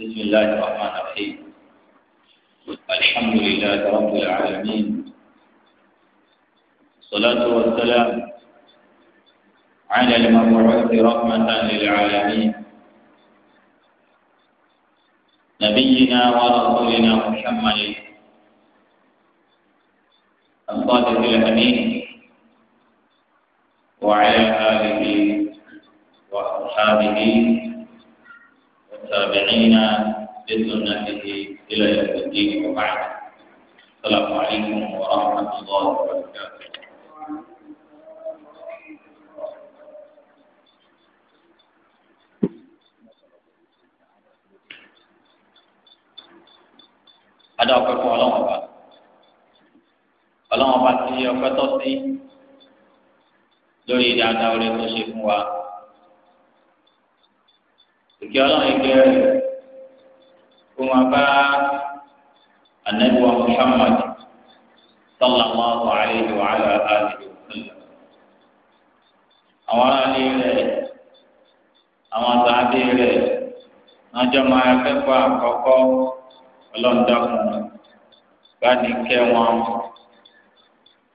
بسم الله الرحمن الرحيم الحمد لله رب العالمين الصلاة والسلام على المبعوث رحمة للعالمين نبينا ورسولنا محمد الصادق الأمين وعلى آله وأصحابه والتابعين لسنته إلى يوم الدين وبعد السلام عليكم ورحمة الله وبركاته ada ọpẹ́ fún Ọlọ́run ọba Ọlọ́run ọba tí ọpẹ́ tọ́ sí lórí dáadáa orí tó ṣe fún wa ìkẹ́ ọlọ́run ìkẹ́ rẹ̀ kó máa bá anabiwa muhammad sallallahu alayhi wa ala alihi wa sallam àwọn aráàlú rẹ̀ àwọn àtàdé rẹ̀ wọn jọ máa kẹ́kọ̀ọ́ àkọ́kọ́ ọlọ́ọ̀dọ́kùn bá ní kẹ́ wọn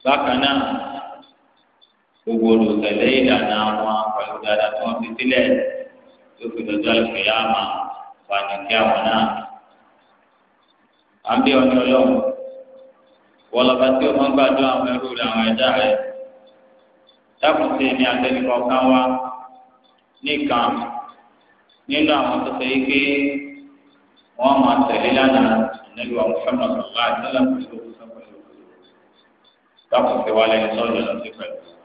bákan náà gbogbo olùtẹ̀lé ìlànà àwọn pẹ̀lú dáadáa tí wọ́n fi sílẹ̀ yóò fi dọjọ́ àlùfẹ́yàmà fani kí àwọn náà. à ń bí ọ̀nà ọlọ́run wọlọ́ba tí ó máa ń gbàdúrà àwọn ẹrú rẹ̀ àwọn ẹ̀dá rẹ̀ dákun sí ẹni àtẹnukọ̀ kan wá nìkan nínú àwọn tó fẹ́ gbé wọn máa tẹ̀lé lánàá nílùú àwọn fẹ́mi ọ̀sán láti lọ́wọ́ pẹ̀lú dákun sí wa lẹ́yìn sọ́ọ̀dọ̀ pẹ̀lú.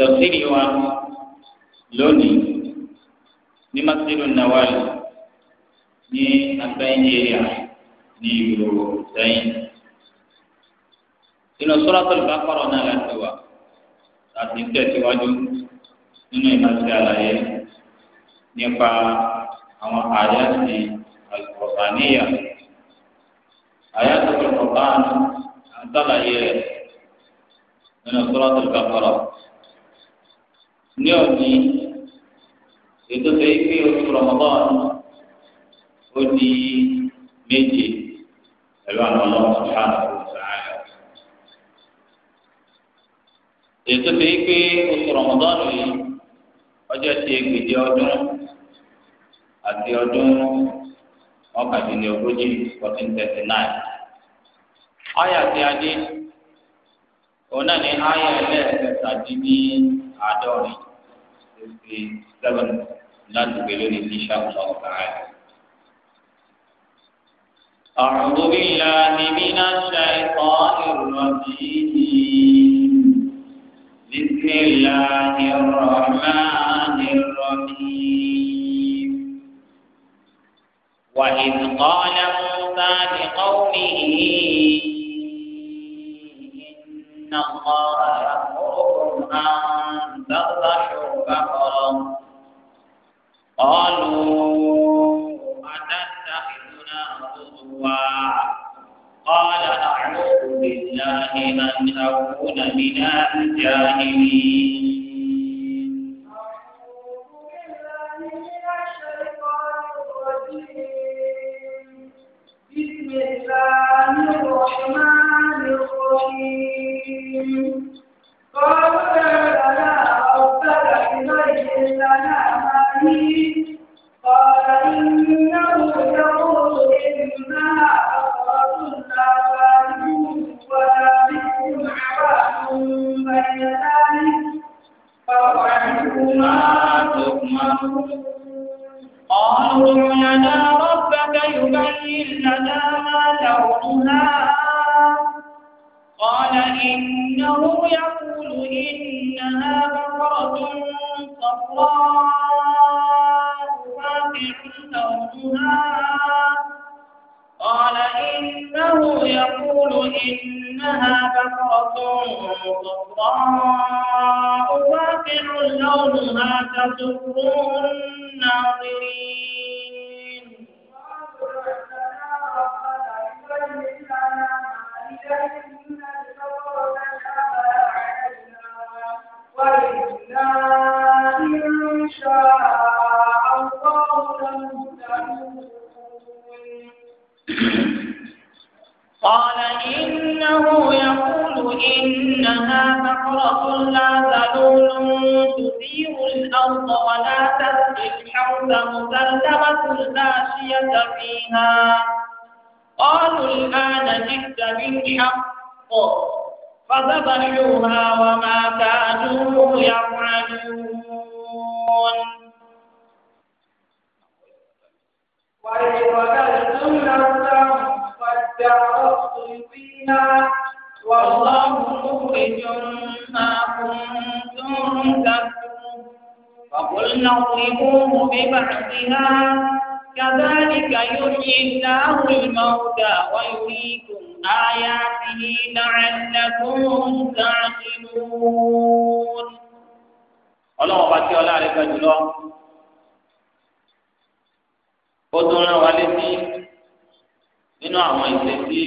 tafsiri wa lónìí ní masiru nawali ní agbẹ́yẹ̀yà ní ìlú sẹ́yìn. inú suratul Baqara náà láti wà láti tẹ̀síwájú nínú ìmọ̀sí àlàyé nípa àwọn àyàtì al-Qur'aniyya. àyàtì al-Qur'an àtàlàyé rẹ̀ nínú suratul Baqara. ní òní ètò tó yẹ kí oṣù rọmọbọ́n ó di méje pẹ̀lú àwọn ọlọ́run sùhánù sàáyà. ètò tó yẹ kí oṣù rọmọbọ́n yìí ọjọ́ ti ègbèje ọdún àti ọdún ọ̀kàndínlógójì fourteen thirty nine. ọ̀yà ti a òun náà ní ayọ̀ ẹlẹ́ẹ̀kẹta dín àádọ́rin fifty seven láti gbé lónìí ní sàkóso ọ̀gá rẹ̀. أعوذ بالله من الشيطان الرجيم بسم الله الرحمن الرحيم وإذ قال موسى لقومه إن الله يأمركم أن قالوا أتتخذنا هزوا قال أعوذ بالله أن أكون من الجاهلين بسم الله الرحمن الرحيم قالوا لا ربك إليه لنا قال إنه يقول إنها بقرة لا فارغ ولا بكم عوان بين تؤمرون قالوا يا ربك يبين لنا ما لونها قال إنه يقول إنها بقرة صفراء فاقع لونها قال إنه يقول إنها بقرة صفراء فاقع لونها تسر الناظرين قال إنه يقول إنها بقرة لا ذلول تثير الأرض ولا تسقي الحوض مسلمة لا شية فيها قالوا الآن جئت بالحق فذبحوها وما كانوا يفعلون وإذ وجدتم نفسا قد فيها والله مخرج ما كنتم تكتمون فقلنا اضربوه ببعضها كذلك يحيي الله الموتى ويريكم آياته لعلكم تعقلون ọlọ́wọ́n bá tí ọlá rẹ̀ gbà jùlọ ó tún rán wa létí nínú àwọn ìṣesí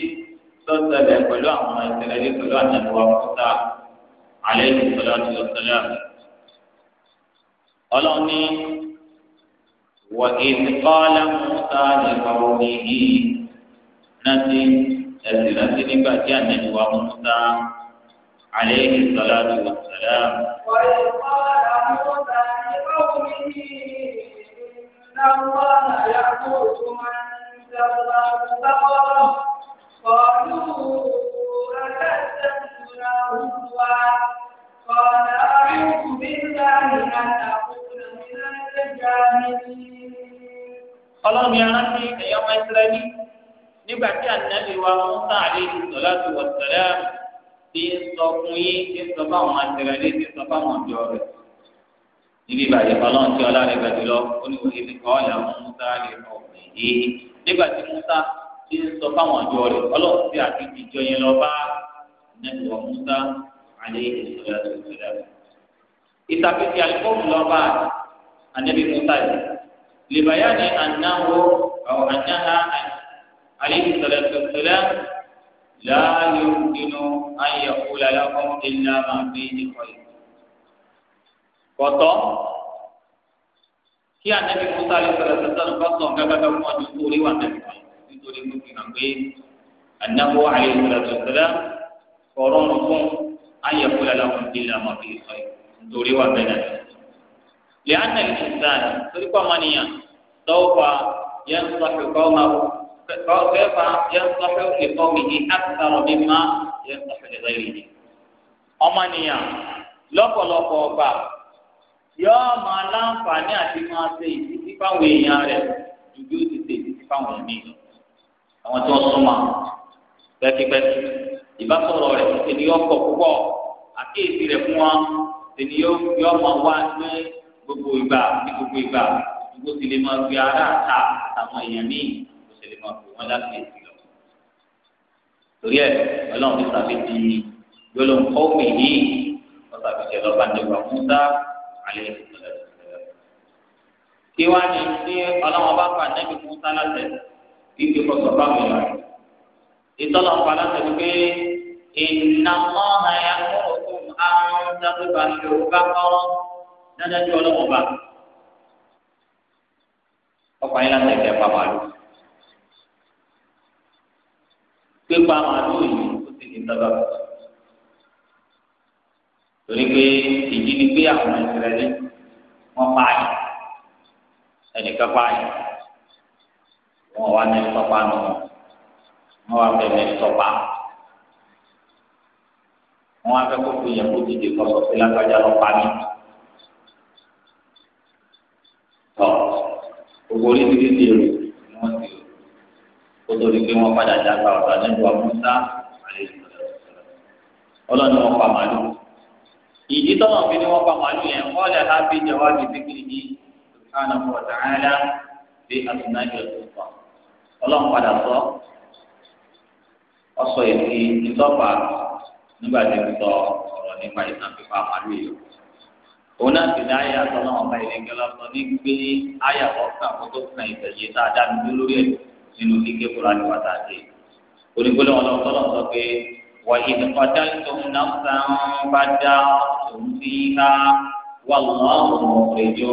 lọ́sẹ̀lẹ̀ pẹ̀lú àwọn ìṣẹ̀lẹ̀ yìí pẹ̀lú àtẹ̀wá fúta àlẹ́ ìṣẹ̀lẹ̀ àti ọ̀sẹ̀lẹ̀ ọlọ́ni. وإذ قال موسى لقومه نسي أسرة نباتي النبي وموسى عليه الصلاة والسلام وإذ قال موسى لقومه إن الله يأمركم أن تذبحوا بقرة قالوا أكذبتنا هزوا قال أعوذ بالله أن أكون من الجاهلين ọlọ́run yẹn rántí ẹ̀yọ́ ọmọ ìsirẹ́lì nígbà tí ànábì wa Mùsá alayhi salatu wa salam ti sọ fún yín ti sọ fáwọn àtìrẹ́lì ti sọ fáwọn ọjọ́ rẹ̀. níbi ìbàjẹ́ ọlọ́run tí ọlá rẹ̀ gbàdú lọ ó ní wòye ti kọ́ ọ̀là Mùsá lè mọ̀ èyí nígbà tí Mùsá ti sọ fáwọn ọjọ́ rẹ̀ ọlọ́run ti àti ìjọ yẹn lọ bá ànábì wa Mùsá alayhi salatu wa salam. لبيان أنه أو أنها عليه الصلاة والسلام لا يمكن أن يقول لهم إلا ما فيه خير kọtọ kí anabi musa alẹ sọlá sọsọ nípa sọ nǹkan kankan fún ọdún tó rí wà nàbí kan nítorí mo fi hàn pé anabi alẹ sọlá sọsọ kọrọ ọrùn fún ayẹkọlẹ làwọn ìdílé àmọ́ fi sọ yìí nítorí wà bẹ́ẹ̀ náà. لأن الإنسان طريق منيا سوف ينصح قومه سوف ينصح لقومه أكثر مما ينصح لغيره ọmọnìyàn lọ́pọ̀lọpọ̀ ọgbà yóò máa láǹfààní àti máa ṣe ìdíjí fáwọn èèyàn rẹ̀ ju bí ó ti ṣe ìdíjí fáwọn ẹ̀mí lọ. àwọn tó ń súnmọ́ pẹ́kípẹ́kí ìbásọ̀rọ̀ rẹ̀ ṣe ni yóò pọ̀ púpọ̀ àkíyèsí rẹ̀ fún wọn ṣe ni yóò máa wá ní gbogbo ìgbà ní gbogbo ìgbà gbogbo sì lè máa gbé ara àta àtàwọn èèyàn míì kò sì lè máa pè wọn láti èsì lọ. torí ẹ ọlọ́run ti sàbí di gbọ́dọ̀ nǹkan òpè yìí wọ́n sàbí jẹ́ lọ́ba nígbà Musa alẹ́ ìsìnkú kí wá ní ní ọlọ́wọ́n bá fà nẹ́bí Musa láti ìgbé kọ̀sọ̀ bá mi lọ. ìtọ́nà ọ̀pá láti rí pé ìnáwó àyàkó òkú àwọn ọ̀dọ́ dájú ọlọ́wọ́ bá ọkọ̀ ayé láti ẹ̀kẹ́ pa màálù pípa màálù yìí ó sì di sábà torí pé èyí ni pé àwọn ìsirẹ́lẹ̀ wọ́n pa àyè ẹnìkan pa àyè wọ́n wá ní tọ́pa nù wọ́n wá fẹ́ ní wọ́n wá fẹ́ kó fi yẹ kó dìde kọ́sọ́ sí lágbájá lọ́pàá mi tọ gbogbo oríṣiríṣi èrò ni wọn ti o kó tó di pé wọn padà já gba ọ̀dà nínú àmúta àlejò ọlọ́ni wọn pa màálù ìdí tọ́nà fi ni wọn pa màálù yẹn wọ́n lè ha fi jẹ wájú bíkìrì ní sùkánà fún ọ̀tá ńlá bí àtúnájọ tó pa ọlọ́run padà sọ ọsọ èsì ìtọ́fà nígbà tí mo sọ ọ̀rọ̀ nípa ìtàn pípa màálù yìí òun náà ti dá ayé àtọ́nà ọba ìrìnkẹ́ lọ́sọ ní gbé ayé àkọ́kọ́ àkótó kan ìtẹ̀yẹ tá a dá mi lórí ẹ̀ nínú kíké kura ní pàtàkì. onígbélé wọn lọ́wọ́ tọ́lọ̀ sọ pé wà ìdíkọ̀tà ìtòun náà sàn bá dá òun sí ká wà lọ́wọ́ ìjọ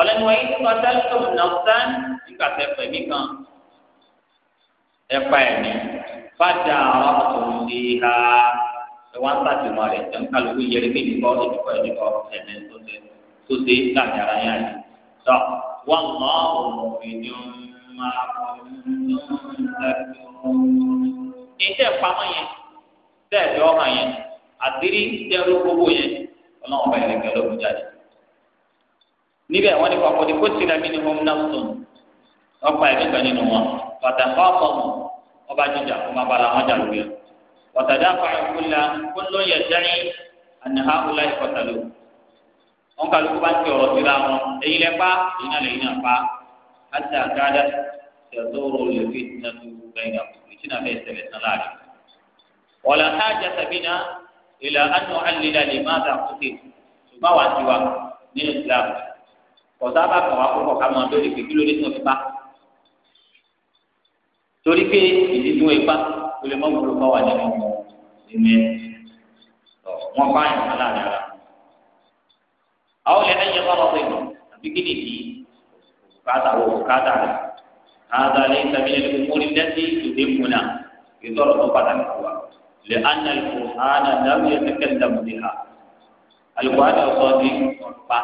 ọlẹ́nu wa yìí kọ́ tẹ́lifíṣọ̀n náà sàn nígbà tẹ́fẹ̀mí kan ẹ̀fà ẹ̀mí fada ọtún di ha ẹwà ń tàbí mọ rẹ ẹn kálukú yẹri mí nìkọ ìdìbò ìdìbò ẹmẹ tó ṣe tó ṣe láti ara yá yìí tọ wọn mọ òun ìdí máa kọ iṣẹ́ ìpamọ́ yẹn tẹẹsì ọmọ yẹn àtìrí tẹrù gbogbo yẹn Ọlọ́run ọba ìrìnkẹ ló ń jáde níbẹ̀ wọ́n ní kọ́kọ́ ní kó tìrẹ́mí ni wọ́n ń náwó tó ọgbà ẹ̀mí kan nínú wọn pàtàkì ọkọ̀ wọn ọba jíjà kó má bala wọn jà lórí ẹ wọtàdá fàáyé kúlá kó ló yẹ dání àníhà ọlá ìkọtàló wọn kàlùkù bá ń tẹ ọ̀rọ̀ síra wọn èyí lẹ pa èyí náà lẹ́yìn náà pa àti àgáda tẹsọrọ lè fi tìǹà tó gbẹ̀yìn àpò ìtìǹà bẹ́ẹ̀ ṣẹlẹ̀ tán láàrin wọlé àjà sàbínà ìlà àánú àlìlà lè má dà kúté ṣùgbọ́n wàá tiwa nínú Islam kọ̀ọ̀sá bá kàn wá kókò ká máa lórí kékeré lórí tó fi bá torí pé ìdídún ipá tó lè mọ́ gbogbo wà nínú ìmọ̀ wọn bá yàn án láàrin ara àwọn yẹn lẹ́yìn bá wọn pẹ̀lú àbí kí nìdí kàtà wò kàtà rẹ̀ kàtà lè tàbí lè fi múlí dẹ́sí ìdè múnà ìtọ́rọ̀ tó pàtàkì wa lè ana ìfòhánà dáwọ́ yẹn kẹ́kẹ́ dàmú ní ha alùpàdé ọ̀sọ́ ní ọ̀pá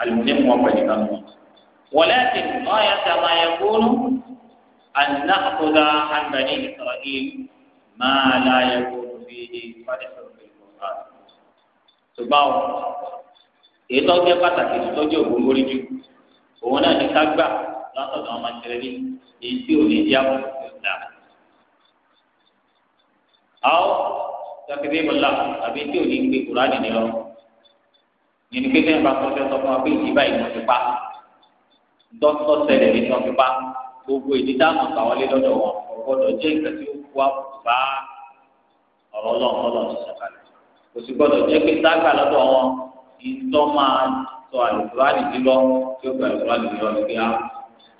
alùpàdé mú ọ̀pá ìdíkà mú wọlé àti ọ̀yà tàmáyà أن نأخذ عن بني إسرائيل ما لا يكون فيه فرح بالقرآن ṣùgbọ́n èyí tó jẹ́ pàtàkì tó jẹ́ òkú mórí jù òun náà ní ká gbà látọ̀dọ̀ ọmọ ìṣẹ̀lẹ̀ èyí tí ò ní di àbọ̀ ìṣẹ̀lẹ̀ náà. àwọn sọ́kìtì ìbọ̀lá tàbí tí ò ní gbé kúránì ní lọ nínú pé tẹ́ǹbà tó fẹ́ sọ fún wa pé ìdí báyìí wọ́n ti pa dọ́tọ̀ ṣẹlẹ̀ ní wọ́n ti pa gbogbo ìdí táwọn gbà wọlé lọ́dọ̀ wọn ọgbọ́dọ̀ jẹ́ nǹkan tí ó kú àbùbá ọ̀rọ̀ ọlọ́run ọlọ́run ti sọ̀kalẹ̀ kò sì gbọ́dọ̀ jẹ́ pé sáàgbà lọ́dọ̀ wọn ìtọ́ máa sọ àlùkùránì lílọ tí ó gba àlùkùránì lílọ ní pé á ah,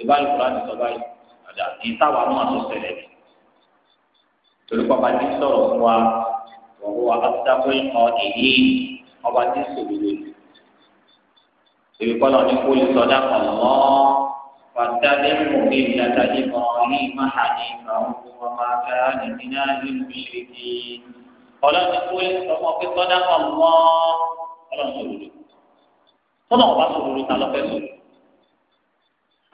ìbá àlùkùránì sọ báyìí ọ̀dà ní táwa náà tó ṣẹlẹ̀ ni torí pàpà ti sọ̀rọ̀ fún wa wọ̀wọ́ abátákùn ọ̀ èyí ọba ti sòwò lónìí èmi kọ́ lọ́ọ́ ní kó lè sọ dákọ̀ lọ́ọ́ واتبع ملة إبراهيم حنيفا وما كان من المشركين ọlọ́run kú ọmọ pé tọ́dá kan mọ́ ọlọ́run sòrò tọ́nà ọba sòrò ta lọ́fẹ́ sòrò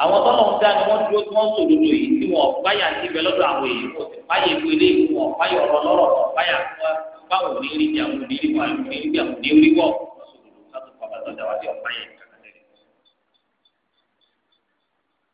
àwọn tọ́nà ń dá ni wọ́n dúró tí wọ́n sòrò yìí tí wọ́n báyà ti bẹ lọ́dọ̀ àwọn èyí wọ́n ti báyà ìwé ilé wọn báyà ọ̀rọ̀ lọ́rọ̀ wọn báyà báwọn onírí bí àwọn onírí wọn àwọn onírí bí àwọn onírí wọn sòrò ká tó pa bàtọ́ dáwà sí ọ̀pá yẹn.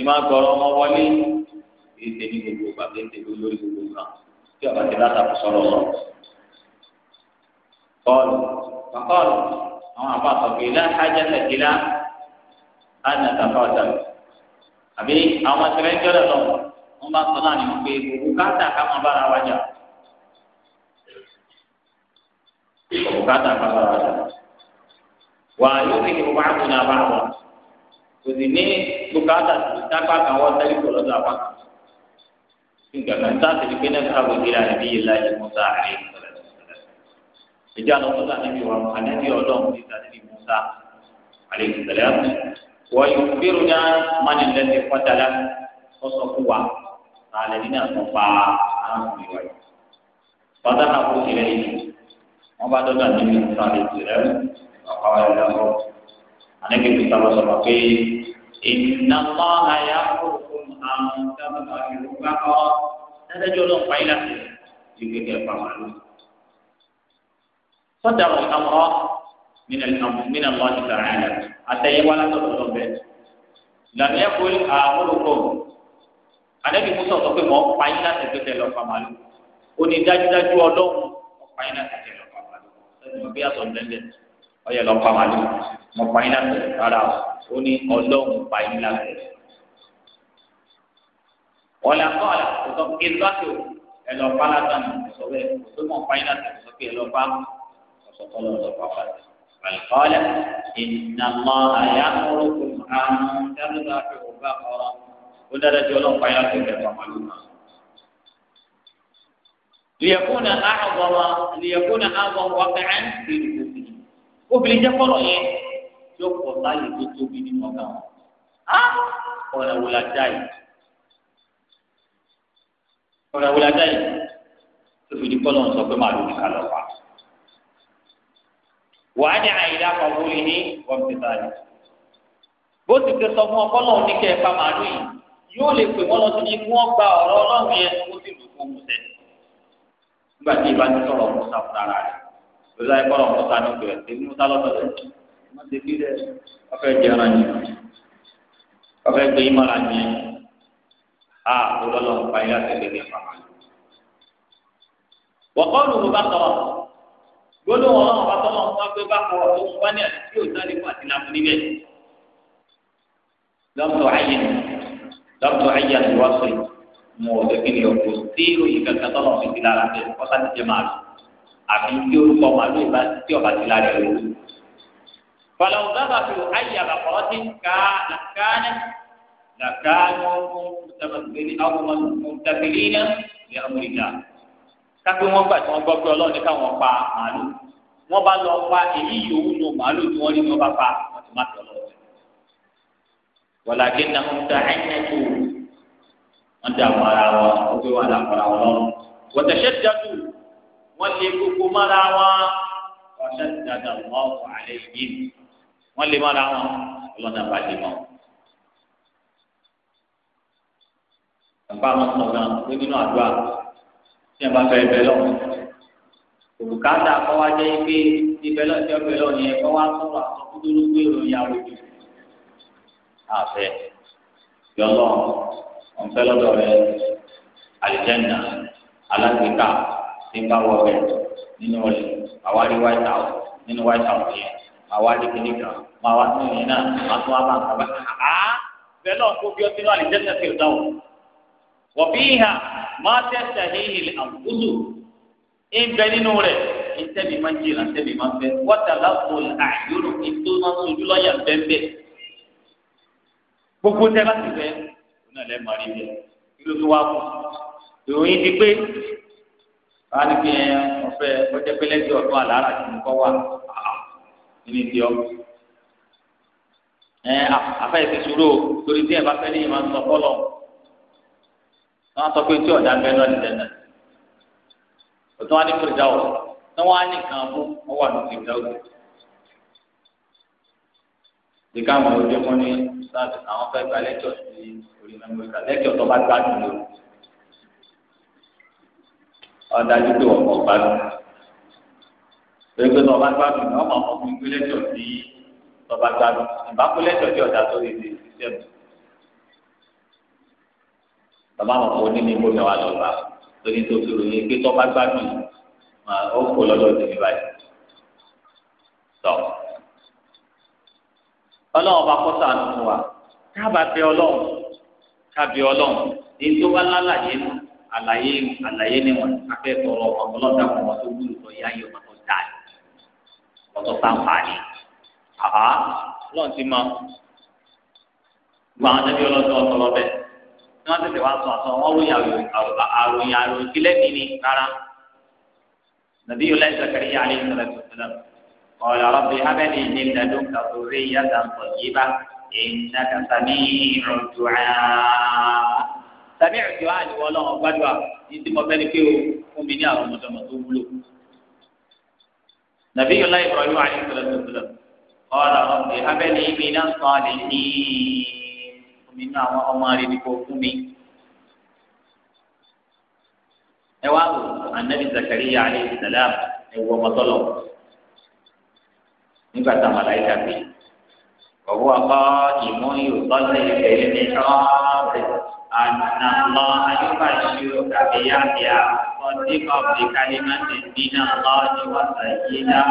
ìmọ̀ àgọ́rọ̀ ọmọ wọlé kì í ṣe ní gbogbo ìgbà kì í ṣe lórí gbogbo ìgbà tí ọba ti látàkùn sọ̀rọ̀ lọ. kọ́ọ̀lù kọ́ọ̀lù àwọn àbá àtọ̀gbìn ilá ajá tẹ̀kílá ánà tàbá ọ̀dà àbí àwọn tẹ̀lé jọ́dọ̀ lọ wọ́n bá sọ náà nínú pé gbogbo káàtà ká máa bára wa jà gbogbo káàtà ká máa bára wa jà wà yóò fi ní gbogbo àbùnà bá wọn kò sì ní bukata, tó dápá kan wọ́n tẹ́lẹ̀ kọ̀ lọ́dọ̀ apá kan nígbà kan tá a ti di pé náà káàbọ̀ ìdílé àdébí yìí láyé Musa àlẹ́ ìjà lọ sọ́dọ̀ àdébí wa àdébí ọlọ́run ní àdébí Musa àlẹ́ ìsẹ̀lẹ̀ wọ́n yóò gbèrú náà mánì lẹ́sẹ̀ fọ́tàlá sọ́sọ́ fún wa àlẹ́ nínú àtọ́pá àwọn ìwà yìí anabi musa lọ sọ̀rọ̀ pé iná mọ àyà òkun àwọn sábà ìlú bá kọ dájọ́ lọ pa ilà sí ìgbé kẹfà màlúù. sọ́dà wọn àmọ́ mìnà lọ́wọ́ ti tàrà ẹ̀ àtẹ̀yẹwà látọ̀tọ̀ tó bẹ̀. lànà ẹ̀kọ́ àmúlùkọ́ anabi musa sọ pé mọ̀ pa ilà sí ìgbé kẹfà lọ́pàá màlúù ọyẹ lọ pa wà lóyún mọ pa yín láti rárá o ó ní ọlọ́run pa yín láti. ọ̀là kọ́ọ̀là kò sọ pé kí n lọ́sẹ̀ o ẹ lọ pa látàn sọ bẹ́ẹ̀ kò tó mọ̀ pa yín láti sọ pé ẹ lọ pa ọ̀sọ̀ kọ́ lọ́wọ́ lọ pa pa rẹ̀. Àlùkọ́ọ̀lẹ̀ ìnàmọ́ àyàmúrò kò àrùn dábìlá fi òbá ọ̀rọ̀ ó dára jọ lọ́n pa yín láti rẹ̀ pa màlúù náà. ليكون أعظم ليكون أعظم وقعا في الكفر obìnrin jẹ́ kọ́rọ̀ yẹn yóò pọ̀ láàyè tó tóbi nínú ọ̀gá wọn. ọ̀rẹ́ wo la dá yìí ọ̀rẹ́ wo la yìí tó fi di kọ́rọ̀ sọ pé màálù nìkan lọ pa. wàá ní àyílá pàbó yìí ní wọ́pítàlì. bó ti ké sọ fún ọkọ náà ní kẹ́ ẹ màálù yìí yóò lè pè wọ́n lọ sí ní kí wọ́n gba ọ̀rọ̀ yẹn kó sì lù kó mú nígbà tí ìbá ti sọ̀rọ̀ mú sáfù lára lọ́dọ̀ ayé kọ́nà ọ̀pọ̀ sanu pé ẹ̀sìn musa lọ́dọ̀ rẹ̀ wọ́n ti bí rẹ̀ ọ̀fẹ́ jẹ́ ara yẹn ọ̀fẹ́ gbé yín mọ́ra yẹn a lọ́dọ̀ lọ́wọ́ pa yín láti lè ní ẹ̀fà máa. wọ́kọ́lù ló bá tọ̀ gbọ́dọ̀ wọn náà bá tọ́lọ̀ wọn pé bá kọ̀ tó wá ní àti tí ò sáré fún àti làmú níbẹ̀. lọ́tọ̀ ayé lọ́tọ̀ ayé àti wá àbí tí orúkọ màálù ìbá tí ọba ti lára rẹ lójú. fọlọ́wù dábàá fi ayé àbàkọ́ ti ká làkánná làkánná mùtàbàtìlẹ́ni àwọn mùtàbàtìlẹ́ni ní amúlìjà. kápẹ́ wọn gbà tí wọ́n gbọ́ pé ọlọ́run ní káwọn pa màálù wọ́n bá lọ pa èyí yòówù nù màálù tí wọ́n rí wọn bá pa wọ́n ti má tọ̀ lọ. wọ̀làkì náà ń ta ẹ̀yẹ́ tó wọ́n dààmú ara wọn ó gbé wọn wọ́n lé gbogbo mọ́ra wọn ọ̀ṣẹ́ ti dada wọ́n wọ àlẹ́ yìí wọ́n lé mọ́ra wọn ọlọ́dà bá lé mọ́. bàbá àwọn sọ náà pé nínú àdúrà tí ẹ bá fẹ́ bẹ lọ òbúkátà kọ́ wá jẹ́ pé ibẹ̀ lọ́ọ́ tí ọ bẹ̀ lọ́ọ́ ni ẹ kọ́ wá sọ̀rọ̀ àtọ́kùnrin pé ìròyìn àròjù àfẹ́ yọlọ́ ọ̀nfẹ́ lọ́dọ̀ rẹ àlìjẹ́nà alágbèéká singa wọlé nínú ọlẹ àwa rí white house nínú white house yẹn àwa rí kìnìkà mà wá sí ìyẹn náà mà tún wá bá nǹkan bá a bẹ́ẹ̀ náà kó bí ó sínú àlè tẹsẹ fi dáwọ wọ bí ìhà má tẹsẹ híhì àbúrò ìbẹ nínú rẹ ìtẹbi máa ń jẹ ìlànà ìtẹbi máa ń fẹ wọta lápò àyòrò ètò máa ń sojú lọ́yà bẹ́ẹ̀ gbogbo tẹ bá ti fẹ ìròyìn ti pé káàdì bí ẹ ọ̀fẹ́ ọjọ́ pẹ́lẹ́ bí ọ̀tún àlàárà tí mo kọ́ wà nínú ìdí ọ. ẹ afẹ́ ti sùúrù torí tí ẹ bá fẹ́ ní ìmọ̀ sọ fọ́lọ̀ wọn sọ pé tí ọ̀dà bẹ́ẹ̀ lọ́ọ̀dì dẹ́nà òtún wá ní fèrèdà ọ̀ tí wọ́n á ní kan fún wọ́n wà lókè dáwọ́. Dèkà àwọn ọ̀dọ́ fún ní sáàtì àwọn fẹ́ gba lẹ́kọ̀ọ́ sí orí mẹ́mọ́ríkà lẹ́kọ̀ọ́ tó bá gbádùn lórí ọ̀dájú pé ọ̀pọ̀ gbádùn pẹ̀lú ọba gbádùn ní ọmọ ọmọ fún ìpínlẹ̀ tó ti ọba gbádùn ìbákulẹ̀ tó ọ̀dà tó lè di sísẹ́mù bàbá àwọn ọmọ onímọ̀ ìbò mẹ́wàá lọ bá lórí tó fi ròyìn pé tọ́ba gbádùn máa ó kó lọ́dọ̀ tèmi báyìí tọ́ ọlọ́run bá kọ́sà nù wa káàbà bẹ ọlọ́run káàbì ọlọ́run èyí tó bá lálàyé nù àlàyé àlàyé ni wọn akẹ́kọ̀ọ́ ọ̀pọ̀lọ́dà wọn wọn tó wúlò lọ yá yọ wọn tó dà ní wọn tó fáǹfààní. àhá lọ́n ti mọ gba àwọn tẹ́lẹ̀ ọlọ́dún ọ̀tọ̀lọ́ bẹ́ẹ̀ ni wọ́n tẹ̀sẹ̀ wá sọ àtọ̀ wọn ròyìn àròyìn àròyìn kílẹ̀ mi ni rárá. nàbí yóò láì sàkàrí yá alẹ́ ìṣẹ̀lẹ̀ tuntun ọ̀là sàmì ìrìnkì wa àdìwọ ọlọ́run gbàdúrà yìí tí mo fẹ́ ni pé o fún mi ní àwọn ọmọdọmọ tó wúlò. nàbí yọlá Ibrahim alayhi salatu wasalam ọ̀rọ̀ ọ̀gbìn abẹ́lé mi náà sọ àlè ní fún mi ní àwọn ọmọ rẹ̀ ní kò fún mi. ẹ wá wò anabi Zakariya alayhi salam ẹ wọ ọmọtọ́lọ̀ nígbà tá a mọ̀ láyé dàbí. ọ̀wọ́ akọ́ ìmú yóò tọ́lẹ̀ ìfẹ́ ní ọ̀rẹ́. أن الله يبشرك بيحيى صديقا بكلمة من الله وسيدا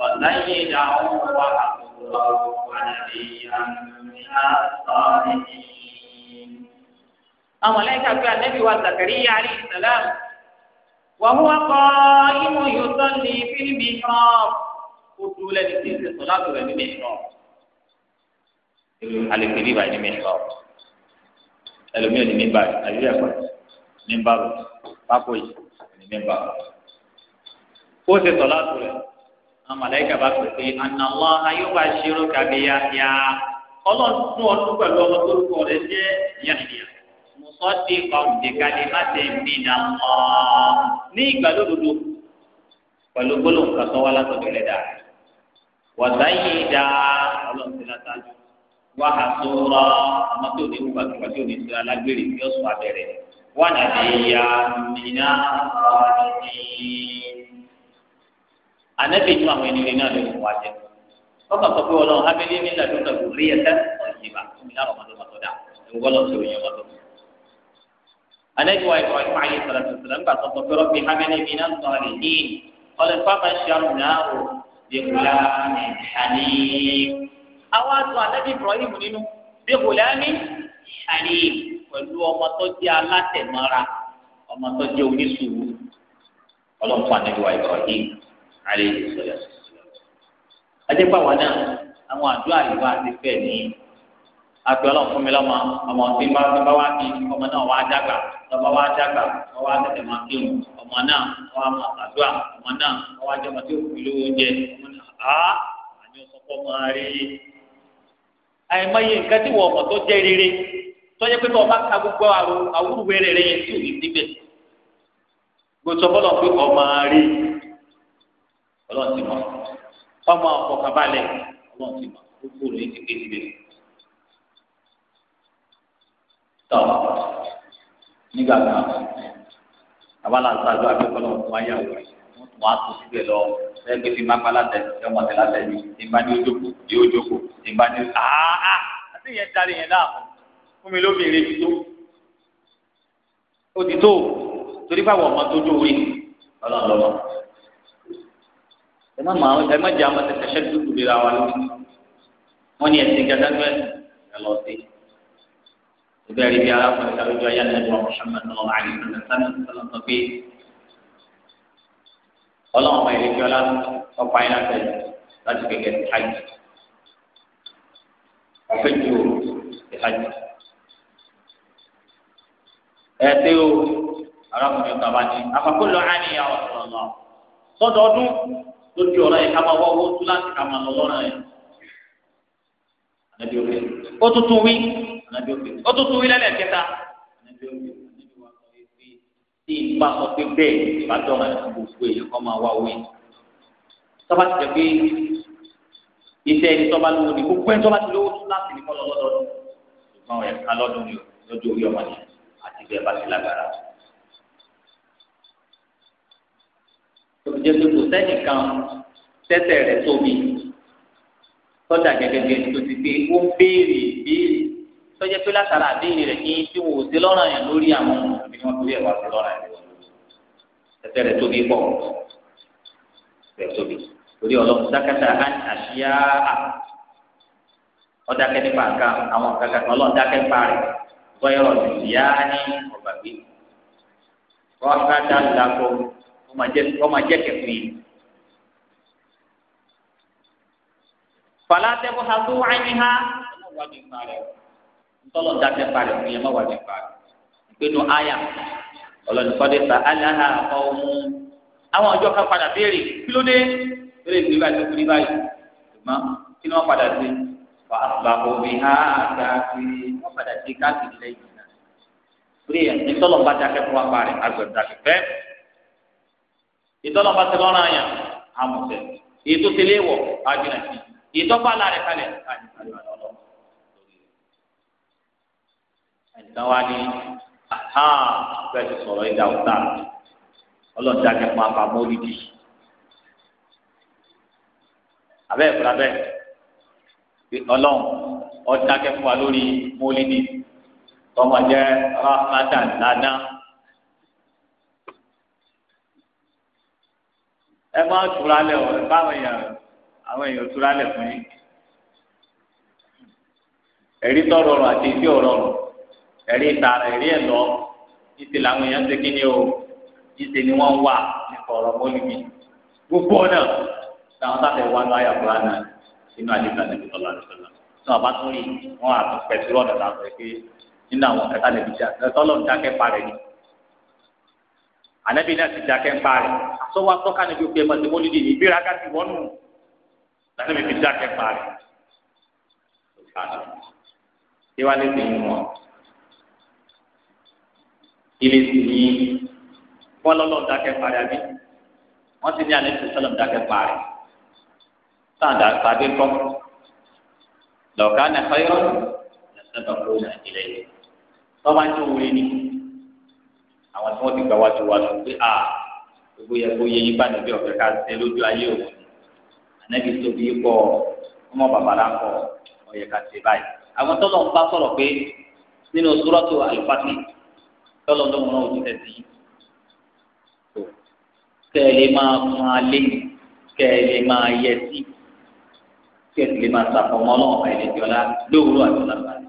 وسيدا وحفظا ونبيا من الصالحين أولئك في النبي وزكريا عليه السلام وهو قائم يصلي في المحراب قلت لك صلاة المحراب. Alif ini baik ini mihrab ẹlòmíràn ní mímbà rẹ àyè ẹ̀kọ́ mímbà rẹ pákó yìí ní mímbà rẹ. kó o ṣe sọ láti rẹ àwọn màláìka bá pè pé ànàlọ́ ayọ́wà ṣírò kàbí yáyá ọlọ́run ọdún pẹ̀lú ọmọ tó kọ rẹ jẹ́ yáyà mùsọ́tì kọ̀ǹdékalẹ̀ má ti mìnà mọ́ ní ìgbàlódodo pẹ̀lú gbólóhùn kan tó wá látọ̀dọ̀ ẹlẹ́dàá wọ̀sáyé dáa ọlọ́run ti látàjú wà á tó rọ àmọ́ tó ní wùwà tó wà tó ní sọ alágbèrè tí ó sọ abẹ́rẹ́ wà á lè ya nínà ọ̀ọ́dì. ànábì tún àwọn ẹni náà lè wà jẹ ọkàn sọ pé ọlọ́run abẹ́lé mi nà lóka kò rí ẹsẹ̀ ọ̀yìnbá fún mi lára ọmọdé ọmọdé dá ìwọlọ tó yẹ wọn tó. ànábì wa ìfọ̀ ìfọ̀ ayé sọ̀rọ̀ tó sọ̀rọ̀ nígbà tó sọ pé rọ́bì abẹ́lé mi nà sọ̀rọ̀ yìí ọlọ́run fáfáṣà náà ò àwa tún ànábì Ibrahim nínú bí gùlámì àlè pẹ̀lú ọmọ tó jẹ́ alátẹ̀mọ́ra ọmọ tó jẹ́ onísùúrù ọlọ́pàá ànábì wa Ibrahim àlè ìṣẹ̀lẹ̀ adépàwọ̀ náà àwọn àdúrà yìí wá ti fẹ́ ní àti ọlọ́run fún mi lọ́mọ ọmọ tí bá bá wá kí ọmọ náà wá dàgbà lọ́ba wá dàgbà wọ́n wá tẹ̀tẹ̀ máa kí òun ọmọ náà wá máa gbàdúrà ọmọ náà wá jẹ́ ọmọ tí ó fi lówó oúnjẹ ọmọ náà á àní ọ̀sọ́pọ̀ máa rí àìmọye nǹkan tí wọ́n mọ̀ tó jẹ́ rere tọ́jú pé tọ́ọ̀ bá ka gbogbo àrùn àwúrúwé rere yẹn tí ò ní síbẹ̀ gbèsò bọ́lọ̀ pé ọmọ rí ọlọ́run ti mọ̀ ọmọ ọ̀pọ̀kàbalẹ̀ ọlọ́run ti mọ̀ gbogbo rẹ̀ ti gbé síbẹ̀ tọ́ nígbà kan àbálà ń sáájú akẹ́kọ̀ọ́ náà fún ayáwó wọn á tó síbẹ̀ lọ ẹgbẹ́ tí máa pálá tẹ̀ ẹ mọ̀ tẹ̀lá tẹ̀ mí tí bá ní ojókòó ní ojókòó tí bá ní àá àti yẹn darí yẹn láàmú fún mi lóbìnrin ti tó ó ti tó torí báwo ọmọ tó dóore ọlọ́ọ̀lọ́mọ ẹ má mọ àwọn ẹ má jẹ àwọn tẹ̀tẹ̀ ṣẹ́ dúdú lè ra wa lórí wọn ní ẹ̀sìn gàdágbẹ́ ẹ lọ sí ìbẹ̀rẹ̀ bí arákùnrin kàlójú ayé àti ẹ̀dùn ọ̀ṣun mẹ́tọ́lọ́ àyè ìfẹ́ sẹ́ni sẹ́ni sọ pé ọlọ́run ọmọ ìlú kíọ́lá ọ̀pá iná tẹ̀lé láti gbẹ̀gẹ̀ ti hajj ọ̀fẹ́ ju ti hajj. ẹ ṣe o arákùnrin kan bá ní àpapọ̀ lọ á ní àwọn ọ̀sán lọ sọdọọdún lójú ọ̀rọ̀ yẹn ká máa wọ́ owó tún láti ká máa lọ lọ́rọ̀ yẹn. Anabi ofe. Ó tuntun wí. Anabi ofe. Ó tuntun wí lẹ́lẹ̀ kẹta. Anabi ofe tí ìgbà sọ pé bẹ́ẹ̀ ìbàdàn àti gbogbo èèyàn kọ́ máa wá owó yìí. tọ́ba ti jẹ́ pé iṣẹ́ ẹni tọ́ba lówó ni gbogbo ẹni tọ́ba ti lówó tún láti ní kọ́ lọ́dọọdún ṣùgbọ́n ẹ̀ka lọ́dún ni lójú orí ọmọ ni àti bẹ́ẹ̀ bá ti lágbára. olùjẹ́ pé kò sẹ́nìkan tẹ́tẹ̀ rẹ̀ tóbi tọ́jà gẹ́gẹ́ bí ẹni tó ti gbé ó béèrè béèrè tọ́jẹ́ pé látara àdéhìn rẹ̀ kí tí wò ó sí lọ́ràn yẹn lórí àwọn ọmọbìnrin wọn torí ẹ̀ wá sí lọ́ràn yẹn ẹsẹ̀ rẹ̀ tóbi pọ̀ rẹ̀ tóbi torí ọlọ́run dákẹ́tà àṣìyá ọ̀dákẹ́ nípa nǹkan àwọn kàkà ọlọ́run dákẹ́ nípa rẹ̀ bọ́yọ̀rọ̀ ìyá ní ọ̀gbàgbé rọ́ṣáda làkọ́ ọmọ jẹ́ kẹfìn yìí. fàlàtẹ́kọ̀ ha tó wáyé ha ọmọ wàá ntọ́lọ̀ ń dákẹ́ parí fún yẹn má wà ní parí ìpinnu àyà ọlọ́nìkọ́dé sa aláha ọ̀hún àwọn ọjọ́ kan padà béèrè kí ló dé lórí ìpínlẹ̀ báyìí tó kúrí báyìí ṣùgbọ́n kí ni wọ́n padà sí wà á bá omi ha káàkiri wọ́n padà sí káàkiri lẹ́yìn náà lórí ẹ̀ ntọ́lọ̀ bá dákẹ́ fún wa parí agbẹ̀ dákẹ́ fẹ́ ìtọ́lọ̀ bá tẹ̀lọ́rọ̀ àyàn àmọ̀tẹ́ ètò tẹ̀lé wọ̀ náà wá ní aha bẹ́ẹ̀ ti sọ̀rọ̀ ìdá ọ̀tá ọlọ́ọ̀dá kẹfọ́ àpamọ́ olùdí abẹ́ ìfura bẹ́ẹ̀ ọlọ́run ọ̀dá kẹfọ́ lórí mọ́lídì tọmọdé rahmata lana. ẹ máa tura lẹ ọ báwọn èèyàn àwọn èèyàn tura lẹ fún yín ẹ̀rí tọrọ ọ̀rọ̀ àti ìdí ọ̀rọ̀ ọ̀rọ̀ ẹ̀rí ìtara ẹ̀rí ẹ̀lọ́ ìṣe làwọn èèyàn ṣe kíni o ìṣe ni wọ́n wà nípa ọ̀rọ̀ mọ́lùmí gbogbo ọ̀nà táwọn sáfẹ́ wà lọ ayàkúrá náà nínú àdìgbà níbi tọ́lá àdìgbà tí wọ́n bá tún rí wọn àtún pẹ̀tùrọ̀ ọ̀nà táwọn pé nínú àwọn kẹta lè fi jà tọ́lọ̀ ń dákẹ́ parẹ́ ni ànábì náà ti dákẹ́ parẹ́ àtọ́wọ́ atọ́ka níbi òkè ẹ̀mọ́ ti mọ́lùmí ìgbéraga ti wọ́nù ilé sì ní wọn lọ́lọ́ dákẹ́ parí àbí wọ́n ti ní alẹ́ tó sọ́lọ́ dákẹ́ parí sáàdà pàdé kọ́ lọ́ọ̀ká ní ẹ̀fọ́yọ́ lẹ́sẹ̀bà kó ní ìlẹ̀ yìí wọ́n máa ń tó wúlé ní àwọn tí wọ́n ti gbà wájú wájú pé a gbogbo yẹ kó yẹ yín bá níbi ọ̀fẹ́ ká ṣe lójú ayé òun ànábi tóbi pọ̀ ọmọ bàbára pọ̀ ọ̀yẹ̀ká ṣe báyìí àwọn tọ́lọ̀ ń bá sọ̀rọ̀ pé nínú sùrọ́tù àlùfáàtì tọ́lọ̀ ló mọ òjì tẹ̀sí tó kẹ́ ẹ lè máa máa lé kẹ́ ẹ lè máa yẹ sí kẹ́ ẹ sì lè máa sàfọ̀mọ́ náà ọ̀hún ẹ̀lẹ́dì ọ̀la lóòrò àti ọ̀la balẹ̀.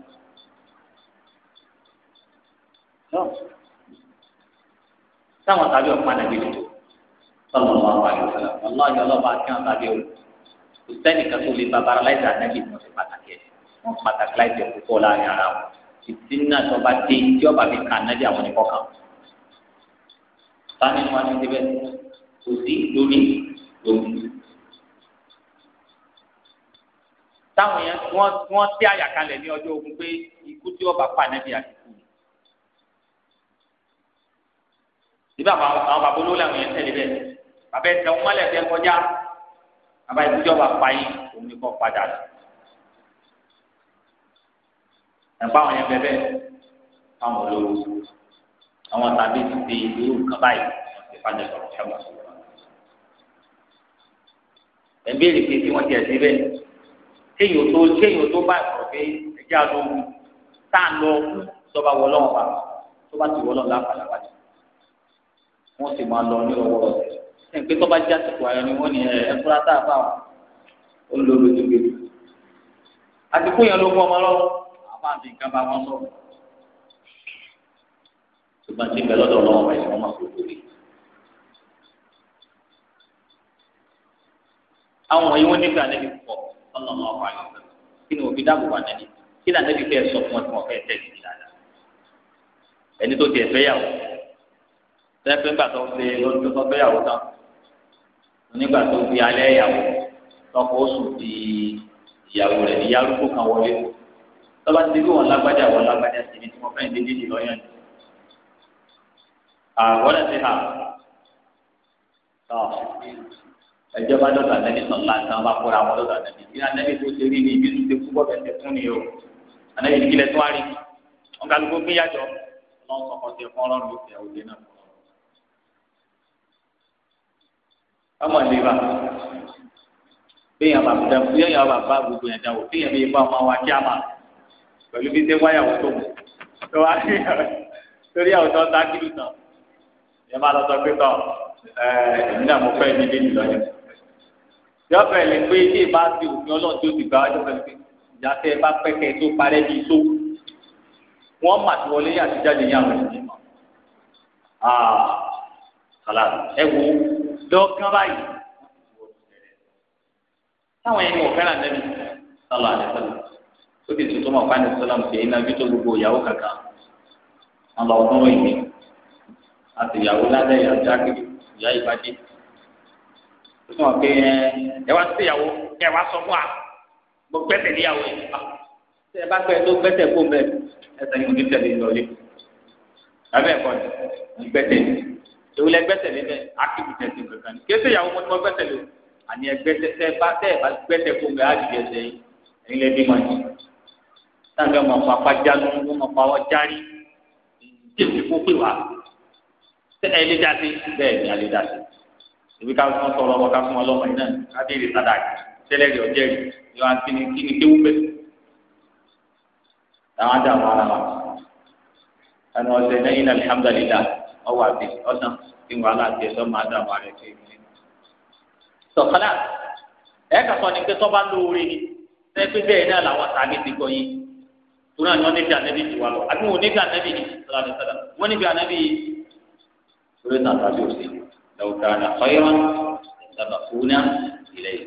táwọn tàbí ọ̀pá nàbí lè tó tọ́lọ̀ lọ́wọ́ àwọn àyè ọ̀la ọlọ́ọ̀yọ́ ọlọ́ba kí wọ́n tàbí ọ̀la kò sẹ́nìkan tó lè bàbá aláìsàn àdáyé ìmọ̀ sí pàtàkì ẹ̀ pàtàkì láìsẹ̀ púpọ̀ fìtínà tó bá dé tí ọba fi kà náà dé àwọn nìkan kan tani wọn ti bẹ kò sí lórí lórí táwọn yẹn wọn wọn tẹ àyàkálẹ̀ ní ọjọ́ ogun pé ikú tí ọba pa náà bí àtìkú síbẹ̀ àwọn àwọn bàbá olówó làwọn yẹn tẹ̀lé bẹ́ẹ̀ bàbá ẹ̀sẹ̀ wọn mọ́lẹ̀ fẹ́ kọjá bàbá ìkú ọba pa yín òun ni kò padà sí. ẹ̀pá àwọn yẹn bẹ́ẹ̀ àwọn olówó àwọn tàbí ti di irú nǹkan báyìí wọ́n ti fàjà sọ̀rọ̀ ṣẹ́wọ̀n sọ̀rọ̀. ẹ̀bí èrè pé kí wọ́n ti ẹ̀ sí bẹ́ẹ̀ kéèyàn tó kéèyàn tó bá ìsọ̀rọ̀ pé ẹjẹ́ àlọ́ọ̀gùn tá à lọ tọ́ba wọ lọ́wọ́ pa tó bá ti wọ láǹfààní wájú wọ́n sì máa lọ ní ọwọ́ ọ̀sẹ̀ ẹ̀ pé tọ́ba já sí wàyọ̀ ni wọ́n ní ẹ̀ fúrátà fáwọn ó lò lójú gbèdú àti ló mú ọmọ lọ́wọ́ máa fi nǹkan bá wọn sọ̀rọ̀ ṣùgbọ́n tí bẹ́ẹ̀ lọ́dọ̀ ọlọ́wọ́ ẹ̀ wọ́n máa fi òkú rí. àwọn wọ̀nyí wọ́n nígbà nẹ́bí pọ̀ ọ̀nà ọmọ ọkọ̀ àyọ̀ kí ni òbí dáàbò wà nẹ́bí kí ni ànẹ́bí fẹ́ sọ fún ọ tí wọ́n fẹ́ tẹ̀lé ní dáadáa ẹni tó tiẹ̀ fẹ́ yàwó tẹ́fẹ́ nígbà tó ṣe lọ́dún tó fẹ́ yàwó tán nígbà tó di alẹ́ yàwó lọ́kọ̀ oṣù di ìyàwó rẹ̀ ìyá arúgbó kan wọlé tọ́ba ti bí wọn lágbájá wọn lágbájá sí ibi tí wọ́n fẹ́ẹ́ dédé dì lọ́yàn ni. àwọn ẹ̀sìn hà tọ́ ìjọba dọ́tà nẹ́bí sọ̀lá tí wọ́n bá kóra wọn dọ́tà nẹ́bí bí anẹ́bí tó ṣe rí ni ibi tó ṣe kú bọ́ọ̀bẹ̀ ṣe fún ni o anẹ́bí ní kílẹ̀ tó wá rí wọn kà lóko gbéyàjọ lọ́n sọ̀kọ̀ tẹ fún ọlọ́run ló tẹ òde náà. ọmọ ìlú ibà bẹ́ẹ̀ yàrá bàbá gbogbo yẹn dáwọ̀ bẹ́ẹ̀ yàrá bá ọmọ wa kí a máa pẹ̀lú bí ṣe wáyà wọn tó mú tó wá sí torí àwọn tó ń ta kílù tán ìyẹn máa lọ sọ pé tán èmi náà mo fẹ́ mi lé nìlọ yẹn. yọ fẹ́ lè pé ilé ìbá ti òfin ọlọ́run tó ti gbà wájú pẹ̀lú pé ìyá tẹ ẹ bá pẹ́kẹ́ tó parẹ́ bíi tó wọ́n mà ti wọlé àti jáde yẹn àwọn ènìyàn mọ̀ kàlá ẹ wo lọ́ọ̀kan báyìí táwọn ẹni wọ̀ fẹ́ràn nẹ́bí sálọ àdẹ́sẹ́lẹ̀ ó sì tuntun mọ̀ fáni sọ́lá ṣe iná bí tó gbogbo ìyàwó kankan wọn lọ fún ìwé àti ìyàwó lálẹ́ ìyàjá ìyá ìbàdí ó sì mọ̀ pé ẹ wá sí ìyàwó ẹ wá sọ fún wa mo gbẹ́sẹ̀ níyàwó yẹn ah, ṣe ẹ bá gbẹ́ tó gbẹ́sẹ̀ kó mẹ́ ẹsẹ̀ yìí mo ní tẹ̀lé lọ́lé abẹ́ ẹ̀kọ́ ni gbẹ́sẹ̀ ìwúlẹ̀ gbẹ́sẹ̀ lé bẹ́ẹ̀ ákìbù tẹ̀sí kankan ni kéṣe ìyàwó mo ti mọ gbẹ́sẹ̀ lé o àní ẹgbẹ́sẹ̀ tẹ́ bá tẹ́ bá gbẹ́sẹ̀ kó mẹ́ á dìde ẹsẹ̀ yìí ẹ̀yin lẹ́ bí mọ́ ni táǹkà mọ̀ fún apájánu kó mọ̀ fún àwọn járí jèsì kó pè wá ṣé ẹ lè dási bẹ́ẹ̀ ni a lè dási ibi ká fún ọtọ ọlọmọ ká fún ọlọmọ yìí náà ká béèrè sádàkì tẹ́lẹ̀ rí ọjẹ́ rí yọ àwọn kíni kíni kéwú bẹ́ẹ̀ làwọn dà wọn ara wa ẹnu ọsẹ náà yìí alhamdulilah ọwọ àti ọsàn tí wọn aláàbí ẹ lọmọ àdá wọn rẹ kéwú ní. sọ̀kọ́lá ẹ̀ka sọ ni pé tọ́ba lóore ni sẹ́ẹ́ pé bẹ́ẹ̀ náà làwọn tàbí ti gbọ́ yìí tóun náà ni wọ́n níbi ànábì ti wà lọ àbí wọn níbi nabi ni sọlá ní sọlá wọ́n níbi ànábì sórí náà tàbí òsì lọ́wọ́ta ní àkọ́yọ́ ìjọba fúnà ilẹ̀ yìí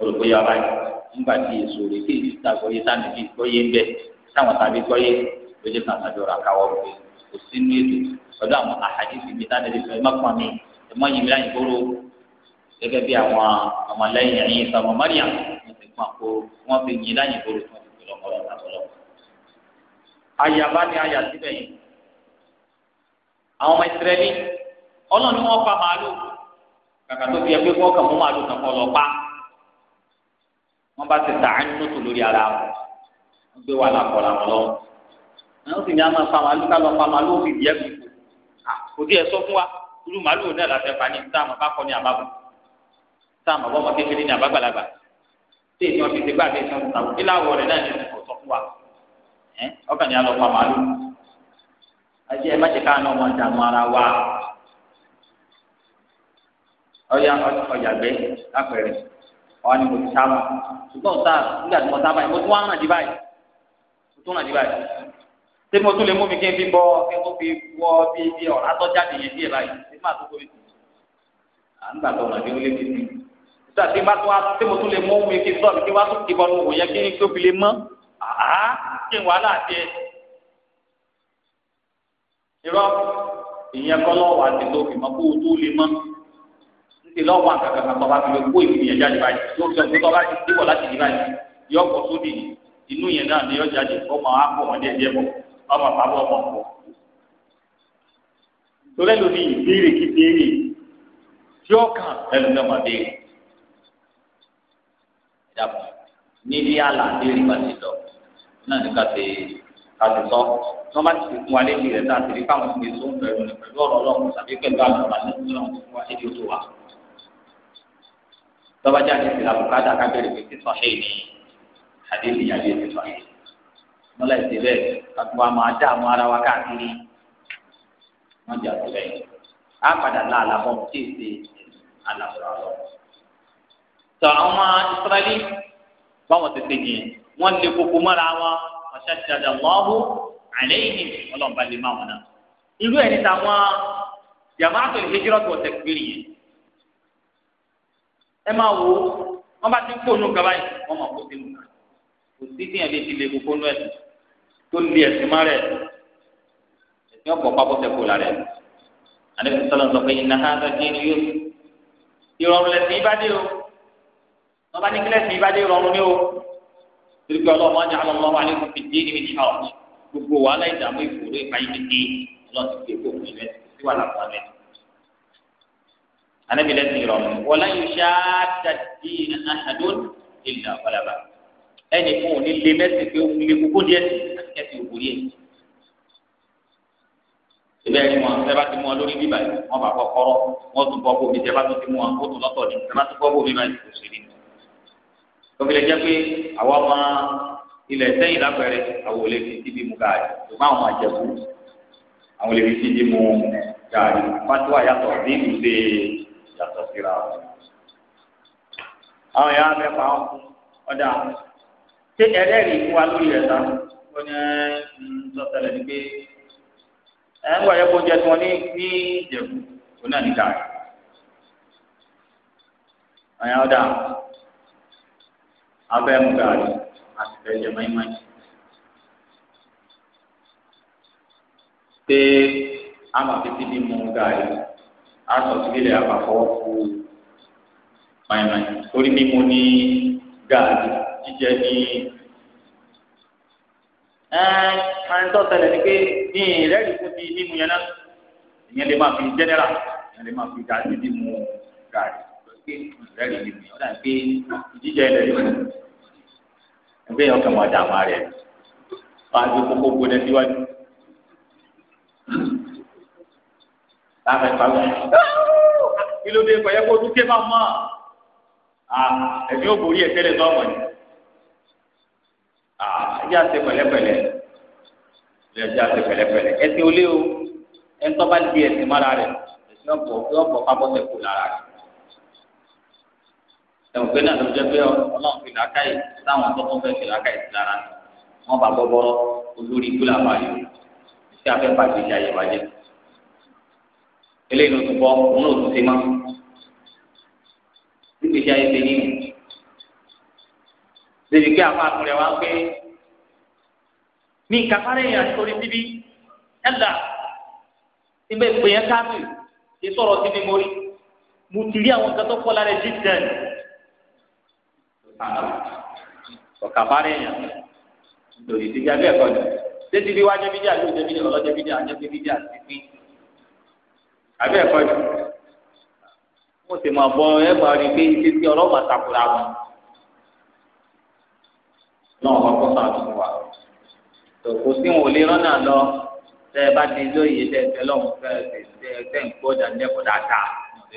olùkóyà báyìí nígbà tí èso rẹ̀ kí èyí ta gbọ́yé sáni bí gbọ́yé ń bẹ̀ táwọn tàbí gbọ́yé lójú kan tàbí ọ̀rọ̀ àkàwọ̀ pé kò sí inú ètò pẹ̀lú àwọn àhàdìsí mi táwọn ẹ̀dẹ̀ sọ ẹ má pọn mi ẹ mọ yìí láyìn kóró gẹ́gẹ́ bí àwọn ọmọlẹ́yìn ẹ̀yìn sọmọ mọ́ríà wọ́n ti pọn kó wọ́n fi yìí láyìn kóró fún ọ̀pọ̀lọpọ̀ àtọ̀lọ́. àyàbá ni àyà síbẹ̀ yìí àwọn ọmọ ìsirẹ́lì ọlọ́run ni wọ́n pa màálù kàkà tó fi ẹgbẹ́ kọ́ kà mú màálù kan kọ́ lọ pa wọ́n bá ti tàá nínú tó lórí ara wọn wọ́n gbé wà lákọ̀ọ́lá wọn lọ́wọ́ àwọn sì ní àwọn pa màálù ká lọ pa màálù fi di ẹgbẹ́ kò kò tí ẹ sọ fún wa irú màálù náà la fẹ́ pa ní bá kọ́ ní àbábọ̀ táàmù bọ́ ọmọ kékeré ní tí èyí tí wọn fi ti bá àti èyí tí wọn ti náà ní ìsìnkú sọ fún wa ẹ ọkàn ní alọ pa màálù àti wa ni mo ti sábà ṣùgbọ́n sáà nígbà tí mo sábà yìí mo tún mo tún ṣé mo tún lè mú mi kí n fi kí n fi bí bí ọ̀rá tàbí bá tó wá tí mo tún lè mú omi kí sọ́ọ̀bù kí wá tó kì bọ́nu òwò yẹn kí n tóbi lè mọ́ àá kí n wà láàdé. irọ́ ìyẹn kọ́ lọ́wọ́ àti tó fi mọ́ kó o tó lè mọ́ nítorí lọ́wọ́ àkàkàkà tó bá fi lè kó ìgbìyànjú jáde báyìí yóò fi ọ̀gbìn tó bá ti dìbò láti dì báyìí yóò kọ́ sódì inú yẹn náà ni yóò jáde ọmọ akọ wọn díẹ̀ díẹ̀ bọ̀ ọmọ àbábọ̀ ọmọ ìdàpọ̀ níbi àlà ní ìgbà tí lọ náà ní ká ti ká ti sọ tí wọ́n bá ti fún wa lébi rẹ̀ tá a ti rí káwọn ti sún pẹ̀lú ní pẹ̀lú ọ̀rọ̀ ọlọ́run tàbí pẹ̀lú àgbàlá nínú ọ̀rọ̀ fún wa lébi tó wa. tọ́ba jáde sí làbùkádà kábẹ́rẹ́ pé títọ́ ṣe ní àdéhùn ìyàgbé títọ́ ṣe. mọ́lá ìṣe bẹ́ẹ̀ kàtó wa máa dá àwọn ara wa káàkiri wọ́n jà sí bẹ́ẹ̀. á padà lá àlàbọ̀ tí ì tọ àwọn israẹli báwọn tètè yẹn wọn lè koko mọ́ra wọn ọ̀ṣẹ́ ti dàda lọ́hùn àlẹ́ yìí ọlọ́mọba lè má wọn náà irú ẹni táwọn jamaatu hijiratu wa takbiri yẹn ẹ máa wo wọn bá ti ń kó nù kaba yìí wọn máa kó sínú kan kò sí tíyẹn lè ti lè kókó nù ẹsùn tó lè ẹsùn má rẹ ẹsùn ọgbọ pápọtẹ kó la rẹ alẹ́ sọlọ sọ pé ìnáhà sọ kí ni yóò ìrọ̀rùn lẹ́sìn ìbádé o wọn bá ní kílẹ̀sì ìbádé rọrùn ní o torí pé ọlọ́run wọn ní àwọn ọmọ wa lẹ́kọ̀ọ́ fi dé níbi tí a ọ̀tún gbogbo wàhálà ìdààmú ìfòòró ìpayé kéke ọlọ́run ti gbé gbogbo ìlẹ̀ sí wàhálà fún alẹ́ anabi lẹ́sìn rọrùn wọlé yóò ṣá dàdí ahadun ìlà ọ̀làbà ẹnì fún òní lé mẹ́sìn pé òun lé gbogbo díẹ̀ kẹ́sì òkúri ẹ̀ ìbẹ́ ẹni wọn ṣe bá ti mú wọn lórí bíbá yìí wọn bá kọ́ kọ́rọ́ wọn tún bọ́ bóbi ṣe tọ́bi lè jẹ́ pé àwọn ọmọ ilẹ̀ sẹ́yìn lápẹ̀rẹ̀ àwọn olè fi síbi mu gaari ṣùgbọ́n àwọn àjẹkù àwọn olè fi síbi mu gaari fatuwa yàtọ̀ bí ìlú ṣe yàtọ̀ síra àwọn ìyá mẹ́fà ọ̀dà ṣé ẹlẹ́rìí fún wa lórí rẹ̀ sá ní hmm, sọ́tẹ̀lẹ̀ ni pé ẹ̀ ń wáyé kó jẹ́ tí ní ní ìjẹ̀bù náà ní gaari àwọn ìyá ọ̀dà abẹ́ mú gàrí àti bẹ́ẹ̀ jẹ mọ́ínmọ́ín. pé àmọ̀ títí ní mú gàrí aṣọ sílẹ̀ àpapọ̀wọ́ fún mọ́ínmọ́ín torí mímú ní gàrí jíjẹ ní. ẹ ẹ tó tẹlẹ ni pé ní ìrẹ́rìí fún ti mímú yẹn náà ìyẹn lè máa fi jẹ́nẹ́rà ìyẹn lè máa fi gàrí mímú gàrí pé ìrẹ́rìí mímú yẹn ó dà pé jíjẹ ilẹ̀ yìí ẹgbẹ́ yẹn kàn máa dà máa rẹ̀ wọ́n á gbé kókó gbóná síwájú. láàbẹ̀ pàrọ̀ kí ló dé pẹ̀lú ẹ̀kọ́ dúkẹ́ máa mọ̀ ẹ̀mí ò borí ẹ̀tẹ́lẹ̀ tó ọmọ yìí. ẹ̀jẹ̀ àti pẹ̀lẹ́pẹ̀lẹ́ ẹ̀jẹ̀ àti pẹ̀lẹ́pẹ̀lẹ́ ẹ̀sìn olé o ẹ̀ńtọ́ bá di ẹ̀sìn mára rẹ̀ ẹ̀sìn ọ̀pọ̀ ọ̀pọ̀ kábọ̀tẹ̀ kù lára rẹ̀ ẹ̀wọ̀n pé náà ló jẹ́ pé ọlọ́run fi làákàyè táwọn tọ́kọ́ fẹ́ fi làákàyè sí lára wọn bá gbọ́ bọ́rọ́ olórí gúlà báyìí tí a fẹ́ bàjẹ́ ìjà yẹn bàjẹ́ eléyìí ló tún bọ́ òun ló tún ṣe má níbi ìjà yẹn ti ní débi pé àwọn àkùnrin wa pé ní ìkàkárẹ́ yẹn àti orí bíbí ẹ̀dà ibẹ̀ yẹn káàbì ìsọ̀rọ̀ síbi mórí mo ti rí àwọn kan kọ́ lára jíjẹ́ ọ̀kà fárẹ̀ yẹn lòdì sí jábẹ́ ẹ̀kọ́ ni tètè bí wájú bídí àti òjò bídí ọlọ́jọ́ bídí àjọ pé bídí àti pín àbẹ́ ẹ̀kọ́ ni mo ẹ rí pé iṣẹ́ tí ọlọ́wà takura wọn náà wọ́n wa wọn ò lè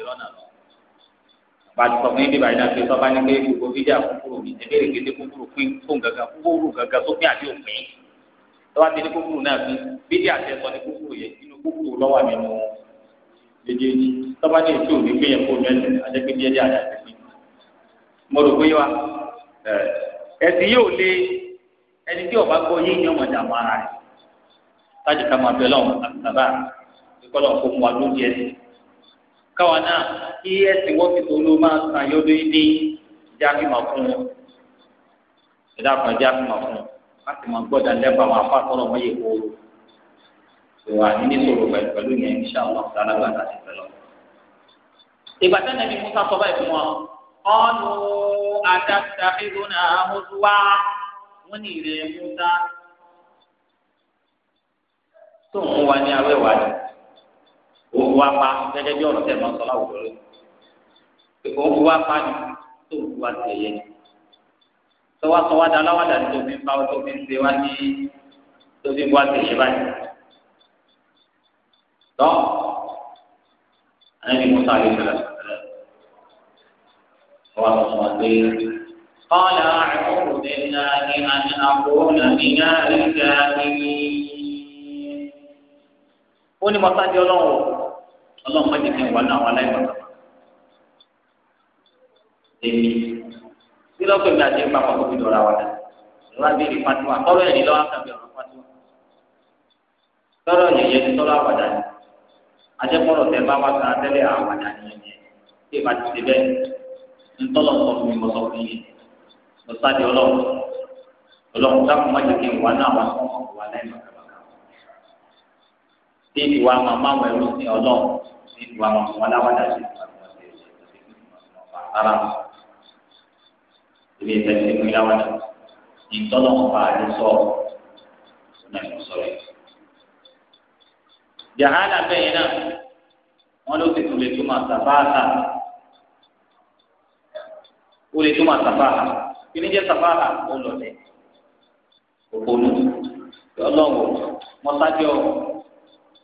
rán bàtí sọ fún yín bíbá yín náà pé sọ́ba ní pé gbogbo fídíà kúkúrú mi ẹ̀bẹ̀rẹ̀ kété kúkúrú pín fún gàgà kúkúrú gàgà tó pín àti òpin sọ́ba ti ní kúkúrú náà pín fídíà tẹ sọ ní kúkúrú yẹn inú kúkúrú lọ́wọ́ mi nù méjèèjì sọ́ba ní ètò òní pín yẹn kó mẹ́sẹ̀ ajẹ́pẹ́ díẹ̀ díẹ̀ àti àti pín. mo rò pé wa ẹ̀sìn yóò lé ẹni tí ọba gbọ́ yé ìyẹn ọmọdé àwọn ará rẹ̀ láti káwa náà kí ẹ̀sìn wọ́n fi tó ló máa san yọ́dọ̀ yìí ní jáfìmọ̀ fún un ìdá kan jáfìmọ̀ fún un láti máa gbọ́dọ̀ lẹ́bà wọn afá tọ́lọ̀ yìí kóró ìwà àdínní sọ̀rọ̀ pẹ̀lú pẹ̀lú yẹn insha Allah alágbà láti pẹ̀lú. ìgbà tẹ́lẹ̀ mi Musa sọ báyìí fún wọn ọ̀nù àdàtàkìlónà mọ́tòwá wọ́n ní ìrẹ̀ Musa tó ń wá ní awẹ́wàá òun wá pa gẹ́gẹ́ bí ọ̀rọ̀ tẹ̀ máa sọ láwùjọ rẹ̀ òun wá pa ni tó ń wá tẹ̀ yẹ sọwọ́sọwọ́dà aláwàdà ni tóbi ń pa tóbi ń ṣe wá ní tóbi ń wá tẹ̀ yẹ báyìí tọ́ ẹni mú sáré fẹ́rẹ́ wọ́n sọ wọn pé قال أعوذ بالله أن أكون من الكاذبين ó ní mọ́tàdé ọlọ́run ọlọ́run má jẹ́ kí n wà náà àwọn aláìmọ̀tọ́ èmi tí lọ́pọ̀ ìgbà tí ń pa pàtó fi dọ̀ra wa dà ìwà béèrè fatiwa tọ́rọ̀ ẹ̀ ní lọ́wọ́ àtàbí ọ̀rọ̀ fatiwa tọ́rọ̀ yẹ̀yẹ́ ti tọ́rọ̀ àwàdà ni ajẹ́kọ̀rọ̀ tẹ bá wá sàn tẹ́lẹ̀ àwàdà ni yẹn tí ìbá ti ti bẹ́ẹ̀ ntọ́lọ̀ sọ fún mi mo sọ fún yìí mo sáré ọlọ́run ọlọ́run dákun má jẹ́ kí n wà náà wà sí ìlú àwọn ọmọ aláwàdà sí ìlú àwọn ọmọ ṣe ṣe ṣe ìlú àwọn ọmọ rárá ìlú ìfẹ́ ṣe fún ìláwàdà ìtọ́nà ọba àdúsọ ọ̀nà ìmọ̀sọ̀rọ̀ jàhálà bẹ́ẹ̀ náà wọ́n ló ti tún lè túmọ̀ sàfáàtà ó lè túmọ̀ sàfáàtà kí ni jẹ́ sàfáàtà ó lọ lẹ́ òpó yọ lọ́wọ́ mọ́sájọ́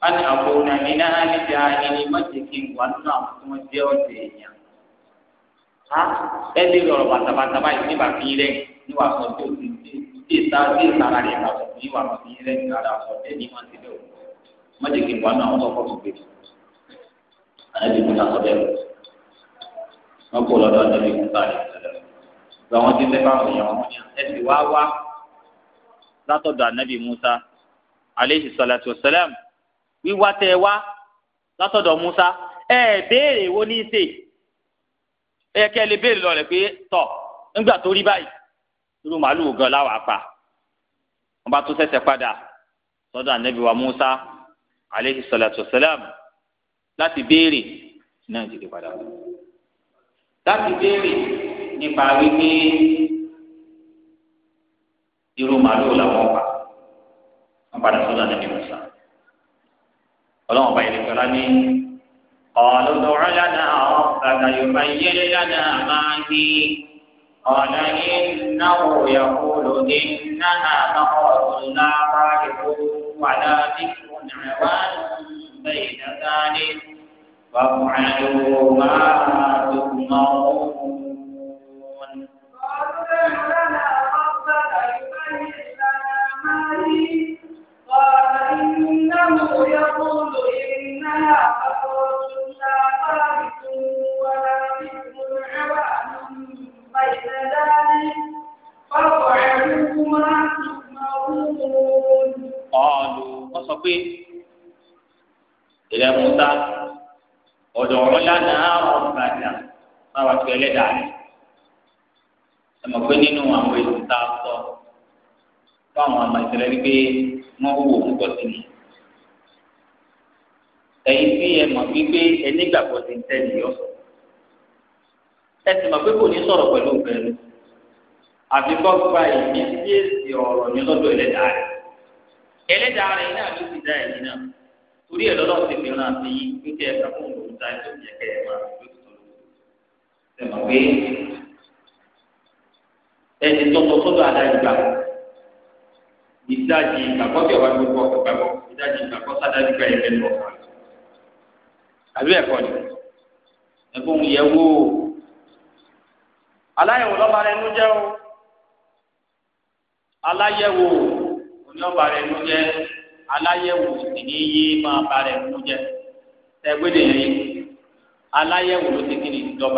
ani àbúrò mi náà ní ti àyè ni má ti kí n wà nínú àwọn tí wọ́n jẹ́ ọ̀dẹ̀ èèyàn. a ẹ lè lọ̀rọ̀ bàtàbàtà báyìí nígbà fi rẹ̀ níwà sọ pé o ti ti ti ta sí ìsara rẹ̀ ká sọ fún ìwà fi rẹ̀ nígbà sọ pé ní wọ́n ti lẹ̀ o má ti kí n wà nínú àwọn tọ́kọ̀ tó gbé. àyẹ̀bí mi náà sọ bẹ́ẹ̀ wọ́n kó lọ́dọ̀ ọ̀dẹ̀ mi kúta rẹ̀ sọ̀rọ̀ gba wọn ti fẹ́ fáwọn èèyàn wọn ni ẹ sì wá wá látọ̀dọ̀ ànábì Musa aleyhi salatu Wassalam wíwá tẹ ẹ wá látọ̀dọ̀ Musa ẹ béèrè wo ní í ṣe ẹ kẹ́ lè béèrè lọ rẹ̀ pé tọ̀ nígbà tó rí báyìí irú màálù gan láwàá pa wọn bá tún ṣẹ̀ṣẹ̀ padà sọ́dọ̀ ànábì wa Musa aleyhi salatu salam láti béèrè náà jìnnì padà láti béèrè nípa wípé irú màálù làwọn pa wọn padà sọ́dọ̀ ànábì Musa ọlọ́run bá yẹ lẹ́kọ̀ọ́ lá ní ọ̀ọ́dún tó rán lánàá ọ̀ọ́ bàtà yorùbá yé lánàá máa ń ní ọ̀ọ́dún yàgò lòdì náà lọ́kọ̀ọ́dún náà bá yẹ̀wò wàdà dínkù nàìwá bẹ́ẹ̀ dáadáa ní wàá fún àyẹ̀wò máa tó máa ń wọ́n. pé ìrẹ musa ọdọ ọ̀rọ̀ lánàá ọgbàdà máa wà tó ẹlẹ́dàá rẹ ẹ mọ̀ pé nínú àwọn èsì tá a sọ fáwọn ọmọ ìṣẹ̀lẹ̀ wípé wọn wò ó ń bọ sí ni? ẹ̀yin fi ẹ mọ̀ wípé ẹni gbàgbọ́ ti ń tẹ́lẹ̀ yọ sọ ẹ sì mọ̀ pé kò ní sọ̀rọ̀ pẹ̀lú bẹ́ẹ̀ àfi kọ́ gba ìmí sí èsì ọ̀rọ̀ ní lọ́dọ̀ ẹlẹ́dàá rẹ̀ ẹlẹ́dàá rẹ̀ iná ló ti dá ẹ̀yìn náà torí ẹ̀ lọ́dọ̀ ti mìíràn àti yí níkẹ́ ẹ̀ka fún òun dá ẹ̀ tó yẹ kẹ́ ẹ̀ máa ló ti tọ́lú ẹ̀ mọ̀ pé ẹni tọ́tọ́ sọ́dọ̀ adájúgbà ìdájì ìgbàgbọ́ bí ọ̀wá gbogbo ọ̀gbàgbọ́ ìdájì ìgbàgbọ́ sádàjúgbà ẹ̀ lẹ́nu ọ̀fà àbí ẹ̀kọ́ ni ẹ̀kọ́ ń yẹ wó o aláyẹ̀wò lọ́ba rẹ̀ ń jẹ́ o aláyẹ̀wò òní rẹ̀ ń jẹ́ aláyẹ̀wò sì máa ba rẹ̀ ń jẹ́ yẹn aláyẹ̀wò ló ti rẹ̀ ń jẹ́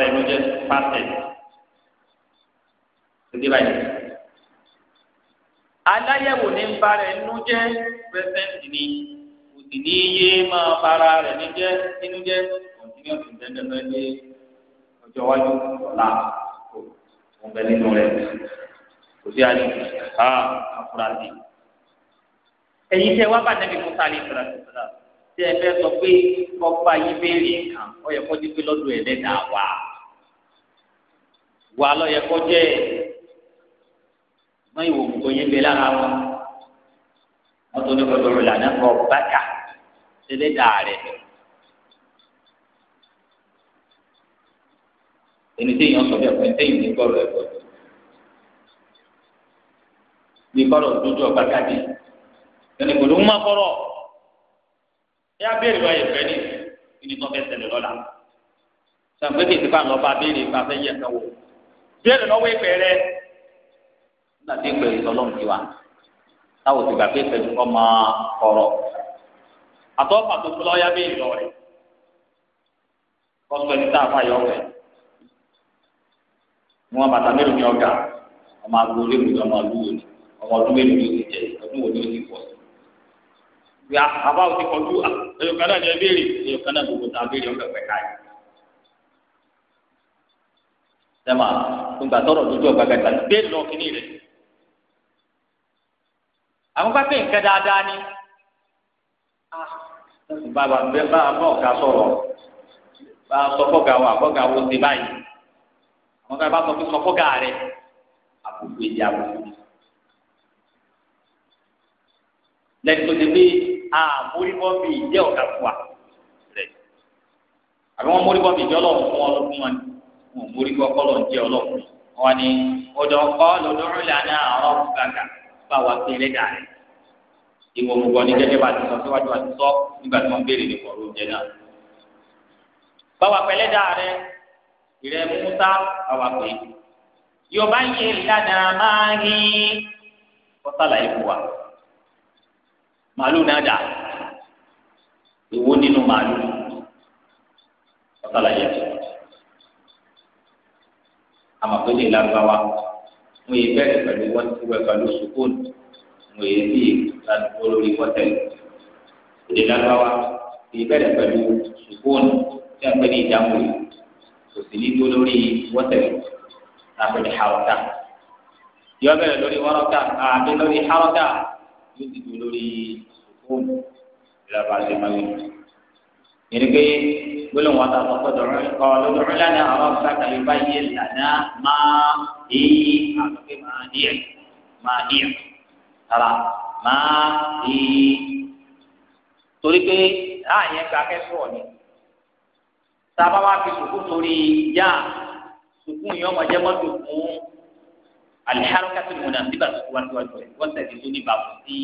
rẹ̀ ń jẹ́ pàṣẹ aláyẹ̀wò ní ń bára ẹnu jẹ́ pẹ́sẹ́ǹtì ni kò sì ní yé máa bára rẹ̀ ní jẹ́ nínú jẹ́ kọ̀ǹtínúọ̀sì ìdẹ́gbẹ́fẹ́ ní ọjọ́ iwájú ọ̀la kò bẹ nínú rẹ̀ kò sí àní ká àfúrásì. ẹ̀yin tẹ́ wá bá nẹ́bí musa alẹ́ ìfura ìfura tẹ́ ẹ fẹ́ sọ pé ọba yìí béèrè nǹkan ó yẹ kó dípé lọ́dọ̀ ẹ̀lẹ́dàá wa wa ló jẹ́ ẹ̀ wọn ìwò gbogbo yẹn bẹ lára wọn wọn tó ní kọjọ rẹ lànà kọ bàtà ṣẹlẹ̀ dà rẹ ẹni téèyàn sọ bẹ́ẹ̀ fún ẹni téèyàn ní gbọrọ ẹ gbọdọ bí kọrọ dúdú ọba gàdí ẹni kò ló ń má kọrọ ẹ abẹ́rẹ́ wa yẹ fẹ́ ní ìní tó fẹ́ ṣẹlẹ̀ lọ́la sàǹfẹ́ kìí ti fà lọ́ba abẹ́rẹ́ ìfà fẹ́ yẹ kẹwò bẹ́ẹ̀rẹ̀ lọ́wọ́ ìfẹ́ rẹ nígbà tí ìpè ìtọ́lọ́mù ti wà táwọn ti gbà pé ìpè ìtọ́kọ́ máa kọ̀rọ̀ àtọ́ pàtó fúlọ́ yá bẹ́ẹ̀ lọ rẹ̀ kọ́sọ́ ẹni tá a fà yọ ọ̀fẹ́ wọn bàtà mélòó ní ọgà ọmọ àgbo lé wòlé ọmọ àlúwò ni ọmọ ọdún mélòó ni ó ti jẹ ọdún wo ni ó ti pọ̀ sí i àbá ò ti kọjú ẹyọ kan náà ni ẹ béèrè ẹyọ kan náà gbogbo tá a béèrè ọgbẹ pẹka yìí sẹ́mà nígbà tọrọ lójú ọgbà gàdá bẹ́ẹ̀ lọ kínní rẹ̀ àwọn pápẹ́ nǹkan dáadáa ni bàbá ah, bẹ bá bá ọ̀gá sọ̀rọ̀ bá sọ fọ́gà wa fọ́gà wo ti báyìí àwọn kan bá sọ fún sọ fọ́gà rẹ àbùkù èdè àbùkù lẹ́yìn tó ti pé àmúrígbọ́nbì jẹ́ ọ̀gá fún wa rẹ̀ àbí wọ́n múrígbọ́nbì jẹ́ ọlọ́run fún ọlọ́run wọn wọn múrígbọ́ kọ́lọ̀ jẹ́ ọlọ́run wọn ni ọ̀dọ̀ kọ́ lọ́dọ́rùn lánàá ọ̀rọ̀ fún bá wa pé ẹlẹ́dàá rẹ̀ ìwọ mọ̀gbọ́ ní gẹ́gẹ́ bá ti sọ síwájú àti sọ nígbà tí wọ́n béèrè ní kọ̀ọ̀rọ̀ oúnjẹ náà. bá wa pé ẹlẹ́dàá rẹ̀ ìrẹ́ Mùsá bá wa pé yorùbá yẹ ìlànà máa ń rí kọ́sálà ìfọ̀ wa màálù náà dà èwo nínú màálù kọ́sálà yẹ àmọ̀ pé lè mo yẹ bẹ́ẹ̀ pẹ̀lú wọ́n ti wẹ̀ pẹ̀lú sukùn mo yẹ bí ìlànà lórí wọ́tẹ̀lì èdè lágbáwá èyí bẹ̀rẹ̀ pẹ̀lú sukùn tí a pè ní ìdáhùn yìí kò sì ní tó lórí wọ́tẹ̀lì àpèlè hàrọ̀tà yọ bẹ̀rẹ̀ lórí wọ́rọ̀tà àbí lórí hàrọ̀tà yóò ti tó lórí sukùn ìlànà àti ìmọ̀lẹ́ ìrìgbé gbólóhùn wọn tàbí ọkọ dọrọ ọ lọdọrọ lánàá àwọn ọsàkà yìí bá yé lánàá máa èyí àtúnfẹ máa yẹ máa yẹ ara máa èyí torí pé láàyè gba kẹsàn-án ni sábà wá fi sùkún torí yá sùkún yìí ọmọ jẹ mọtò fún aliharikati muna síbà sùkún wájú wájú rẹ wọn tẹsí tó ní bàbá sí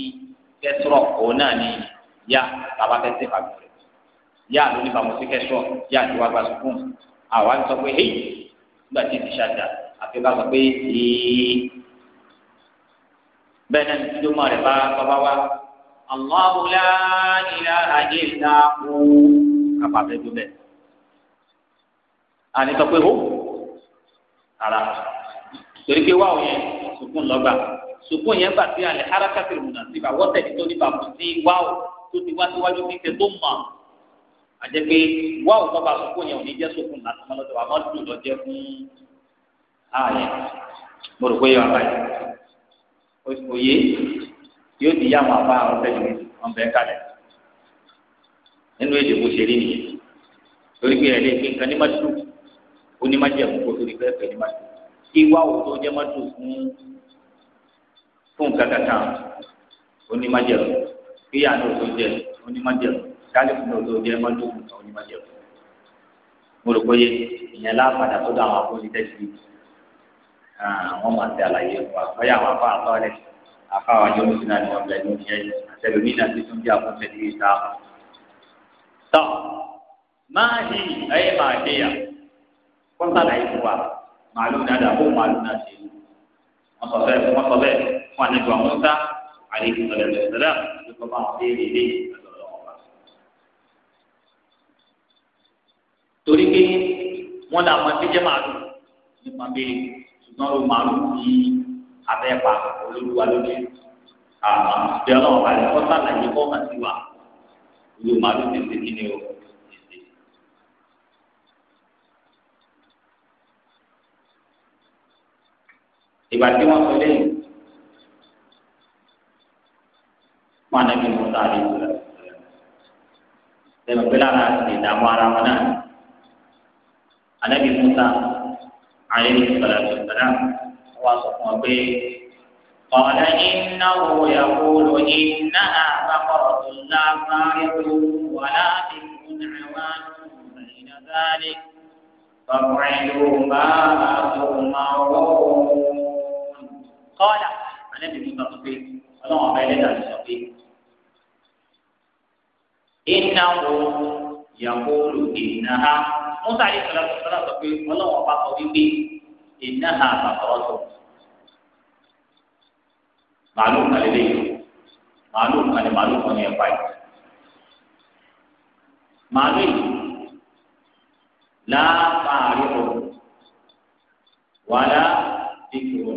kẹsàn-án òun náà ni yá bàbá kẹsàn-án bàbá rẹ yá ló ní bàmú sí kẹsọ yá ló wá gba sukùn àwa ń sọ pé hey nígbà tí ti ṣàjà àfi bá sọ pé ee bẹ́ẹ̀ náà ní tí dómọ rẹ̀ bá bàbá wa Allahu la ilaha illa hu kàbà bẹ́ẹ̀ tó bẹ́ẹ̀ àní sọ pé hó ara torí pé wáwò yẹn sukùn lọ́gbà sukùn yẹn gbà sí alẹ́ harakati rẹ̀ síbà wọ́tẹ̀ tó ní bàmú sí wáwò tó ti wá síwájú ní tó mọ̀ àjẹpé wá òtọ́ bá sọ́kún yẹn ò ní jẹ́ sọ́kún láti máa lọ́dọ̀ àmọ́ dùn lọ jẹ́ fún ààyè mo rò pé yọ̀ọ́ báyìí òye yóò di yá àwọn afá ọ̀fẹ́ yìí wọ́n bẹ́ẹ̀ kalẹ̀ nínú èdè bó ṣe rí nìyẹn torí pé ẹ̀ lè fi nǹkan ní má dùn ó ní má jẹ́ fún kó torí pé ẹ̀ ní má dùn kí wá òtọ́ jẹ́ má dùn fún fún nǹkan ó ní má jẹ́ fún kí yàrá òtọ́ jẹ́ ó ní má jẹ́ fún kálífù náà tó jẹ́ mọ́dúnkù tó ní mọ́jẹ̀ fún mo rò pé ìyẹn láàpadà tó dá àwọn akóni tẹ̀sí àwọn máa ti àlàyé wa ọ̀yà àwọn afá àtọ́rẹ́ afá wa jọ lóṣù náà ni wọ́n bẹ̀rẹ̀ ní ìyẹn àtẹ̀lómi náà ti tún bí àkóso ti rí sáà. tọ́ máa hì ẹ̀yẹ máa dé yà wọ́n sàlàyé fún wa màálù náà dà bó màálù náà ṣe wọ́n sọ bẹ́ẹ̀ fún àníjọ àwọn sá torí pé wọn là mọ ẹgbẹ́ màálù nípa pé ṣùgbọ́n ló màálù sí abẹ́ pa olóluwa lóde àmọ́ bí ọlọ́run bá lè kọ́ sàlàyé kọ́ hàn sí wa olú màálù tètè kí ni o. ìgbà tí wọ́n sọ lẹ́yìn wọn àná bí mo sáré lọ lẹ́nu pé lára ìdààmú ara wọn náà anabi musa alayhi salatu wa salam wa sọ fún wa pé qala innahu yaqulu innaha baqaratun la fariqun wa la bikun awanun bayna dhalik fab'iduha tu'marun qala anabi musa sọ pé ọlọ́run ọba ẹlẹ́dàá ti sọ pé innahu yaqulu innaha musa yìí sọlá sọlá sọ pé ọlọ́wọ́n bá sọ wípé iná ha bàtọ́rọ́ malu màálù kan lè léyìn màálù kan ní màálù kan ní ẹ̀fà yìí màálù yìí láàárín òun wàhálà dìkìrò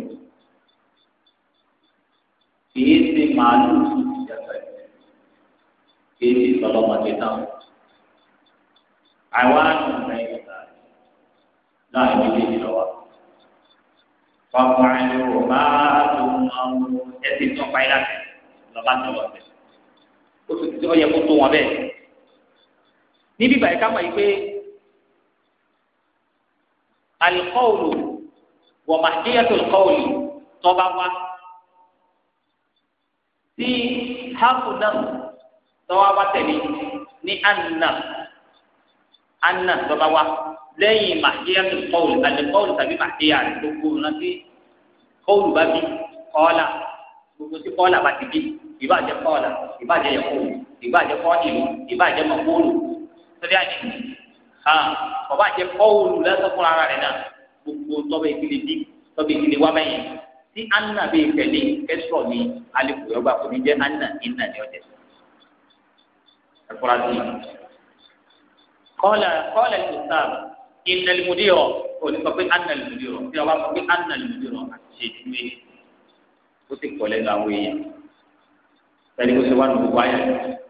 kìí ṣe màálù yàtọ̀ kìí ṣe sọlọ́mọdé náà àwa nùnà ìgbà náà ní méjì lọ́wọ́. Fọkùnrin ni o máa tó ọmọ ẹsẹ̀ tí wọ́n pa ilá tẹ̀ lọ́ba tó lọ bẹ̀. Ó sì ti ọyẹ kó Níbí báyìí ká mọ̀ yìí pé alikọ́ọ̀lù wọ̀ màdíyàtò alikọ́ọ̀lù tọ́ba wá sí hákùnà tọ́wọ́ bá tẹ̀lé ní àná anna tọba wa lẹ́yìn màkìyà tó kọwùlù àti kọwùlù tàbí màkìyà gbogbo náà ti kọwùlù bá bí kọọlà gbogbo tí kọọlà bá ti bí ìbàjẹ́ kọọlà ìbàjẹ́ yẹkọọ ìbàjẹ́ kọọlù ìbàjẹ́ mọkọọlù sọdí àjẹ ha bàbá àjẹ kọwùlù lẹsọkùnrin ara rẹ náà gbogbo tọba ìdílé bí tọba ìdílé wa mẹyìn tí anna bẹ tẹlé kẹsọ ní alẹ kò yọgbà kò anna ìnà ní ọjẹ ẹkọlá tó yẹ kọ́lá kọ́lá ìsàm ìnàlùmùdíọ̀ òní sọ pé ànàlùmùdíọ̀ tí ọba sọ pé ànàlùmùdíọ̀ àti ṣèjúwe ó sì kọ́ lẹ́nu àwọn èèyàn tẹ́lẹ̀ kó ṣe wá nùgbò wáyà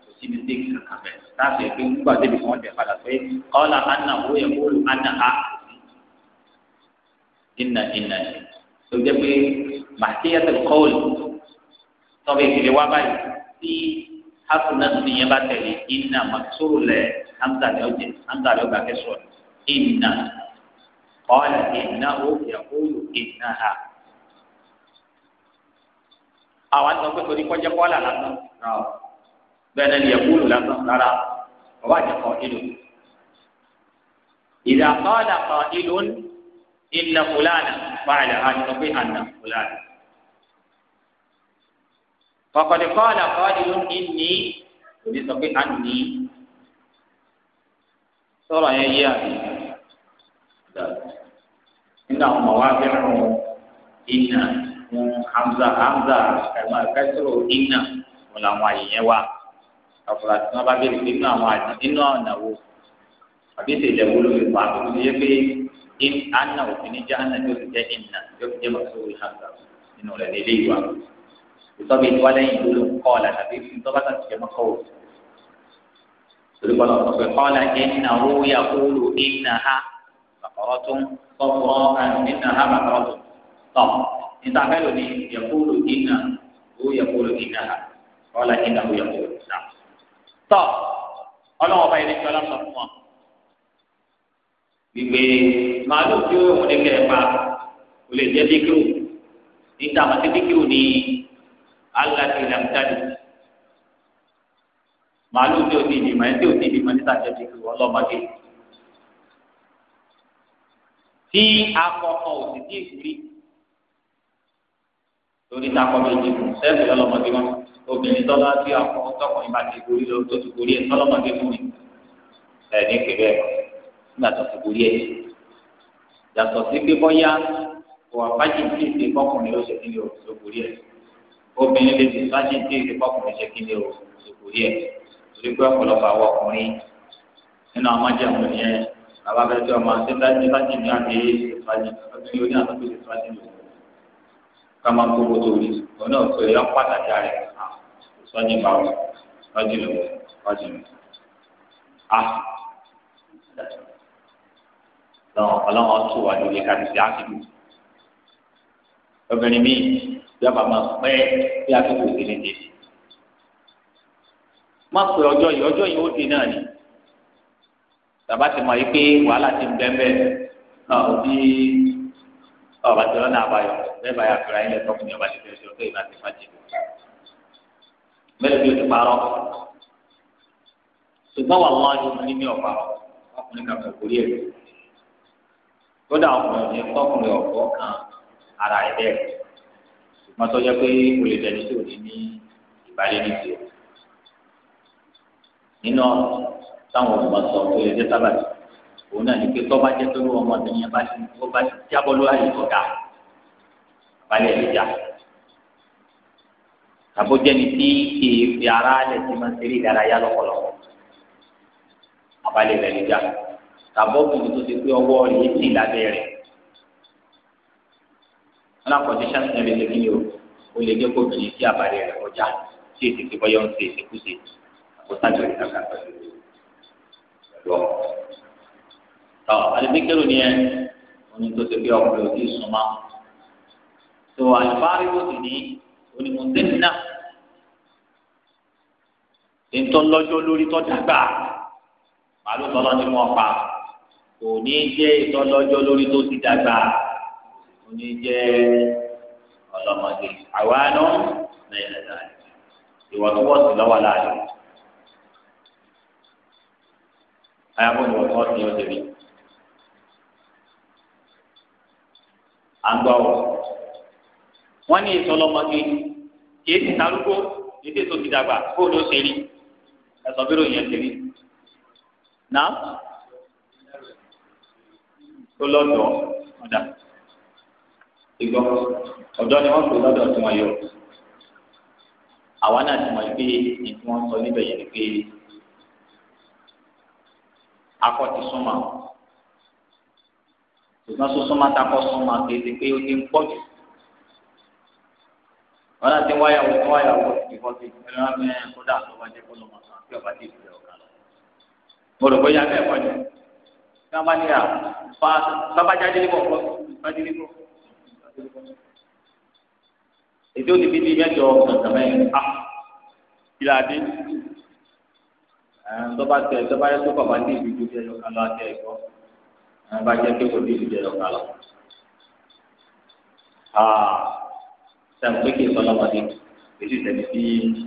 kò sí mi sí kàkà bẹ́ẹ̀ láti ẹ̀kẹ́ nígbà débi kan tẹ̀ padà pé kọ́lá ànà owó yẹ kó ànà á ìnà ìnà tó jẹ́ pé màkíyàtọ̀ kọ́ọ̀lù tọ́bi ìdílé wá báyìí tí hasunà nìyẹn bá tẹ̀lé ìnà màsúrù lẹ́ẹ̀ hamza ni ọjẹ hamza ni ọgbà kẹsọ ìnà ọlẹ ìnà ó yàgòlù ìnà ha àwọn àti ọgbẹ torí kọjá kọlà lásán rárá bẹ́ẹ̀ náà ni yàgòlù lásán rárá ọwọ àjẹkọ ìlú ìdá kọlà kọ ìlú ìnà fúlànà fàlẹ àti ọgbẹ àná fúlànà. فقد قال قائل إني وليس في أني sọ̀rọ̀ yẹn yé àbí nínú àwọn ọmọ wa fẹ́ràn iná wọn hamza hamza ẹ̀ma kẹsìrò iná wọn làwọn àyè yẹn wà àfúrásì wọn bá bẹ̀rẹ̀ nínú àwọn àdì nínú ọ̀nà wo àbí tèlè wo ló fi pa àbí tó pé anna òfin jẹ́ anna tó fi jẹ́ iná tó fi jẹ́ mọ̀sọ́wọ́ hamza nínú rẹ̀ lélẹ́yìí wa ìtọ́bi ìwálẹ́yìn ló ló kọ́ ọ̀la tàbí ìtọ́ba tàbí jẹ́ mọ́kọ́ òfin torí kọ́ lọ́wọ́ pé kọ́ la iná owó ya kúlù iná ha bàkọ́rọ́ tó ń kọ́kọ́ iná ha bàkọ́rọ́ tó tọ̀ níta fẹ́ lóni ya kúlù iná owó ya kúlù iná ha kọ́ la iná owó ya kúlù iná tọ̀ ọlọ́wọ́ bá yẹn kí ọlọ́wọ́ fún wa gbígbé màálù tí ó wọlé kẹfà lè jẹ́ díkìrù níta àti díkìrù ni alákìlá ń dájú màálù tí o ti dì mọ ẹ tí o ti dì mọ níta jẹ ti fi wọn lọmọdé tí akọkọ ò sì tí ì rí lórí takọ méjì mọ sẹẹsì lọlọmọdé wọn obìnrin tọ́lá tí akọ tọkùnrin bá ti gorí lọ tó ti gorí ẹ tọlọmọdé fún mi ẹ ní ìpínlẹ̀ nígbà tó ti gorí ẹ yàtọ̀ sí pé bọ́yá òwà fájì tí ìṣe kọkùnrin ló ṣe kí ni o ló gorí ẹ obìnrin lè ti fájì tí ìṣe kọkùnrin ṣe kí ni o ló gorí ẹ torí pé ọ̀pọ̀lọpọ̀ àwọn ọkùnrin nínú àwọn májàmú yẹn bàbá bẹ́ẹ̀ tí ọmọ àti sájì sájì ní àgbé ìfàjì ọdún yóò ní àtúntò ìfàjì lò ká máa kó owó torí òun náà pé yọ pàtàkì rẹ̀ sọ́jì bá wọn sọ́jì lò sọ́jì lò á lọ́wọ́ ọlọ́wọ́ tó wà lórí kàdìsí àkìlù obìnrin mi yọba máa pẹ́ bí àkókò ìdílé dé má pé ọjọ́ yìí ọjọ́ yìí ó di náà ni bàbá ti mọ̀ yìí pé wàhálà ti ń bẹ́ẹ̀ bẹ́ẹ̀ òbí ọba tí lọ́nà àbáyọ bẹ́ẹ̀ bá yà fúra yín lẹ́tọ́ fún yọba títí ọjọ́ tó ìbá ti má jẹ mẹ́lẹ̀ bí o ti parọ́ ṣùgbọ́n wà wọ́n ní ní ní ọ̀pá ọkùnrin kan kò kórè ẹ̀ kódà ọkùnrin yẹn kọ́kùnrin ọ̀pọ̀ kan ara ẹ̀ bẹ́ẹ̀ ṣùgbọ́n tó yẹ pé olè nínú ọ̀rọ̀ táwọn ọmọ sọ tó lè dé sábàbí òun náà ní pé tọ́ bá jẹ́ pé wọ́n ọmọ tẹ̀yìn bá ti tó bá ti jábọ́ lórí àyè tó dáa balẹ̀ lè já àbójẹ́ni tí èèfì ara lẹ̀ ti máa ń ṣeré ìdárayá lọ́pọ̀lọpọ̀ abalẹ̀ rẹ̀ lè já tàbọ̀kùnrin tó ti pé ọwọ́ rẹ̀ yé tì lábẹ́ rẹ̀ wọn àkọ́jọ́ sáńtì rẹ̀ o ó jẹ́ kó obìnrin tí abalẹ̀ rẹ̀ kọjá tí èsì ti bọ́yọ̀ ń ṣe èsì kúṣe kò sájọ ní kàkà pẹ̀lú lọ. tọ́ alìbíkẹ́rù ni ẹ oní tó ti bí ọkùnrin òdì súnmọ́. tó àlùfáàrí wò sí ní onímọ̀tẹ́nìnà ntọ́ lọ́jọ́ lórí tọ́ dàgbà màálù tọ́lọ́ ni wọ́n pa kò ní jẹ́ ìtọ́ lọ́jọ́ lórí tó ti dàgbà kò ní jẹ́ ọlọ́mọdé àwa náà lẹ́yìn ẹ̀dá ìwọ̀ntúnwọ̀nsì lọ́wọ́ láàyè. ayabo ni ọtọ ti ọsẹ bi agbawọ wọn ní ìsọlọmọdé kìí ti tarúgbó ètò ètò ti dàgbà kó ló ṣe rí ẹsọ bí ròyìn ẹsẹ rí náà tó lọ́dọ̀ ọdà ìgbọ ọ̀dọ́ ni wọn kò lọ́dọ̀ tí wọn yọ àwa náà ti mọ ìgbé ní tí sọ níbẹ̀ yẹn ni pé akọ ti súnmọ́ ṣùgbọ́n súnmọ́ takọ súnmọ́ kéde pé ó ti ń pọ̀ jù wọn láti wáyàwó tó wáyàwó ìfọ́sí ìfẹ́ràn mẹ́rin kódà tó bá jẹ́ kó lọ́mọ sàn tí ọba ti ìfẹ́ ọ̀gá lọ. mo rò bóyá bẹ́ẹ̀ kọ́ ni tí wọ́n bá ní à fa bábájáde níbọ̀ kọ́ bájú níbọ̀. èdè òdìbí bíi mẹ́jọ kàkàmẹ́rin a ah, ìlà àdé tọ́ba tẹ tọ́ba yẹ kó bàbá ní ìdíjú bí ẹyọ kan lọ àti ẹ̀kọ́ bá jẹ́ pé kò ní ìdíjú ẹyọ kan lọ. sẹ́wọ̀n pé kí n sọ́nà ọmọdé èsì tẹ̀lé sí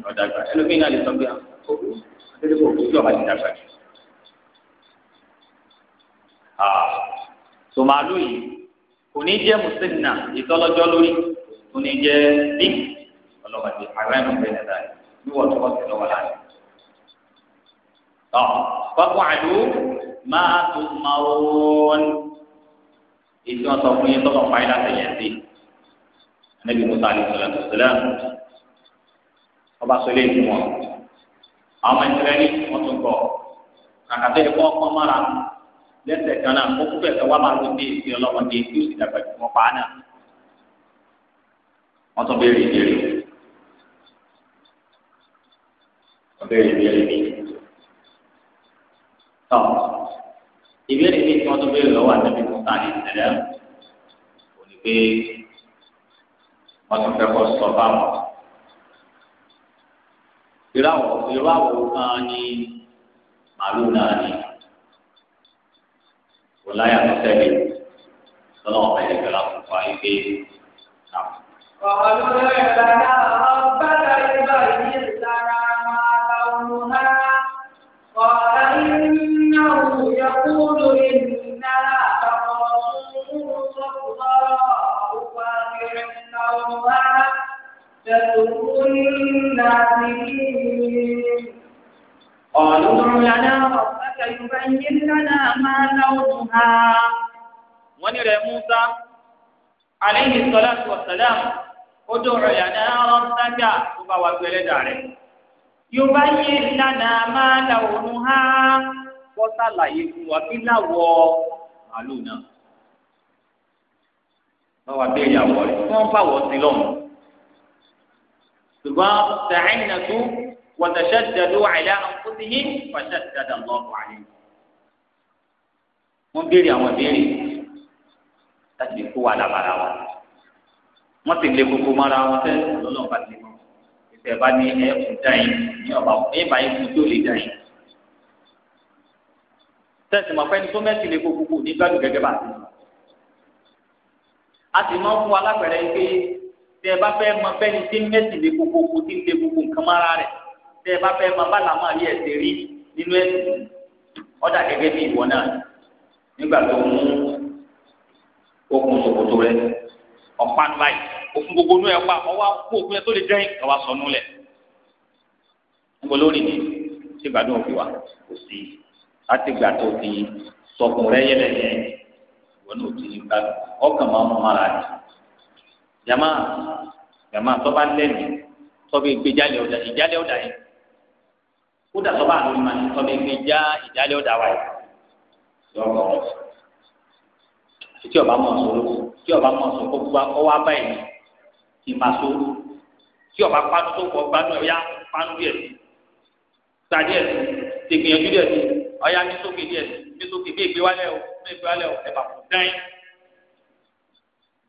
ọ̀dà àgbà ẹlòmíín náà lè sọ pé àkókò ah, àtẹ́lẹ́ kò kójú ọ̀bá ti dàgbà jù. tòmálù yìí kò ní jẹ́ mùsùlùmí ìtọ́lọ́jọ́ lórí kò ní jẹ́ bíi ọlọ́mọdé àgbà ẹ̀mọ́ bẹ́ẹ̀ níwọ̀n tó kọ́ tọ́ wákò àdó máa tó máa wọ́n èyí wọn sọ fún yín tọ́lọ̀ fáyín láti yẹn sí anabi musa alayhi salatu salam ọba sọ eléyìí fún wọn untuk ìsirẹ́lì wọn tún bọ̀ kàkàtà ẹ̀kọ́ ọkọ mọ́ra lẹ́sẹ̀ kan náà kó kúkẹ́ ẹ̀ka wà tidak ló dé ìsìn ọlọ́mọdé tí ó sì dàgbà jù wọn pa á náà wọn tún béèrè ìbéèrè tọ ìbéèrè mi tí wọn tó béèrè lọ́wọ́ àtẹbí musa ní ìṣẹ̀lẹ̀ kò ní pé wọn tún fẹ́ kọ sọ fáwọn irú àwọ irú àwọ kan ní màlúù náà ni kò láyà tó tẹ́lẹ̀ lọ́nà ọ̀bẹ ìgbàlá fún wa yìí pé. قالوا لنا ربنا إبراهيم الكافرين قالوا ادع لنا ربك يبين لنا ما لونها ونرى موسى عليه الصلاة والسلام ادع لنا ربك تبا وقبل داره يبين لنا ما لونها وصلى يكون وكلا màálù náà wọn wá bẹ́ẹ̀ yà wọ rẹ wọn fà wọ sí lọrùn ṣùgbọ́n ta'inatu wa tashaddadu ala anfusihim fa shaddada Allahu alayhim. wọ́n béèrè àwọn ìbéèrè láti kó wa lábàrá wa wọ́n ti lé gbogbo mọ́ra wọn tẹ́ ọlọ́run bá ti mọ́ ìfẹ́ bá ní ẹ̀kún dáyìn ní ọ̀bà ẹ̀bà ẹ̀kún tó lè dáyìn. tẹ́sí mọ̀ pẹ́ni tó mẹ́sì lé gbogbo ní gbàdúgẹ́gẹ́ bá ti mọ̀ a sì máa fún wa lápẹ̀rẹ̀ tẹ ẹ bá fẹ́ mọ fẹ́ni tí mẹ́sì lé gbogbo kó tí ń lé gbogbo nǹkan mára rẹ̀ tẹ ẹ bá fẹ́ mọ bá làmọ́ àrí ẹ̀sẹ̀ rí nínú ẹ̀sìn ọ̀dà gẹ́gẹ́ bí ìwọ náà nígbà tó mú okùn ṣòkòtò rẹ̀ ọ̀pá báyìí okùn gbogbo nú ẹ̀ pa ọwọ́ kó okùn yẹn tó lè dẹ́yìn ọwọ́ sọ nú lẹ̀ níbo ni tí ìgbàdùn òfin wa kò sí láti gbà tó ti sọkùn rẹ̀ yẹlẹ̀ yẹn ìwọ náà ti ní ọkàn máa mú mára jama jama tọ́ba lẹ́nu tọ́ba gbé jálẹ̀ ọ̀dà ìjálẹ̀ ọ̀dà yẹn kódà tọ́ba àlọ́ ìmọ̀ ni tọ́ba gbé já ìjálẹ̀ ọ̀dà wa yẹn lọ́wọ́ tí ọba mọ̀ sọ tí ọba mọ̀ sọ kó gba ọwọ́ abá yẹn kì í máa so tí ọba panu tó kọ gbádùn ẹ̀ ya panu díẹ̀ sadi ẹ̀ tẹ̀gbìyànjú díẹ̀ ọ̀ya mísókè díẹ̀ mísókè bí ègbé wálẹ̀ o bí ègbé wálẹ̀ o ẹ̀ bá kú dán yín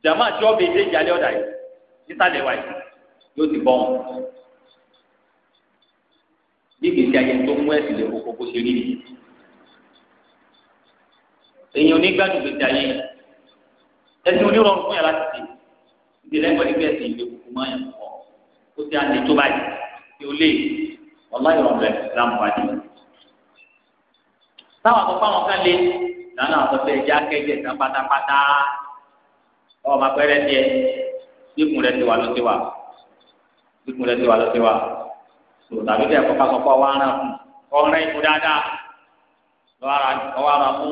jàmá àti ọbẹ̀ èdè ìjàlẹ̀ ọ̀dà yìí nísàlẹ̀ wa yìí yóò ti bọ́ wọn. bí gbèsè ayé tó mú ẹ̀sìn lè kókó kó ṣe rí ni. èèyàn onígbàdùn gbèsè ayé yìí ẹ̀sìn onírọ̀rùn fún yàrá ti ṣe ìdílé ẹgbẹ́ nígbà ẹ̀sìn ìlú kókó máa yàn pọ̀ ó ti àlè tó báyìí tí ó lè ọláyọ̀ ọ̀bẹ láǹfààní. táwọn àkọ́kọ́ àwọn kan lé lánàá àtọ́fẹ́ ẹja kẹ́jẹ́ ìta pátápátá ọmọ akpẹrẹ tiẹ bíkun rẹ ti wà ló ti wà bíkun rẹ ti wà ló ti wà tó tàbí tẹ kọkà kọkọ wà rán kọ rẹ ikú dáadáa lọ́wọ́ ara mú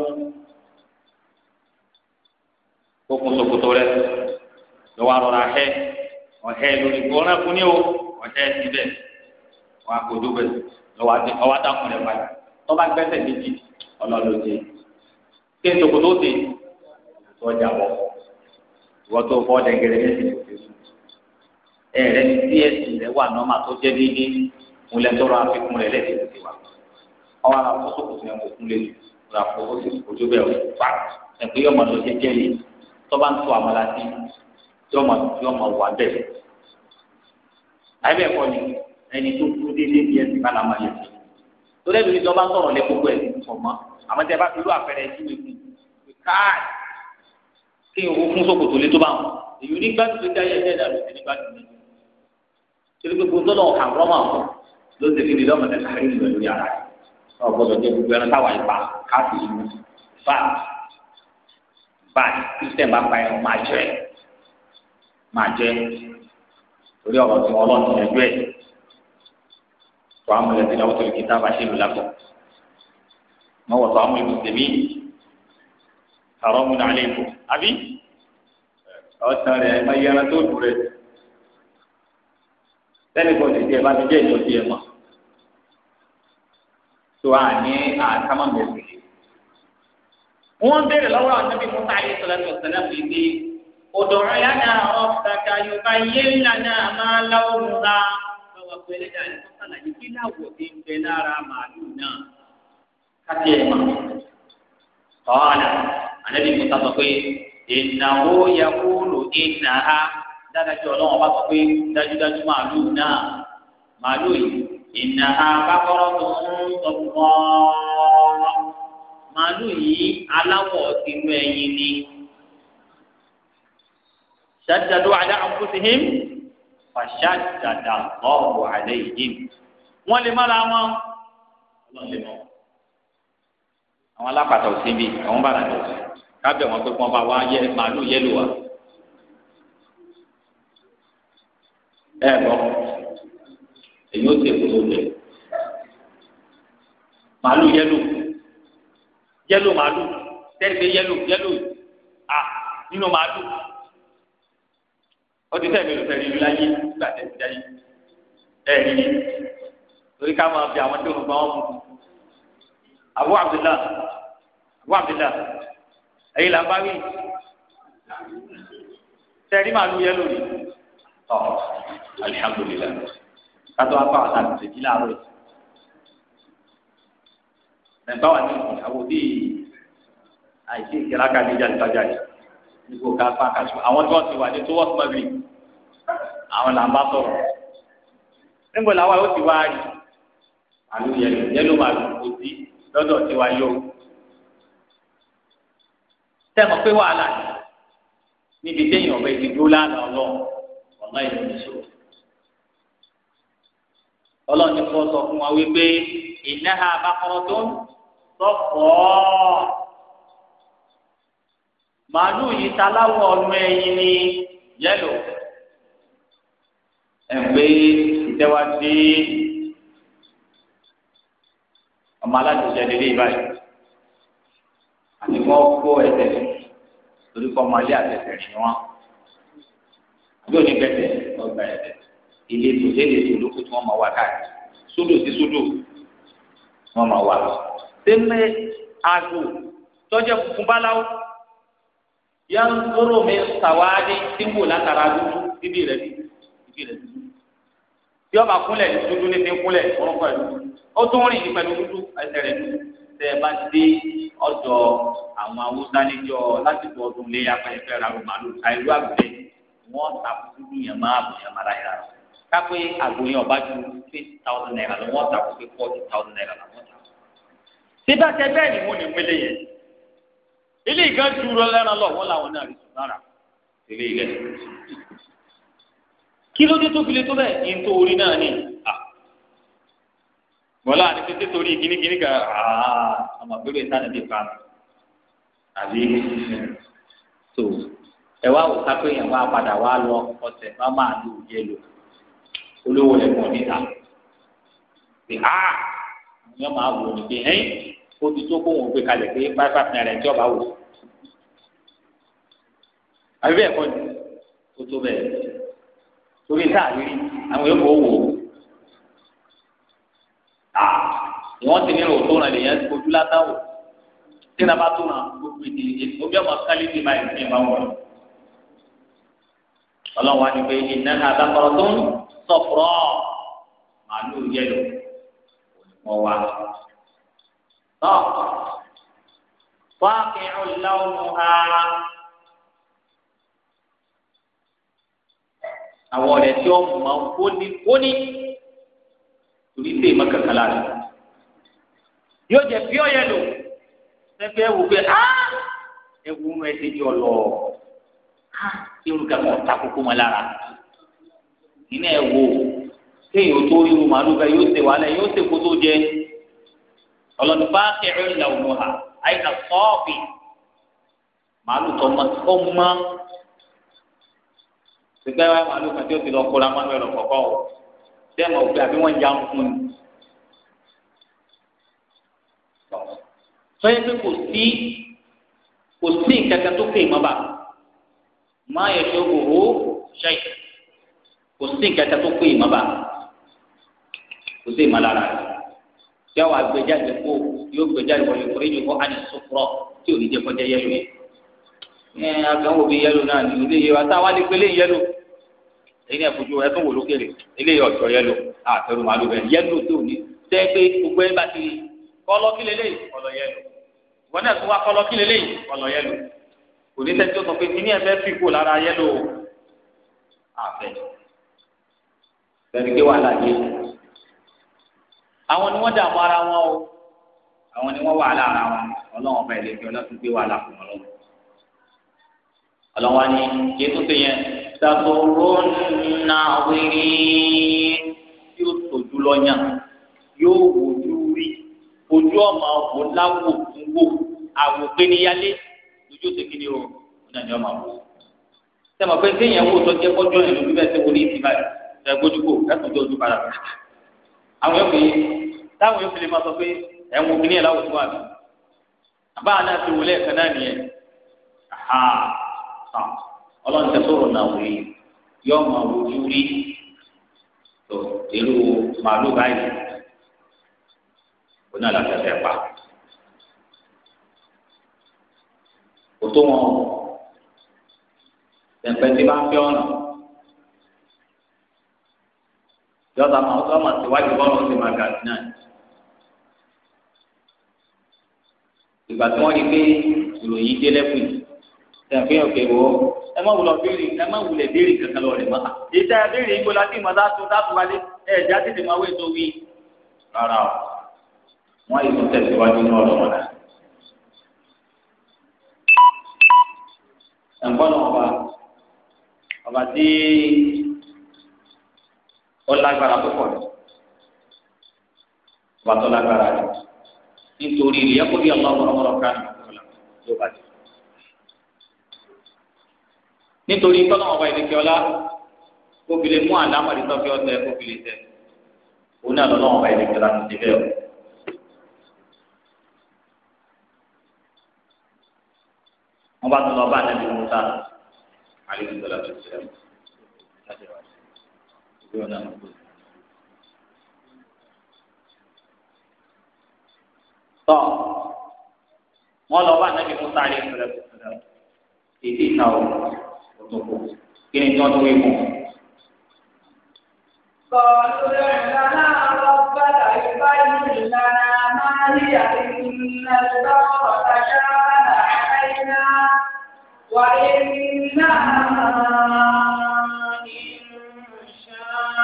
kókun sokoto rẹ lọ́wọ́ arọra hẹ ọhẹ lórí kọ rẹ fún ní o ọhẹ síbẹ̀ wà kojú bẹ lọ́wọ́ àti ọwọ́ àtàkùn rẹ báyìí tọ́ba gbẹ́sẹ̀ méjì ọlọ́lọ́dẹ kí n sokoto ti tọ́jà wọ̀ wọ́n tó fọ́ dẹ́gẹ́rẹ́ lẹ́sìn òfin sùn. ẹ̀rẹ́ ní tí ẹ̀sìn rẹ̀ wà nọ́mà tó jẹ́ déédéé mo lẹ́ tọrọ àfikún rẹ̀ lẹ́sìn òfin wa. ọwọ́ ara fọ́ sókòtò yẹn kò kún lé ra fọ́ ojú bẹ́ẹ̀ o pa ẹ̀pẹ́ yọ̀mà ló ṣe jẹ́ yìí tọ́ba ń tó àmàlà sí yọ̀mà yọ̀mà wà bẹ́ẹ̀. àyẹ̀bẹ̀ kọ́ ni ẹni tó kú déédéé bí ẹ̀sìn bá làmà yẹn torí ẹ̀mí ni tọ́ba ń sọ̀rọ̀ lẹ́ gbogbo ẹ̀sìn fọ̀mọ́ àmọ́ tẹ́ bá fi lú àpẹẹrẹ ẹ̀sìn mi kù káàdì kí n wo fún sókòtò lé tó bá wọn èyí ní gbádùn tó dáyé ẹjẹ dàrú sí ní gbádùn mi torí pé gbogbo náà hàn rọ́mà wọn ló ti fi nílọ́mọ tẹ̀sán àárín ìlú lórí ara rẹ̀ náà gbọ́dọ̀ jẹ́ gbogbo ẹran táwa ìpa káàsì ìlú bá bá kristian bá pa ẹran máa jẹ máa jẹ torí ọ̀rọ̀ tí wọn lọ́ọ̀tì ẹgbẹ́ ẹ̀ tó amúlẹ̀ tí náà wọ́n tó ṣe lù lápọ̀ mọ́wọ́ tó amúlẹ̀ mùsùlùmí àrọ́mùnà àlẹ́ ìbò àbí ọ̀sán rẹ̀ ẹ̀ma yẹra tó dùn rẹ̀ lẹ́nìkan ti tiẹ̀ bá ti jẹ́ ìjọ tiẹ̀ mọ̀ tó a ní àtàmà mẹ́rin wọ́n béèrè lọ́wọ́ àtàbí musa ayé sọlẹ́tọ̀ sẹlẹ̀ mi pé òdòrò yánà ọ̀sàkà yorùbá yé lànà máa láwọ́ musa lọ́wọ́ pẹ̀lẹ́ dà ní sọ́sàlàyé kí láwọ̀ ti ń bẹ lára màálù náà káti ẹ̀ mọ̀ anabi musa sọ pé ìnáwó yakúlù ìnà ha dájú ọlọ́wọ́n bá sọ pé dájúdájú màálù náà màálù yìí ìnà ha bákọ́rọ́ tó ń sọ fún ọ màálù yìí aláwọ̀ inú ẹyin ni ṣàdàdó àdá àkúsìhìm fàṣàdàdà lọ́wọ́ àlẹ́ yìí wọ́n lè má la wọn àwọn alápàtà ò síbi àwọn bàrà tó kábẹ̀ wọn pé kí wọ́n bá wá yẹ màálù yẹ́lò wa. ẹ gbọ́ èyí ó ti èkó tó lẹ̀ màálù yẹ́lò yẹ́lò màálù tẹ́lifẹ̀ yẹ́lò yẹ́lò à nínú màálù ọtí tẹ̀lé olùfẹ̀rí ìlú láyé nígbà tẹ̀lé dáyé ẹ̀ rí torí ká máa fi àwọn tó ń gbọ́ wọn mú un abu abdullah abu abdullah ẹ̀yin là ń bá wí sẹ́rí màálù yẹ lónìí tọ́ alihamudulilayi kátó apá àwọn àti ìdílé àárọ̀ yìí nàìjíríà wà ní ìyàwó bíi àìsí ìkẹlá ká ní ìjàdìbájà yìí nígbò ká fà kàṣù àwọn tí wọ́n ti wà ní tó wọ́n ti mọ̀bìrì àwọn là ń bá sọ̀rọ̀ nígbò làwọn yóò ti wá rí màálù yẹlò yẹlò màálù kò sí lọ́dọ̀ tiwa yóò tẹmọ pé wàhálà ni níbi téèyàn ọbẹ ti dúró lánàá Ọlọ́run ọmọ ìlú nìṣó Ọlọ́run ti fọ sọ fún wa wípé ìnáha abakọrọ tó ń sọkọ màálù yìí ta láwọ ọdún ẹyin ní yẹlò ẹgbẹ ìtẹwàdé ọmọ aláṣẹṣẹ lélẹ ìbáyìí àti wọn kó ẹsẹ̀ torí kọ ọmọ ilé àtẹsẹ rìn wọn àbí òní bẹsẹ ọgbà ẹsẹ̀ ìletò lélẹtò ló kó tí wọn máa wá káàkiri sódò sí sódò wọn máa wá sẹmẹ àgò tọjẹ funfun báláwo yẹn ń gbóró mi sàwáàdì tí ń wò látara dúdú bíbí rẹ bíbí rẹ bíbí tí ọba kúnlẹ̀ dúdú ní ti ń kúnlẹ̀ orúkọ ẹ̀ ó tún rìn ní pẹ̀lú dúdú ẹsẹ̀ rẹ̀ dúdú tẹ́ ẹ bá dé ọ̀dọ̀ àwọn awúsá níjọ lásìkò ọdún lé apẹ̀yẹfẹ́ ra màálù ta ìlú àgbẹ̀ wọ́n ta dúdú yẹn máa bù yẹn máa láyà rẹ̀ kápẹ́ àgbo yẹn ọba ju fifty thousand naira lọ wọ́n ta kó pé forty thousand naira lọ wọ́n ta. síbá tẹ bẹ́ẹ̀ ni mo lè mele yẹn ilé ìgbà ju lọ lọ wọ́n làwọn náà rí kí ló dé tó file tó bẹ́ẹ̀ yín tó orí náà ni bọ́lá àti tètè torí kínníkínní kan ọmọ àgbélé sáré ti pa àbí tó ẹ wá wò sápé yẹn wá padà wá lọ ọ̀sẹ̀ má máa lò yẹ lò olówó rẹ̀ pọ̀ níta pé a yẹn máa wò ní pé ẹ̀yìn ó ti tó kóhùn gbé kalẹ̀ pé báyìí fàtí rẹ̀ tí ọba wò àbí bẹ́ẹ̀ kọ́ ni ó tó bẹ́ẹ̀ torí tá a rí àwọn yòókù ó wò ó à ìwọ́n ti ní ìrò tó ràn lèyàn ojú látà wò tí náà bá tó ràn gbogbo ìdí èsì ó bí ọmọ kálí ti máa ìsìn máa wọ̀ ọlọ́run wa ni pé iná àbákọ̀rọ̀ tó ń sọ̀fọ̀rọ̀ màálù yẹlò ònímọ̀ wa tọ́ fáàkì ọ̀làwùn ha. àwọn ọ̀rẹ́ tí ó mọ̀ kóní kóní torí sí ìmọ̀ kankan lára yóò jẹ bí ọ̀yẹ́ lò sẹ́fẹ́ wò pé á ewu nu ẹsẹ̀ jọ lọ á irú kankan ọ̀tá kókó mọ́ lára nínú ẹ̀ wò kéèyàn tó irú màálù bẹ́ẹ̀ yóò ṣe wàhálà yóò ṣe kó tó jẹ ọlọ́dún bá kẹrin ìlà òun àyíká sọ́ọ̀bì màálù tó ọmọ ṣùgbọ́n wàá màálù kan tí ó ti lọ kóra manuel ọ̀kọ̀ọ̀kọ̀ o ṣé mo gbé àbí wọ́n ń jáwọ́ fún mi. sọ́yẹ́ pé kò sí kò sí nǹkan tó kéè mọ́ bá máa yẹ ṣe òwò ṣẹ́yì kò sí nǹkan tó kéè mọ́ bá kò sí ìmọ̀lára rẹ̀ yọ wàá gbé jáde kó yóò gbé jáde wọlé kórè yìí kó àdìsókòrò tí ò ní jẹ́ kọjá yẹ́yọ́ yẹn ẹ abẹ́wò bíi yẹ́lò náà ní ilé yẹ wa táwa lè gbélé yẹ́lò èyí náà fojú ẹ tún wò lókèrè ilé yẹ ọ̀tọ̀ yẹ́lò àtẹrù màálù bẹ́ẹ̀ yẹ́lò tó ní tẹ́ pé gbogbo ẹ bá ti kọ́lọ́ kí lélẹ̀ kọ́lọ́ yẹ́lò wọn náà tún wá kọ́lọ́ kí lélẹ̀ kọ́lọ́ yẹ́lò kò ní sẹ́ni tó sọ pé kíní ẹ fẹ́ fi kó lára yẹ́lò àfẹ́ bẹ́ẹ̀ ni kí wàhálà yé àwọn ni wọ́n dààmú ara wọn gbé wàhálà fún ọlọ́wọ́n ni kí tó ṣe yẹn ṣàtòrò nàwírí yóò tòjú lọ́yàn yóò wojú rí ojú ọmọ wò láwò fún wò àwòkéníyálé lójú ṣe kí ni o ọ̀nà ni ọmọ wò sẹ́mi pé téèyàn wò tó jẹ́ kọ́jọ́ yẹn lójú bẹ́ẹ̀ sẹ́wọ́n ní ìdí báyìí ẹ̀ gbójú kò ẹ̀sùn jẹ́ ojú padà àwọn yóò fi táwọn yóò fi lè máa sọ pé ẹ̀ ń wo láwùjọ àbí àbá àná ti wọlé ẹ̀kan náà nìyẹn ọlọ́run tẹ sọ̀rọ̀ náà wí yọ ọmọ ojú rí tó irú màálù báyìí kò náà lọ́sẹ̀sẹ̀ pa kò tó wọn tẹ̀pẹ́ tí bá ń fẹ́ ọ̀nà yọta máa tó ọmọ síwájú bọ́ọ̀lù ti máa gà sí náà ìgbà tí wọ́n rí pé ìròyìn dé yìí tẹ̀fín òkè wo ẹ má wulọ̀ béèrè ẹ má wulẹ̀ béèrè kankan lọ rẹ̀ mọ́ta ìta ẹ béèrè ìgbọ́lá tí mo dá tún dábùú wálé ẹ já tètè máa wé tó wí. rárá o wọn yìí tún tẹ̀síwájú ní ọ̀rọ̀ wọn náà. ẹ̀ǹkọ́ náà ọba ọba tí ó lágbára púpọ̀ rẹ̀ ọba tó lágbára rẹ̀ nítorí ìyẹ́kùn bí ọlọ́run ọmọ kan ló bá jẹ́ nítorí tọ́lọ́mọ ọba ìdíkẹ́ ọlá kó fi lè mú àlámọ̀rí tọ́fẹ́ ọ̀tẹ̀ kó fi lè tẹ̀ òun náà lọ́lọ́mọ ọba ìdíkẹ́ ọlá ti bẹ́ẹ̀ o. wọ́n bá tún lọ bá ànábì Musa àlejò tó lọ́ọ́ tó ṣe é. tọ wọn lọ bá anabi musa alẹ sọlẹ sọlẹ èdè ìta o tó kù kí ni tí wọ́n tún wí fún un. قالوا لنا ربك يبين لنا ما هي إن البقر تشابه علينا وإنا إن شاء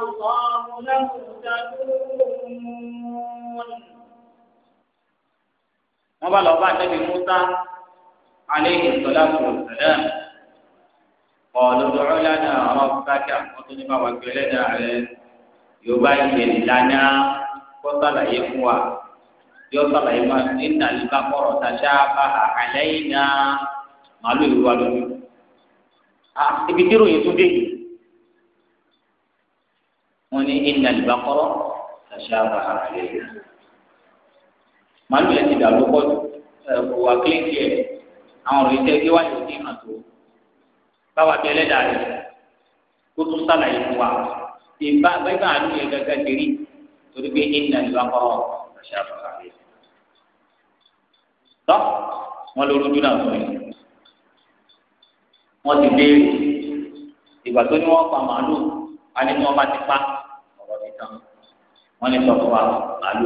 الله لمهتدون. wọ́n bá lọ bá àtẹ́bí Musa عليه الصلاة والسلام قال ادع لنا ربك وطلب وكلنا عليه يبين لنا وصل يقوى يوصل يقوى إن البقرة تشابه علينا màálù ìlú wa lójú ibi tí ròyìn tún dé yìí wọn ní innal baqara tashabaha alayna màálù yẹn ti dàlú pọ̀ jù ẹ̀kọ́ kílíkì ẹ̀ àwọn ọ̀rọ̀ ìtẹ́ wáyé òní hàn tó báwa bí ẹlẹ́dà rẹ̀ kó tún sàlàyé fún wa ìbá bẹ́ẹ̀ náà ló yẹ gẹ́gẹ́ dérí torí pé ẹ̀yìn náà ló bá kọ́ àṣà àfọ̀kà rẹ̀. tọ́ wọn lórí ojú náà sọ yìí wọ́n ti béèrè ìgbà tó ní wọ́n pa màálù a ní wọ́n bá ti pa ọ̀rọ̀ ti tán wọ́n ní sọ fún wa màálù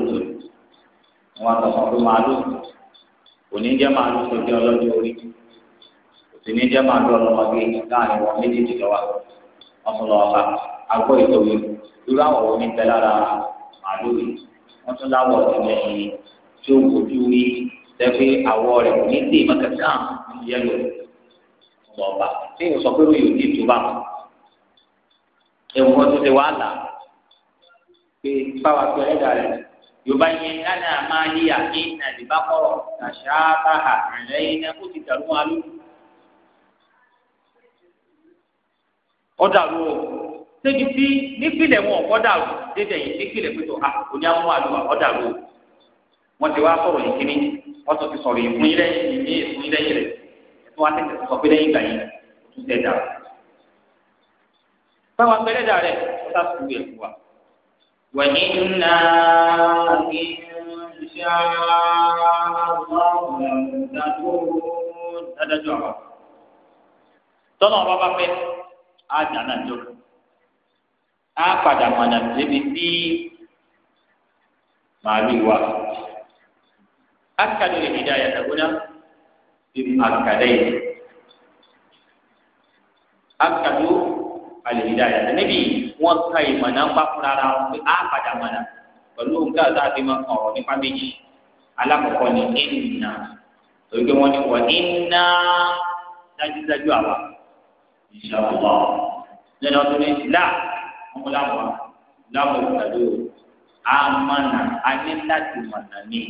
tó wọ́n sọ fún wa màálù tó òní jẹ́ màálù tó jẹ́ ọlọ́jọ́ orí òsìní jẹ́ màálù ọlọ́mọdé láàrin wọn méjèèjì lọ́wọ́ ọ̀sọ̀lọ̀ ọ̀la agbọ́ ìtòwé irú àwọn wo ní bẹ́ẹ̀ lára màálù yìí wọ́n tún láwọ̀ ìtìlẹ̀ yìí tí ó wojú rí tẹ́fẹ́ àwọ̀ rẹ̀ kò ní dé mọ́kàtà yẹ́lò ọ̀bà tí ìwọ sọ pé yóò di ìtura ẹ̀wọ̀n tó ti wá là pé báwa tó ẹ̀dá rẹ̀ yorùbá yẹn lánà máa yí àmì àdìbákọ àṣàbáhà àlẹyìn ó ti dàrú wọn lójú. ó dàrú o sébi tí nípìnlẹ̀ wọn ọ̀kọ́ dàrú dédé yìí nípìnlẹ̀ pẹ̀tọ̀ a kò àwọn àlùwà ọ̀ dàrú o wọ́n ti wá sọ̀rọ̀ yìí kíní wọ́n tún ti sọ̀rọ̀ yìí fún ilé yìí ní ìfún ilé yìí وإنا إن شاء الله لمهتدون هذا جواب tọ́nà bàbá fẹ́ á dáná jọ á padà mọ̀nà débi tí màálù wa akadé lè dìde àyàtàgbóná bíi akadé alihidaya níbi wọn ka ìmọ̀nà ń bá fúnra ra wọn pé á padà mọ̀nà pẹ̀lú òǹkà àti máa kàn ọ̀rọ̀ nípa méjì alákọ̀ọ́kọ́ ni ẹ̀nà torí pé wọ́n ní wọ́n ẹ̀nà dájúdájú àwa ìṣàlọ́ lẹ́nu ọdún ní là ọmọ làwọn làwọn ìgbàdo àmàna ayé láti mọ̀nà ní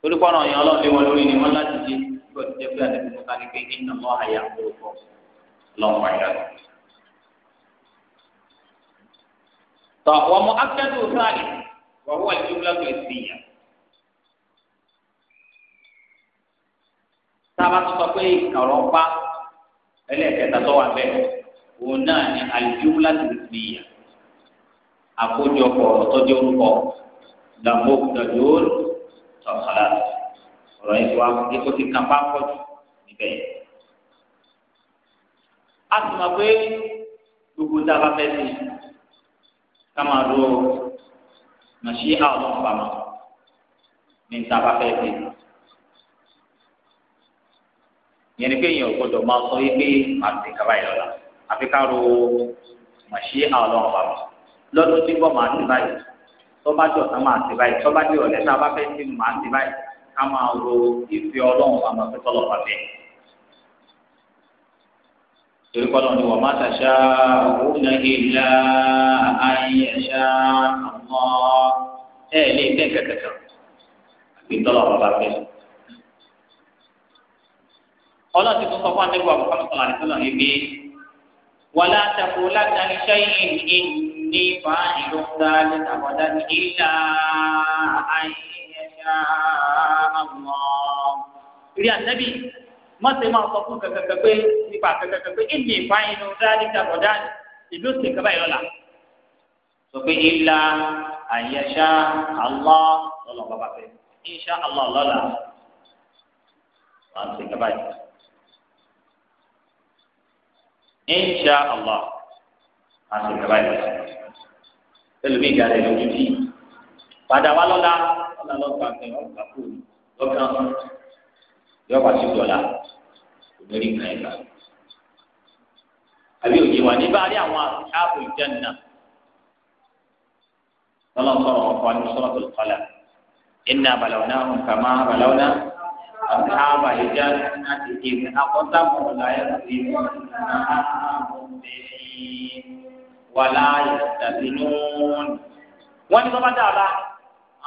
torí pọ́nà ọ̀yàn ọlọ́run lé wọn lórí ni wọ́n láti ṣe gbọ́dọ̀ jẹ́ pé àdébùkọ́ ká ní pé ẹ̀nà mọ́ àyà àkóró pọ̀ lọ́wọ́ àyà rẹ̀. tọ wọn mọ akẹ́dù sáàlì wọ́n wọ́n ti wúlọ́ tó ti yà. sábà tó sọ pé ìkàrọ̀ ń pa ẹlẹ́ẹ̀kẹta tó wà bẹ́ẹ̀ òun náà ni àlùjúmúlá ti ti yà àkójọpọ̀ ọ̀tọ́jú orúkọ dàbò dàbò tọ̀kàlà ọ̀rọ̀ yìí wá ti kàn bá jù níbẹ̀ yẹn. a sì mọ̀ pé gbogbo dábàá bẹ́ẹ̀ ni káma ro màṣí àwọn ọ̀pamọ́ ní ntaba fẹ́ fi yẹn ni pé èèyàn gbọ́dọ̀ máa sọ yí pé màá ti kaba yìí lọ́la àfi ká ro màṣí àwọn ọ̀pamọ́ lọ́dún tí bọ́ màá ti báyìí tọ́ba jọ sá máa ti báyìí tọ́ba jọ ọ̀lẹ́ta bá fẹ́ ti màá ti báyìí ká máa ro ìfẹ́ ọlọ́run àmọ́ pé tọ́lọ́ bá bẹ́ẹ̀ torí kọ́ lọ́nà wọ́n má tàṣà òwúna ìlà ayẹ̀ṣà àmọ́ ẹ̀ lè fẹ́ kẹ̀kẹ́kẹ́ àbí tọ́lọ̀ bàbá fẹ́. ọlọ́ọ̀tì tó sọ fún anábìwá bùkọ́lù sọ̀rọ̀ àti sọ̀rọ̀ yìí bí wàlá àtàkùn láti àríṣẹ́ ní fàáyì ló ní ìlà ayẹ̀ṣà àmọ́. ìrìn àtẹ́bí má ṣe máa sọ fún kẹkẹkẹ pé nípa kẹkẹkẹ pé ìmì ìfáyín ló dáadé dàbọ̀ dáadé ìlú sì kaba yọ la sọ pé ìlà àyẹ̀ṣà àlọ́ lọ́lọ́ bàbá fẹ́ ìṣà àlọ́ lọ́la wà á sì kaba yọ. ìṣà àlọ́ wà á kaba yọ. ẹlòmíì gàdé lójú tí padà wà lọ́la lọ́la lọ́gbà fẹ́ lọ́gbà kú lọ́gbà fún yọ wá sí dọ́là lórí kan ẹ̀ka. àbí òye wà níbà rí àwọn ààbò ìjẹ́nà tọ́lọ́ sọ̀rọ̀ wọn kọ́ ní sọ́rọ́ tó kọ́lá iná balọ̀nà nkàmá balọ̀nà àbá ìjẹ́nà ti di akọ́tà mọ̀lá ẹ̀rọ ìlú wàlá ìtàbínún. wọ́n ní sọ́kàtà àbá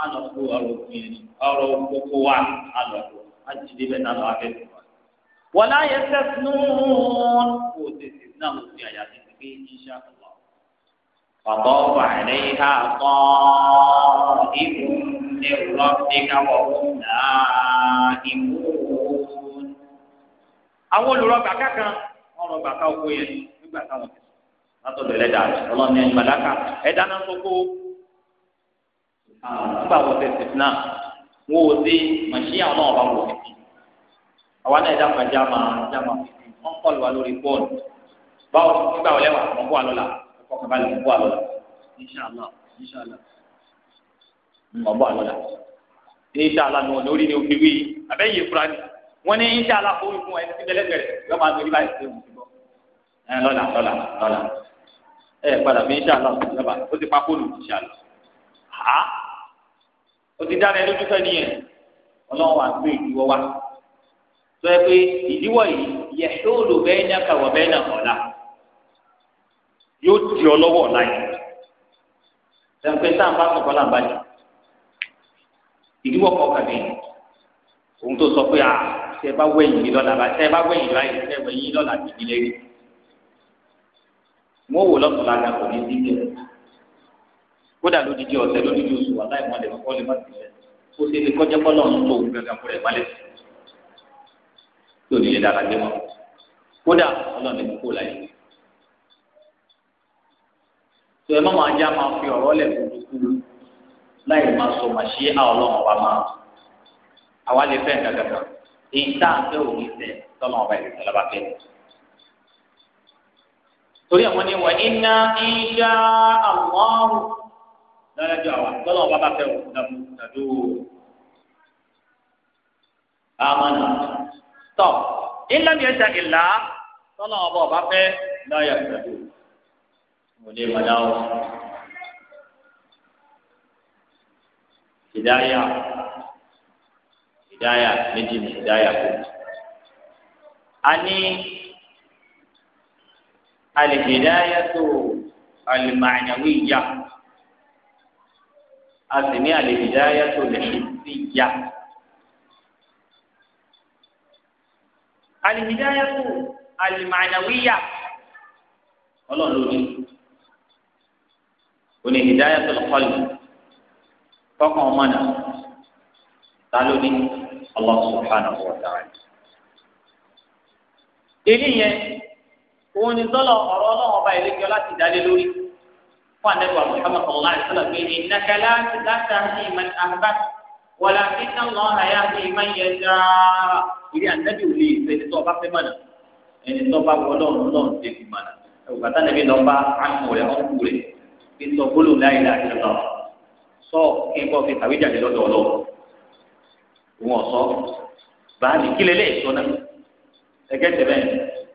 àlọ́ kó ọ̀rọ̀ òkú wa àlọ́ kó àjìdí bẹ́ẹ̀ náà lọ́wọ́ abẹ́rẹ́ wọn. wọ́n láyé sẹ́sùnún kò tètè náà mo fi àyà mi pé iṣẹ́ àkùnà. bàbá ọba rẹ̀ ha kàn ìlú ẹ̀rọ ìkàwọ̀ náà ìmú. àwọn olùrọ̀gbà kankan wọ́n rọ̀gbà ká oko yẹn nígbà táwọn ti sùn látọ̀dọ̀ ẹlẹ́dàá ọlọ́ni ẹ̀yìn bàdákà ẹ̀dá náà tó kó. nígbà wọ́n tẹ̀sí náà wọn ò dé màṣíyà ọlọ́run bá wọ̀ fífi àwa náà ẹ̀dá kan já máa já máa fífi wọ́n kọ́ lù wá lórí bọ́ọ̀lù báwo nígbà wọlé wà wọ́n kó wa lọ́la ọkọ̀ kan bá lè kó wa lọ́la inṣàlá inṣàlá hmm, wọ́n bọ́ àlọ́la inṣàlá ni wọn lórí ni òfin wí abẹ́yẹ fúra ni wọ́n ní inṣàlá fún ẹni tí lẹ́lẹ́gbẹ̀rẹ̀ yọ máa lórí báyìí ṣe òun ti bọ́ ẹ lọ́la lọ́la lọ́la ẹ padà bí inṣàlá ọ̀sán lọ́ba ó ti pa fóònù inṣàlá o ti dára ẹni dúpẹ́ nìyẹn ọlọ́run wà gbé ìdíwọ́ wa tó yẹ pé ìdíwọ́ yìí yẹ sóòlù bẹ́ẹ̀ ní akàwọ̀ bẹ́ẹ̀ náà ọ̀la yóò di ọ lọ́wọ́ ọ̀la yìí sẹ́ńpẹ́ sáà ń bá sọ̀kọ́ là ń bá yìí ìdíwọ́ kọ̀ọ̀kan ni òun tó sọ pé a tẹ bá wẹ̀yìn mi bá tẹ bá wẹ̀yìn báyìí tẹ wẹ̀yìn lọ́la tìbí lẹ́yìn wọ́n wò lọ́sọ̀ọ́ kódà lódìdí ọ̀sẹ̀ lódìdí oṣù wà láì mọ̀lẹ́ kọ́ lè má ti lẹ̀ ó ṣe lè kọjá kọ́lọ̀ ń tó gàgà fún rẹ̀ balẹ̀ tí ò ní lè dára dé wọn kódà ọlọ́run lè kó láyé tó ẹ má máa já máa fi ọ̀rọ̀ lẹ̀ kúrúkúrú láì máa sọ máa ṣe ọlọ́run ọba máa àwa lè òní sẹ́ tọ́lọ́run ọba ìrètí ọlọ́ba fẹ́ torí àwọn ni wà ní ná àwọn ọ̀hún lọ́jọ́ àwa tọ́lọ́ bá bá fẹ́ wò dàbò dàdó àmàna tọ́ ìlànà ẹ̀ṣẹ̀ ìlà tọ́lọ́ ọba ọba fẹ́ lọ́yà dàdó mo lè wọlé àwọn ìdáyà ìdáyà méjì ní ìdáyà kò ani alihidayatu alimanyawiya. Al a sì ní àlèbìdáyà tó lè fi sí ya. àlèbìdáyà tó àlèmànàwíyà ọlọ́run ló ní òní ìdáyà tó lè kọ́lù tọkàn ọmọ náà ta ló ní Allah subhanahu èyí yẹn òun ni sọ́lọ̀ ọ̀rọ̀ ọlọ́run ọba ìlẹ́kẹ́ láti dálé lórí fún anabi wa muhammad sallallahu alaihi wa sallam pé innaka la tahdi man ahbabta walakinna allaha yahdi man yasha ìrí anabi ò lè fẹ́ ẹni tó ọba fẹ́ mọ̀nà ẹni tó ọba wọ lọ́run lọ́run tẹ̀ fi mọ̀nà ẹ̀wùgbà tánàbí lọ́ba àmọ̀ rẹ̀ ọ̀kú rẹ̀ fi sọ gbólóhùn la ilaha illallah sọ kí n kọ́ fi tàwé jáde lọ́dọ̀ ọlọ́run òun ọ̀sọ́ báàmì kílẹ̀ lẹ́ẹ̀sọ́ náà ẹgẹ́ tẹ̀ bẹ́ẹ̀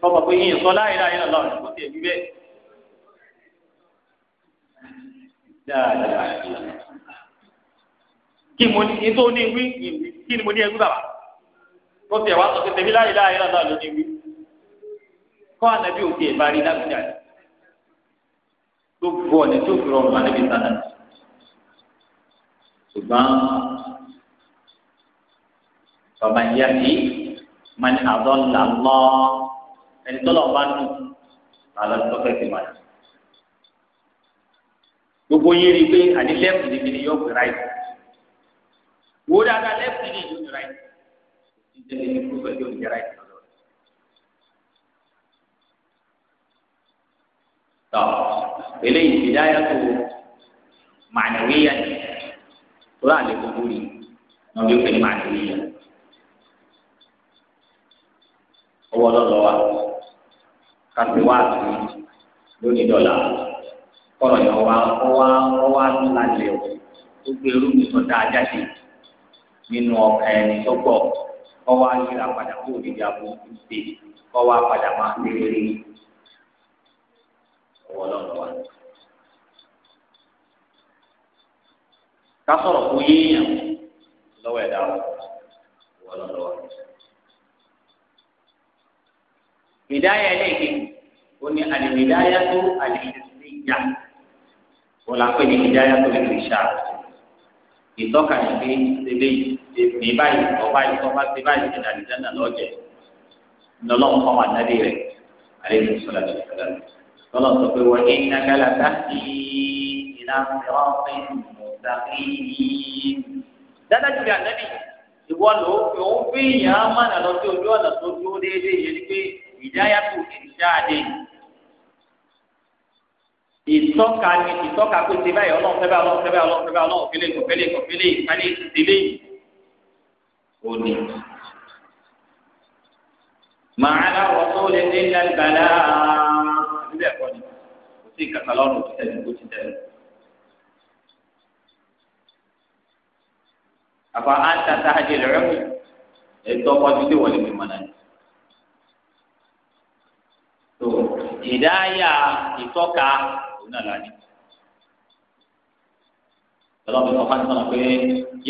tọ́pọ̀ pé yíyan sọ la ilaha illallah kò tiẹ̀ bí bẹ́ẹ̀ dáadáa kí mo ní ètò ní wí kí ni mo ní ẹgbẹ́ bàbá tó tẹ̀ wá sọ pé tẹ̀mí láyé láyé náà ló ní wí kọ́ ànábì òkè ìbárí lágbèjà rẹ̀ tó gbọ́ ọ̀nà tó fi rọrùn ànábì sáná ṣùgbọ́n bàbá ìyá mi máa ní àdọ́ńlá lọ ẹni tó bá nù lálọ́ tó fẹ́ fi máa yà gbogbo yín rí i pé àní lẹ́ẹ̀kì níbi ni yóò gbé ráìtì wò dáadáa lẹ́ẹ̀kì ni yóò gbé ráìtì ìjẹ́lẹ̀ ní kúfẹ́ yóò gbé ráìtì lọ́dọ̀ rẹ̀. tọ́ eléyìí ti dáyà tó mànìwíyà ni tó rà lé gbogbo rí wọn bí ó fẹ́ mànìwíyà ọwọ́ lọ́lọ́ wa kàtí wá sí lónìí dọ́là kọlọ yọ wa ọwa ọwa lálẹ́ o tó gbé irúgbìn tó dáa jáde nínú ọkàn ẹni tó gbọ́ ọwa yíra padà kó o níbi àbò ìdè ọwa padà máa ń léèrè ọwọ́ lọ́rọ̀ wa. ká sọ̀rọ̀ kó yéèyàn lọ́wọ́ ẹ̀dá ọwọ́ lọ́rọ̀ wa. ìdáyà ẹlẹ́ẹ̀kejì ó ní àlèmídáyà tó àlèmídáyà wọn la pè ní ìdáyà tó lè fi ṣá ìtọ́ka yìí pé ṣẹlẹ̀ ní báyìí ọba ìtọ́ba ṣe báyìí ṣẹlẹ̀ àdìjánà lọ́jẹ̀ lọ́lọ́run kọ́ máa dárí rẹ̀ alẹ́ ní sọ́lá ti sọ́lá lọ́lọ́ sọ pé wọ́n ní nàgàlà dáhì ìlànà ọ̀sìn mọ̀tàkì dáadáa ti bí ànábì ìwọ ló fi òun fi ìyá mánà lọ sí ojú ọ̀nà tó dúró déédéé yẹn ni pé ìdáyà tó lè fi ìtọ́ka ni ìtọ́ka pé ti báyìí ọlọ́run fẹ́ bá ọlọ́run fẹ́ bá ọlọ́run fẹ́ bá ọlọ́run fẹ́lẹ́ kọ̀fẹ́lẹ́ kọ̀fẹ́lẹ́ ìkálẹ̀ ìdílé òní. màá láwọ tó lè dé lálùbàlà níbẹ̀ kọ́ ni kò sí ìkàtà lọ́rùn tó tẹ̀lé kó ti tẹ̀lé. àfa à ń tata rẹ̀ mú ètò ọkọ̀ dé wọlé mi mọ̀ náà ìdáyà ìtọ́ka òun náà lánìí. ọlọ́run tó fún sọ̀rọ̀ pé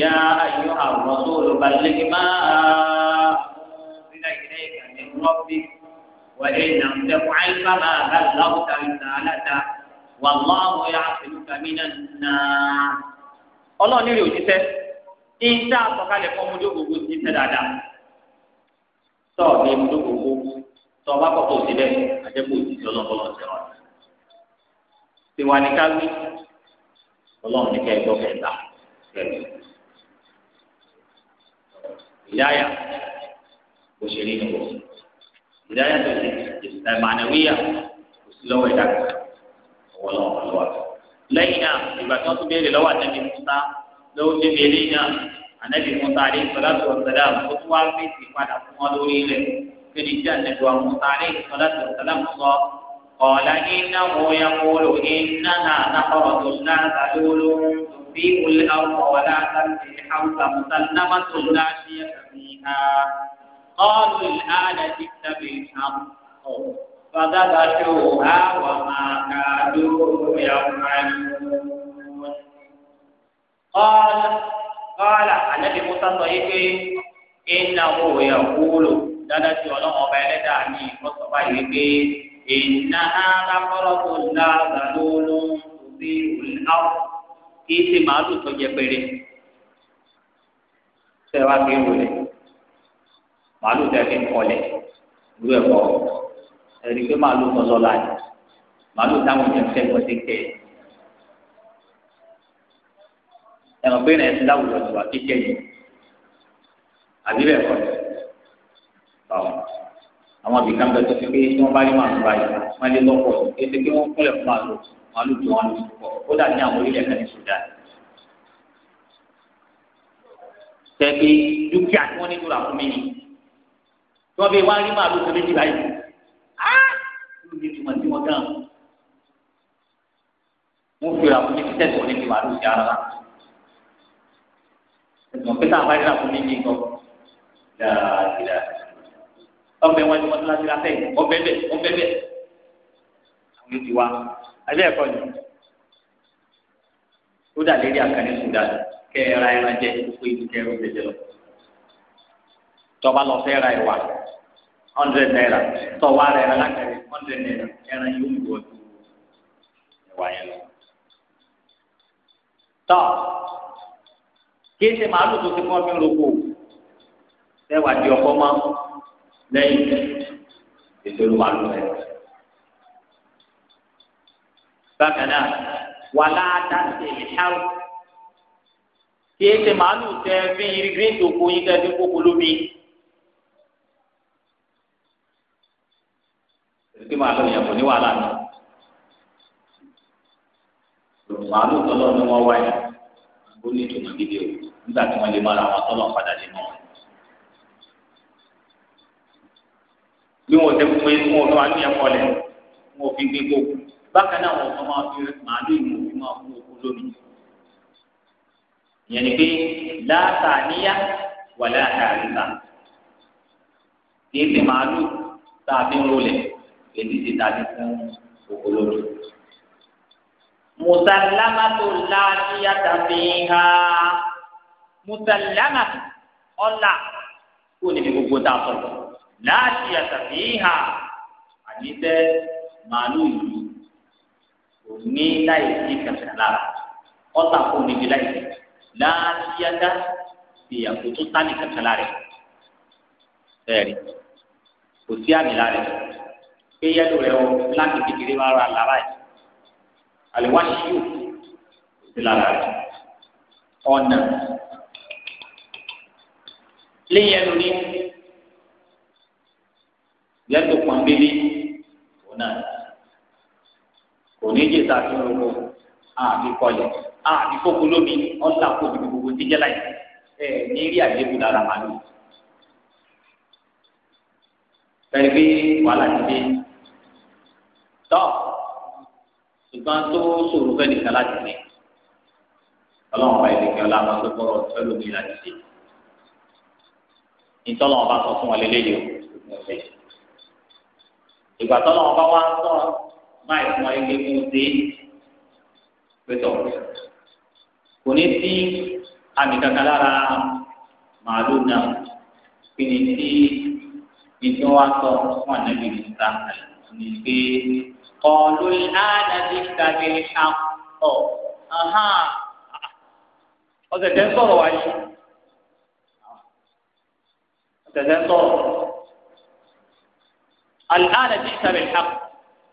yá ayé àwòrán tó ló bá lé máa sílẹ̀ ilé ìkànnì rọ́bì wọlé ìlànà tẹ̀kọ́ àìsàn máa bá lọ́wọ́ tàbí sàálàtà wàláwọ̀ yà àfẹnú kàmínà náà. ọlọ́run nílò òjíṣẹ́ ìta àtọ̀kalẹ̀ fún ọmọdé gbogbo ti tẹ̀ dáadáa tọ́ọ̀ ní ọmọdé gbogbo tọ́ọ̀ bá kọ́ tó sílẹ̀ àjẹkù òjijì ọlọ́run bọ́lọ́ tiwa ni ká wí ọlọ́run ní kẹjọ kẹta kẹjọ ìdáyà kò ṣe rí nìbọ ìdáyà tó ṣe ìmànàwíyà kò sí lọ́wọ́ ẹ̀dá ọwọ́ lọ́wọ́ lọ́wọ́ lẹ́yìn náà ìgbà tí wọ́n tún béèrè lọ́wọ́ àtẹ́bí musa lọ́wọ́ tó béèrè náà ànábì musa àdé sọláṣọ ọ̀sẹ̀dá tó tún wá fèsì padà fún wọn lórí rẹ̀ kéde tí ànábì wa musa àdé sọláṣọ ọ̀sẹ̀dá sọ قال إنه يقول إنها نقرة لا ذلول تفيء الأرض ولا تمشي الحوض مسلمة لا شيء فيها قالوا الآن جئت بالحق فذبحوها وما كادوا يفعلون قال قال النبي موسى صحيح إنه يقول دلت ولو بلد عني وصفى ìnà àkàkọ́rọ́kù làbà lónú òbí òlùkàwọ̀ kì í ṣe màálù tó jẹ péré tẹ wá kí wọlé màálù tẹ fi kọlẹ̀ ìlú ẹ̀kọ́ ẹ̀rí pé màálù kọ́ sọ́la ni màálù táwọn èèyàn fẹ́ wọ́n ti kẹ́ ẹ̀rọ pé ìrìn láwùjọ ti wà kíkẹ́ yìí àbí bẹ́ẹ̀ kọ́ ọ̀ àwọn àbí kan bẹ tó fi pé tí wọn bá rí màálù báyìí wọn lé lọ́pọ̀ ètò pé wọn kúnlẹ̀ fún màálù màálù tó wọn lóṣù pọ̀ ó dà ní àwọn orílẹ̀ kan ní Sudan. tẹ̀gbẹ́ dúkìá tí wọ́n ní tó fún mi ni tí wọ́n bẹ wá rí màálù tó méjì báyìí á ló ní tuma tí wọ́n dán mo fi rà fún mi títẹ̀ tó ní ti màálù sí ara ẹ̀sùn pé tá rà fún mi ní nǹkan ọbẹ̀ wọn ni wọ́n ti láti rà ọbẹ̀ bẹ̀ ọbẹ̀ bẹ̀ àwọn yóò ti wá abẹ́ ẹ̀kọ́ ni ó dà lérí àkànní Sudan kẹ́ ẹ ra ẹran jẹ kó ibi kẹ́ ẹ ọbẹ̀ jẹ lọ tọ́ba lọ fẹ́ ra ẹ̀wà hundred naira tọ́wọ́ ara ẹran lákàrẹ́ hundred naira ẹran yóò wù ọ́ ju yẹn lọ tọ́ kí ẹ ṣe màálù tó ti kọ́ mi rògbò ẹ̀wà di ọkọ mọ́ lẹ́yìn ètò olúwa ló rẹ̀. bákan náà wà láàdá sí ìhàwù kí ẹsẹ̀ màálù tẹ fi irigireti oko yín kẹ́ẹ́dín kókó lómi. èsì màálù yẹn kò ní wàhálà mi. màálù tọ́lọ́ ni wọ́n wáyà ó ní ìtumọ̀ gidi o nígbà tí wọ́n lè mọ ara wọn tọ́lọ̀ padà lè mọ wọn. bí wọn ò tẹ fún mi wọn ò tọ àlù yẹn kọlẹ wọn ò fi gbé kó bákan náà wọn ò tọ máa fi màálù ìmọ̀ òfin máa fún oko lómi ìyẹn ni pé láàtà níyà wà láàtà àríta kì màálù tá a fi ń rolẹ̀ èyí ti ta ni fún oko lómi. mùsàlámàtò láàníyà tàbí ha mùsàlámàtò ọ̀là kó níbi gbogbo tá a sọ̀rọ̀ láti àtàfíhà àníbẹ màálù yìí kò ní láì sí kẹsàn lára ọta kò níbi láì sí láti àtà ìyàwó tó tá ní kẹsàn lára ẹrí kò sí àmì lára pé yẹlò rẹ o láti kékeré wà rà lára ẹ àlewáṣí yóò kò sí lára rẹ ọ̀nà léyìn ẹnu ní yẹtò pọnbélé kò náà kò ní jẹ sáà tó lóko àbí kọlẹ àbí kókó lómi ọ̀là kó ju gbogbo jíjẹ láyé ẹ ní rí àléébù lára màlúù pẹ̀lú pé wàhálà ti dé tọ́ ṣùgbọ́n tó ṣòro fẹ́ nìkan láti dé ọlọ́run bá ìdíkẹ́ ọlá máa tó bọ́rọ̀ ẹlòmíì láti dé ìtọ́lọ́run bá sọ fún wọn lélẹ́yìí o ìgbà tó náà wọn bá wá sọ máa ń wọn igi mú sí pẹtọ kò ní sí àmì kankan lára màálù náà kí ni sí ìdí wọn sọ fún ànábì ní sá ní pé kọlu ànábì kàbí àpọ ọsẹ tẹ ń sọ̀rọ̀ wáyé ọsẹ tẹ ń sọ̀rọ̀ àlùhánà bíi sábẹ̀ hàp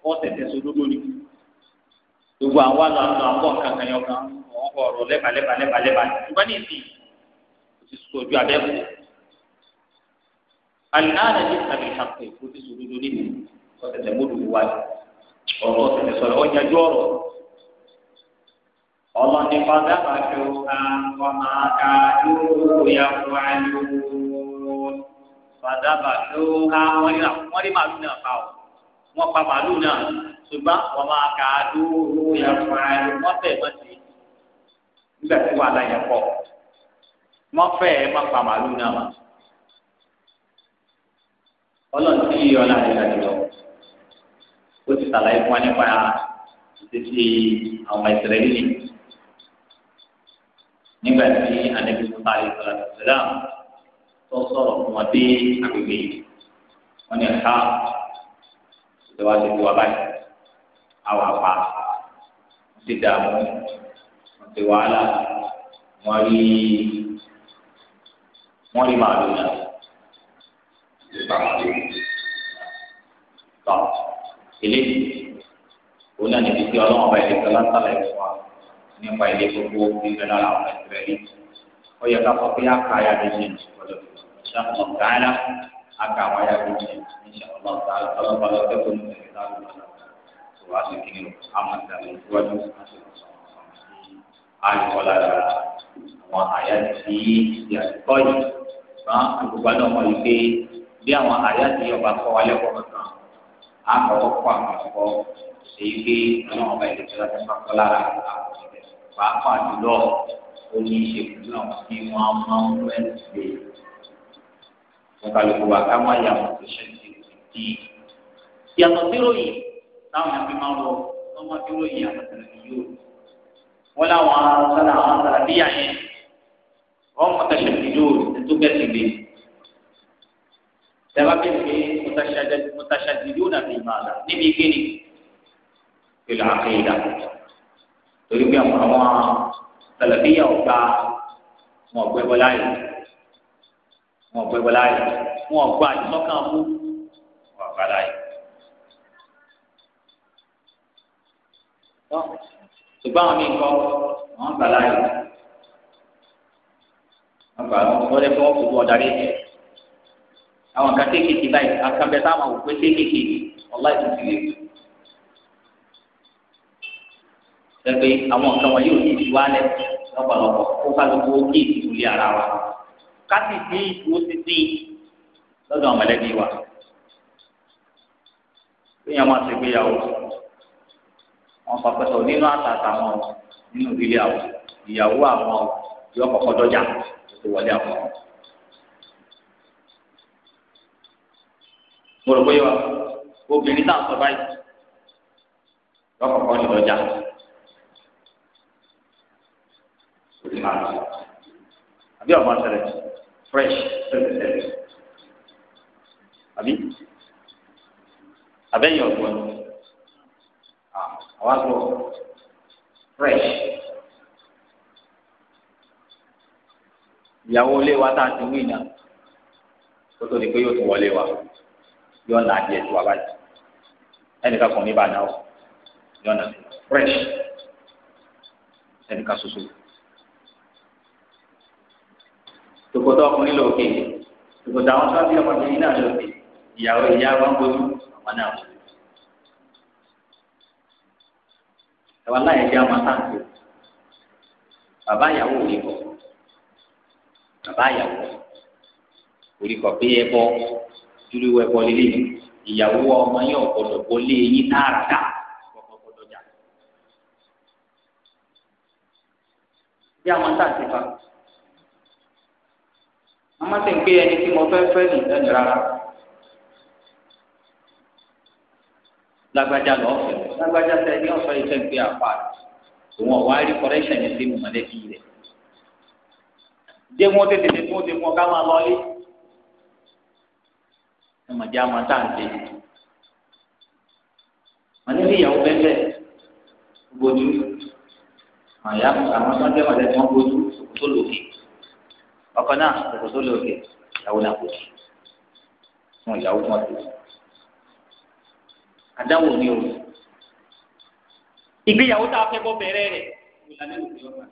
wọ́n tẹ̀sẹ̀ sọ lódò ni gbogbo àwọn àlọ́ àlọ́ àbọ̀ kankan yọ kan wọ́n kọ̀ ọ̀rọ̀ lẹ́bà lẹ́bà lẹ́bà lẹ́bà ṣùgbọ́n ní ìsìn kò ti sọ ojú abẹ́ fún àlùhánà bíi sábẹ̀ hàp kò ti sọ lódò ni wọ́n tẹ̀sẹ̀ mọ́tò wá ọ̀rọ̀ tẹ̀sẹ̀ sọ̀rọ̀ ọ̀nyájú ọ̀rọ̀ ọlọ́ni padà bàjọ́ àwọn àkàdúró yàgò àlùkò fàdábà ló ha wọ́n rí wọ́n rí màlúù náà pa ọ́ wọ́n pa màlúù náà ṣùgbọ́n wọ́n máa kà á dúró ya fún ẹ wọ́n fẹ́ mọ́ sí nígbà tí wàhálà yẹn pọ̀ wọ́n fẹ́ ẹ má pa màlúù náà ọlọ́run tí yíyọ ọ̀la rẹ̀ lálẹ́ lọ ó ti sàlàyé fún wa nípa títí àwọn ìsirẹ́lì nígbà tí anabi musa alayhi salatu wa salam tó sọ̀rọ̀ fún wọn dé agbègbè yìí wọ́n ní ẹ̀ka ìjọba ti wá báyìí àwọn apá ti dààmú wọ́n ti wàhálà wọ́n rí wọ́n rí màálù náà tọ́ eléyìí òun náà níbi tí ọlọ́wọ́n bá ilé kan lásán láì fún wa nípa ilé gbogbo ìgbẹ́ lára ẹ̀sìn rẹ̀ rí ó yẹ ká sọ pé á ka ayá méjì ọ̀dọ̀ tó insha Allah ta'ala aka àwọn ayé àgbèjì insha Allah ta'ala ọlọ́pàá lọ́tẹ́ tó ń tẹ̀lé láàrú lọ́wọ́ tó wá sí kíni àmọ́ ìdàlẹ́ ìwájú àti ìsọ̀rọ̀sọ̀rọ̀ sí àyùkọ́lá lára àwọn àyà tí ìyàtọ̀ yìí bá àgbègbè náà wọ́n yìí pé bí àwọn àyà tí ọba kọ́ wa lẹ́kọ̀ọ́ kankan àkọ́kọ́ kọ́ àkọ́kọ́ èyí pé ọlọ́run ọba ìdẹ́gbẹ́lá ti máa kọ́ lára àkọ́kọ́ ìbẹ̀rẹ̀ pàápàá jùlọ ó ní í ṣe pẹ̀lú àwọn tí wọ́n máa ń rẹ̀ ṣe wọn kálukú wa ká má yà wọn tó ṣe ti di. yàtọ̀ sí ròyìn táwọn ẹbí máa ń lọ wọn máa fi ròyìn yàtọ̀ sí ròyìn yóò. wọn láwọn sára àwọn sára bíyà yẹn wọn mọ tẹsẹ ti yóò tó bẹ ti gbé. dábàá bí pé mọtàṣàdì yóò nà fi máa dà níbi kíni pẹ̀lú àkéyìdá torí pé àwọn sára bíyà ọgbà wọn gbẹ wọlé ayé wọn gbọ àdìsọkàn mú wọn gbà láyé. ṣùgbọ́n àwọn míì kọ́ wọn gbà láyé wọn gbà wọn lè fọwọ́ fún ọ̀dà rẹ̀ jẹ́ àwọn kan kéékèèké báyìí àkànbẹ táwọn òpè kéékèèké ọ̀la ìtúsí lè tó. lẹ́gbẹ̀ẹ́ àwọn kan wọn yóò ti fi wá lọ́pọ̀lọpọ̀ kó kálukú ó kí ìdílé ara wa káti ní ìdúró títí lọ́dọ̀ àwọn mọ̀lẹ́bí wa kéèyàn máa ṣe gbéyàwó wọn pàpẹsọ nínú àtàtà wọn nínú ìdílé àwọn ìyàwó àwọn yọ kọ́kọ́ dọjà tó wọlé àwọn. mo rò pé wa obìnrin náà sọ báyìí yọ kọ́kọ́ ní dọjà. àbí ọmọ ṣẹlẹ̀ fresh sẹ́sẹ̀sẹ̀sẹ̀ àbí abẹ́yìn ọ̀gbọ́n àwọn àgbọ̀ fresh ìyàwó ilé wa tá a ti wí náà kó tó di pé yóò tún wọlé wa yóò nà á díẹ̀ tó wa báyìí ẹnìkan kàn ní ìbàdàn yóò nà fresh ẹnìkan ṣoṣo. tòkòtò ọkùnrin lòkè tòkòtò àwọn tó ń bí ọmọbìnrin náà lòkè ìyàwó ìyá wọn ń bójú àwọn náà bójú. ẹwà láyé jẹ́ ọmọ sáǹtì bàbá ìyàwó òní kọ bàbá ìyàwó òní kọ pé ẹbọ dúró ẹbọ lílé ìyàwó ọmọ yẹn ọ̀gbọ́dọ̀ wọlé eyín tààràtà bí àwọn sáǹtì fa ọmọ sì ń pé ẹni tí mo fẹ́ fẹ́ ní ìdájọ́ rárá lágbájá lọ fẹ́ lágbájá tẹ ní ọ̀sọ́ iṣẹ́ ń pé apá òun ọ̀wá rí kọ́rẹ́ṣẹ̀ ní sínú mọ̀lẹ́bí rẹ̀ jẹ́ wọ́n tètè tètè wọ́n ti mú ọ ká máa lọ ilé ẹmọdé a máa tàǹdé wọn nílé ìyàwó bẹ́ẹ̀ bójú àyà àwọn tó ń jẹ́ mọ̀lẹ́bí wọn bójú tó lòkè ọkọ náà kò tó lóògì ìyàwó náà kò sí wọn ìyàwó wọn tó àdáwò ní o ìgbéyàwó tá a fẹ́ bọ́ bẹ̀rẹ̀ rẹ̀ ìlànà ìlú ìjọba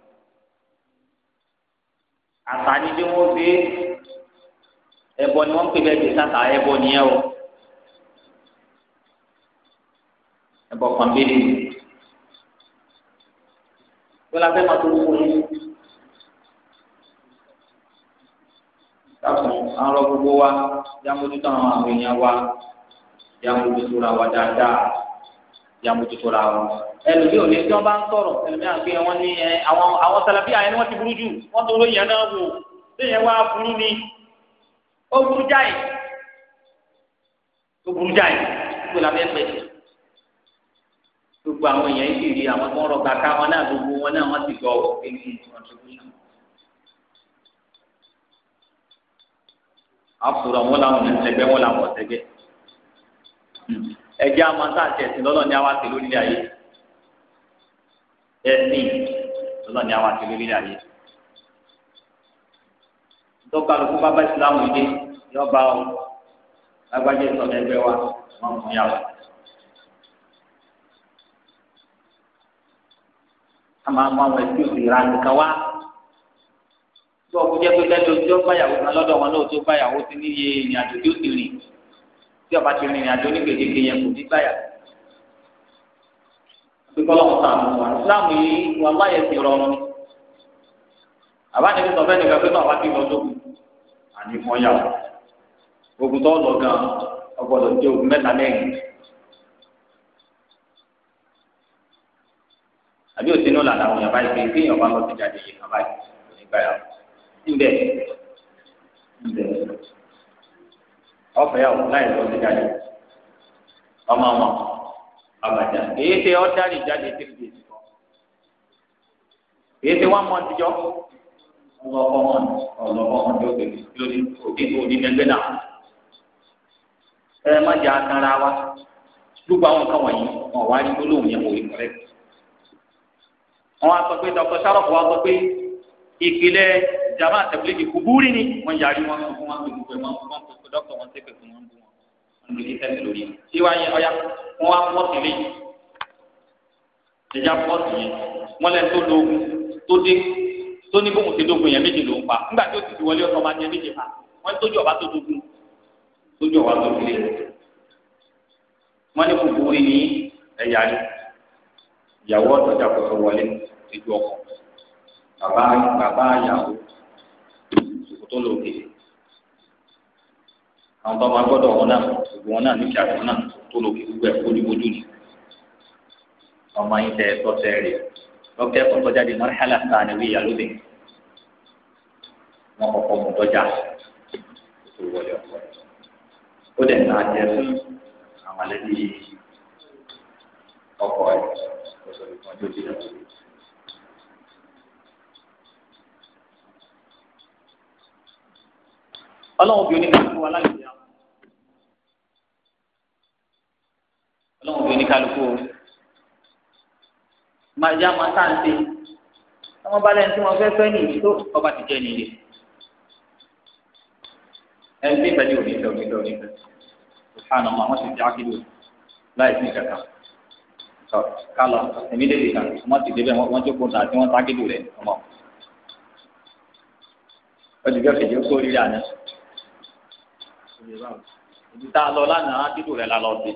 àṣà ni bí wọ́n fi ẹbọ ni wọ́n pè bẹ́ẹ̀ bí sáta ẹbọ nìyẹn o ẹbọ kan bí lè wọ́n la fẹ́ máa tó wọ́n yẹn. dákun arọ gbogbo wa jámójútó àwọn àwọn èèyàn wa jámójútó ra wa dáadáa jámójútó ra wa ẹlòmí ò ní tí wọn bá ń sọ̀rọ̀ ẹlòmí àgbẹ wọn ní ẹ àwọn àwọn sàlàbí àyẹn wọn ti burú jù wọn tó lóyìn náà wò lóyìn wa burú ni ó burú jáì ó burú jáì gbogbo làbẹ́ pẹ́ gbogbo àwọn èèyàn yìí rí àwọn tó ń rọ kàkà wọn náà gbogbo wọn náà wọn ti gbọ́ ọ́ kékeré tí wọ́n ti kú àfùrọ̀ wọn làwọn ẹ̀sẹ̀gbẹ́ wọn làwọn ọ̀sẹ̀gbẹ́ hmm. ẹ̀jẹ̀ amọ̀ntà àti ẹ̀sìn lọ́lọ́ ní awàtí lórílẹ̀ ayé ẹ̀sìn lọ́lọ́ ní awàtí lórílẹ̀ ayé dọ́kàlùkù bàbá ìsìlámù ilé yọba ọ lágbájá ìsọ̀nà ẹgbẹ́ wa wọn fún yàrá. a máa mú àwọn ẹbí òsì ra nìkan wá tí ọkọ jẹ pé dájọ tí ó báyàwó kan lọ́dọ̀ wọn náà tí ó báyàwó ti ní iye ìrìn àjò tí ó ti rìn tí ọba ti rìn ìrìn àjò ní gbèdéke yẹn kò ní báyà àbíkọlọ́kọ̀ kan àmọ́ wọn ìsìláàmù yìí wọn láyé ti rọrùn àbáni sọ fẹ́ nìkan pé náà wá bí lọ lókun àní fún yàwó ogun tó lọ gan ọgbọ́dọ̀ jẹ ogun mẹ́ta mẹ́rin àbí òsínú làlà àwọn yàrá ìgbé kéèyàn bá lọ sí jáde yìí ńbẹ ńbẹ ọfẹ ọ láì lọ sí jáde ọmọ ọmọ àbàjá èyí tẹ ọ dárí jáde tẹbi tẹ kọ èyí tẹ wọn mọ ọtijọ ọlọpọ wọn ọlọpọ wọn tó kéde lórí òdì òdì nẹgbẹ náà ẹ má jẹ atara wa gbogbo àwọn nǹkan wọn wá rí yẹn wò kọrẹ wọn sọ pé sọ pé. ìpìlẹ̀ jama tẹ̀blígì kúbúrì ni wọ́n yàrí wọn fún wọn fún gbogbo wọn wọn fún dọ́kítọ̀ wọn tẹ̀pẹ̀ fún wọn bú wọn wọn lè tẹ̀lé lórí ṣé wàá yẹ ọya wọn wá pọ́ọ̀tì lé ẹja pọ́ọ̀tì yẹn wọn lẹ́nu tó lóògùn tó dé tó ní bóun ti dógun yẹn méje ló ń pa nígbà tí ó ti wọlé ọkọ̀ máa jẹ méje pa wọn tójú ọba tó dógun tójú ọba tó dógun lé wọn ní kúkúrú ní ẹ̀yà ìyàwó ọ̀tọ̀jà kọ̀ọ̀kan wọlé ìjọ ọkọ̀ bàbá bàbá àyàwó tó lò kéde àwọn tó máa wọn náà gbogbo wọn náà níkà wọn náà tó lò kéde gbogbo ẹ̀ kódìbódù ni ọmọ yín tẹ tọ́tẹ rẹ̀ lọ́kẹ́ kọ́kọ́ jáde mọ́rẹ́hálà sáà níbi ìyàlóde wọn kọ́kọ́ mú dọ́jà tó wọlé ọ̀pọ̀ ó dẹ̀ náà jẹ fún àwọn alẹ́ bíi ọkọ̀ ẹ̀ lọ́sọ̀rọ̀ ìpọ́njú ìdílé ọ̀sẹ̀. ọlọ́run bí oníkálukú wa láti yà ọlọ́run bí oníkálukú o máa yá máa tá à ń ṣe àwọn balẹ̀ tí wọ́n fẹ́ fẹ́ ní ìṣó ọba ti jẹ́ nílé ẹni tí ìfẹ́ ní òní fẹ́ òní fẹ́ òní fẹ́ sùhánà máa wọ́n ti jẹ́ ákílò láì sí ìkàkà kálọ èmi lè dìgbà wọ́n ti débẹ̀ wọ́n jókòó náà tí wọ́n tá ákílò rẹ̀ ọmọ ọdún yóò fẹ́ jẹ́ kó rí rà náà ibi tá a lọ lánàá dídò rẹ la lọ sí.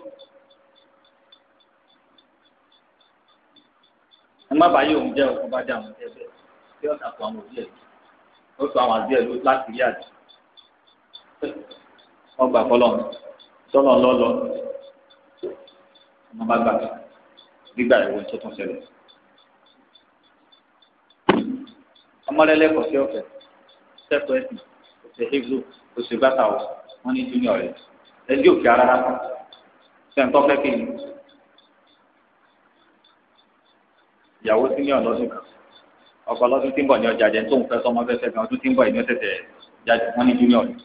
ẹ má bàa yí òun jẹ òun bá dà òun jẹ bẹ́ẹ̀ bí ọ̀sán tó àwọn òbí ẹ̀ ó tó àwọn àbí ẹ̀ ló láti rí àjẹ. wọ́n gbà fọlọ́ tọ́lọ̀ lọ́lọ́ wọ́n bá gbà gbígbà ìwé tó tún ṣẹlẹ̀. ọmọlẹ́lẹ́kọ̀ọ́ sí ọ̀fẹ́ sẹ́kọ̀ọ́ ẹ̀sìn òṣèlú òṣèlú bàtà ọ̀sán wọ́n ní junior rẹ̀ ẹjọ́ òkè ara rárá sẹ́ńtọ́ fẹ́ kí ni ìyàwó senior lọ́dún kan ọkọ lọ́dún tí ń bọ̀ ní ọjà jẹ́ tóun fẹ́ sọmọ fẹ́fẹ́ kan ọdún tí ń bọ̀ ní ọ̀sẹ̀ tẹ̀ jáde wọ́n ní junior rẹ̀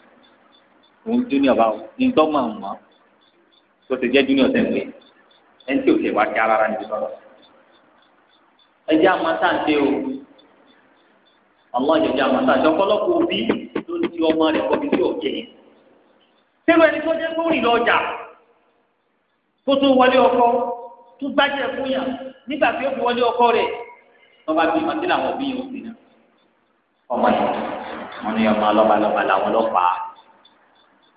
òun junior báwo ní tọ́gbọ̀n mọ́ tó ti jẹ́ junior sẹ́ńpé ẹni tí òkè wá kí ara rárá níbi sọ́dọ̀ ẹjẹ́ àmọ́tàǹtẹ̀ o ọlọ́ọ̀jẹ̀jẹ̀ àmọ́tàǹtẹ̀ ọ̀pọ̀lọpọ̀ òbí ló ti ọmọ rẹ̀ kọ́ bí tí òkè yẹn sẹ́nu ẹni tó jẹ́ kó rìn lọ ọjà kó tó wọlé ọkọ tó gbájẹ fún yà nígbà tí ó fi wọlé ọkọ rẹ̀ lọ́ba bíi màtí làwọn òbí yóò bìnà ọmọ yìí wọn ni ọmọ lọ́balọ́ba làwọn lọ́pàá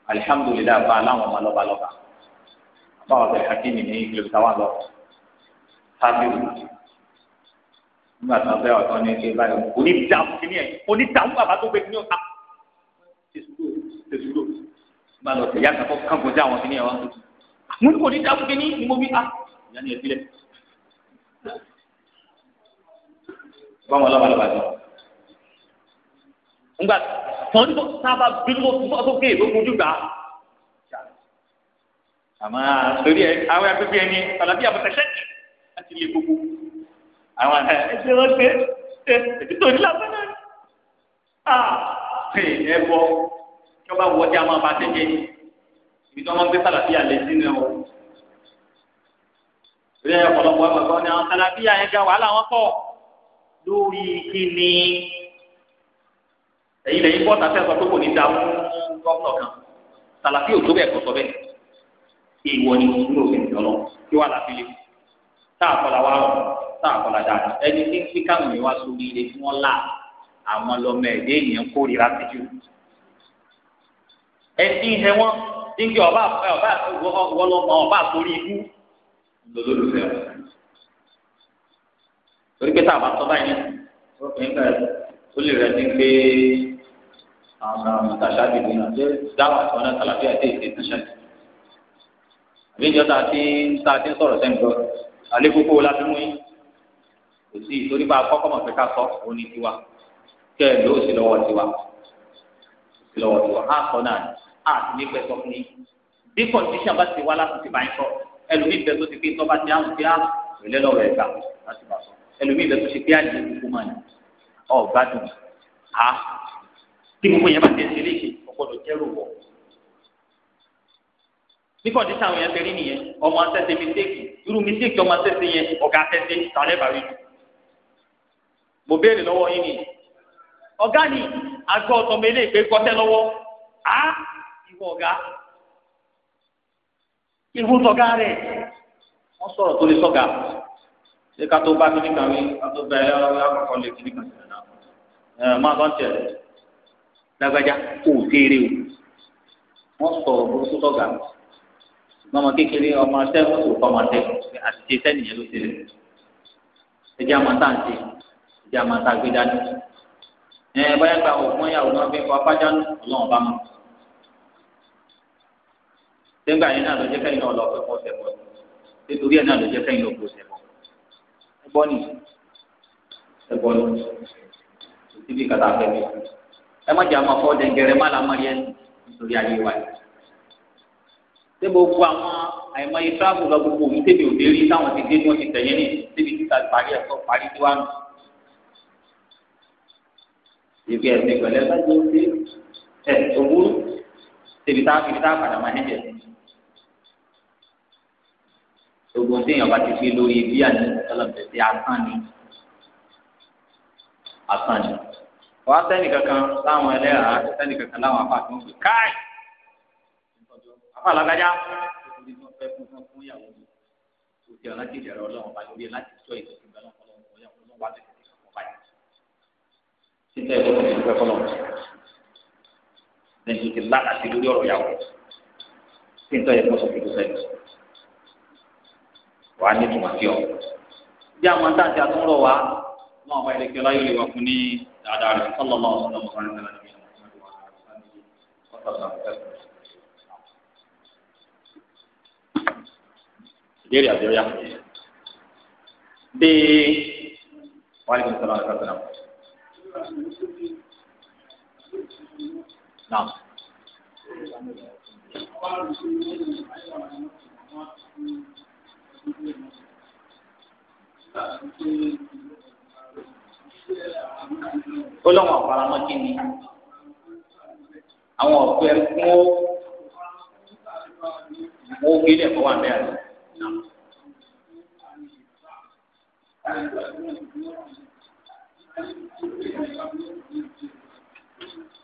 alihamudulilayi fa aláwọn ọmọ lọ́balọ́ba báwọn bẹ hakimi ní ìgbìlẹ̀ táwa lọ fábíù nígbà tí wọn bẹ ọ̀tọ̀ ní ilé báyìí onídàá kìnìyẹn onídàá bàbá tó gbé kìnìyẹn ta tẹsùlù tẹsùlù bá lọ tẹ̀yà kankan kankan jẹ́ àwọn kìnìyàn wa mo ní kò ní dákú kí ní ní mo bí a ah! ìyá ni ẹ sílẹ̀ báwọn lọ́balọ́ba jọ ńgbà tọ́ni tó sábà bí mo fún ọtún kéè ló kojú gbà àmọ́ torí ẹ àwọn agbègbè ẹni tàlàbí àbọ̀tẹ́sẹ̀ láti lè gbogbo àwọn ẹ ẹ ṣe wọ́n ṣe ní lásán náà ah! tọ́ba wọ ọjà máa bá tẹ̀jẹ́ ibi tí wọ́n gbé sàlàfíà lé sínú ẹ̀wọ̀n. ìrẹ́ ọ̀pọ̀lọpọ̀ ẹgbẹ̀gbọ́n ni àwọn sàlàfíà yẹn ga wàhálà wọn pọ̀ lórí kíni ẹ̀yin lẹ́yìn bọ́ tàfẹ́ sọ pé kò ní da fún gómìnà kan sàlàfíà ò tó bẹ́ẹ̀ kọ́ sọ bẹ́ẹ̀ ìwọ ni ìṣúná òfin ìjọ lọ kí wàá láfi lé táà kọ́lá wa rọ̀ táà kọ́lá dáadáa ẹni tí ń fi káwọn èèyàn wá sórí ilé tí wọ́n ẹtí ń hẹ wọn níbi ọba ọba wọlọmọ ọba àtòrí ikú lọlọlọfẹ torí pé tá a bá tọ́ báyìí ọkùnrin kan ó lè rẹ ní pé àwọn tàṣàbí ló náà jẹ dáhùn àti wọn náà kàlàbí àti èdè tàṣàbí àbíjọ tá a ti tá a ti sọ̀rọ̀ sẹ́yìn lọ alẹ́ kókó lábẹ́ mú yín kò sí torí bá a kọ́kọ́ mọ̀ pé ká sọ òun ni tiwa kẹ́ ẹ̀ lọ́wọ́ tiwa lọ́wọ́ tiwa á sọ náà àti nípa ẹ̀sọ́ fún yín bí kọ̀ǹdíṣàn bá ti wá láti ti bá yín sọ ẹlòmíì bẹ tó ti pé tọ́ bá ti àwọn bí á ìrẹ̀lẹ̀ lọ́rọ̀ ẹ̀ka láti bá sọ ẹlòmíì bẹ tó ṣe pé àdìyẹ ah, kúkú máa ní ọ gbádùn á tí gbogbo yẹn bá ti ṣe léṣe ọgbọdọ jẹrù wọ bí kọ̀ǹdíṣàn àwọn yẹn fẹ́ rí nìyẹn ọmọ asẹ́sẹ́ mistake irú mistake ọmọ asẹ́sẹ́ yẹn ọ̀gá asẹ́sẹ́ tàwọn ẹ̀ ju mo béèrè lọ́wọ́ yín ni ọ̀gá ni àgọ́ ọ̀tọ̀ mi lè gbé kọ́tẹ́ lọ́wọ́ ìwọ ọ̀gá ìwọ sọ̀gá rẹ̀ wọ́n sọ̀rọ̀ tó lè sọ̀gá ṣé ká tó bá kí nìkan wí ká tó bẹ ẹ ọ̀rọ̀ akọ̀kọ̀ lè kí nìkan sílẹ̀ náà ẹ̀ máa bá ń tẹ̀ lágbájá kò téere o wọ́n sọ̀rọ̀ burúkú sọ̀gá ṣùgbọ́n ọmọ kékeré ọmọ atẹ́ wọ́n sì kọ́ ọmọ atẹ́ àtìṣe sẹ́niyẹn ló ṣe rẹ̀ ẹ̀jẹ̀ àmọ́tàǹtì ẹ̀jẹ̀ àmọ́tàgbẹ́dání ẹ̀ báyà gba òògùn ẹ̀yàwó náà fi kọ́ apájánù ọlọ́run bá mọ̀ sẹ́gbà yẹn náà ló jẹ́ kẹ́yìn náà lọ pé kọ́ sẹ́bọ̀ nítorí ẹ̀ náà ló jẹ́ kẹ́yìn náà kó sẹ́bọ̀ ẹbọ ni ẹbọ ni síbi kàtà fẹ́mi ẹ má jà máa fọ́ dẹ̀gẹ̀rẹ̀ má la má yẹ nítorí ayé wa yìí sẹ́bọ̀ gbogbo àwọn àìmọye tíráàbù lọ gbogbo òun tẹ̀lé òde rí táwọn ti dé ní wọ́n ti tẹ̀yẹ́ ní síbi títa parí ẹ̀kọ́ parí tí wàá nù. ibi ẹ̀sìn pẹ̀lẹ́ bá jẹ́ ẹ̀ òwúrú síbi táwọn fi táwọn padà máa ń jẹ́ sí gbogbo téèyàn bá ti fi lórí bí àná ọlọ́mọdé asán ni asán ni. wọ́n á sẹ́ni kankan láwọn ẹlẹ́yà á sẹ́ni kankan láwọn afá tó ń pè káì afá làgájá nítorí wọn fẹ́ fún fún fún ìyàwó mi kò tí ọ̀nà ti dẹ̀rọ ọlọ́run bá lórí ẹ̀ láti sọ ìtọ́ ìgbà náà kọ́ lọ́wọ́ ìyàwó náà wà lẹ́sẹ̀ tó kọ́ báyìí. títẹ̀ ìlú kò fẹ́ kọ́ lọ́wọ́ lẹ́yìn tó ti lá lórí ọ̀rọ̀ ìyàwó tí ń sọ fún ìdúpẹ́ wà á ní ìtumọ̀ sí ọ. bí àwọn tá a ti àtúnrọ̀ wá náà wọ́n ilé kíọ́lá yóò lè wà fún ní dáadáa rẹ̀ sọ́lọ́ lọ́wọ́ sọ́lọ́ mọ́ wọn nígbà tí ìbéèrè àbẹ̀rẹ̀ bí wọ́n lè sọ́lọ́ nígbà tó Thank you ó lọ́wọ́ àfaramọ́ kí ni àwọn ọ̀pẹ kún ó mú ilé ẹ̀kọ́ wà mẹ́rin.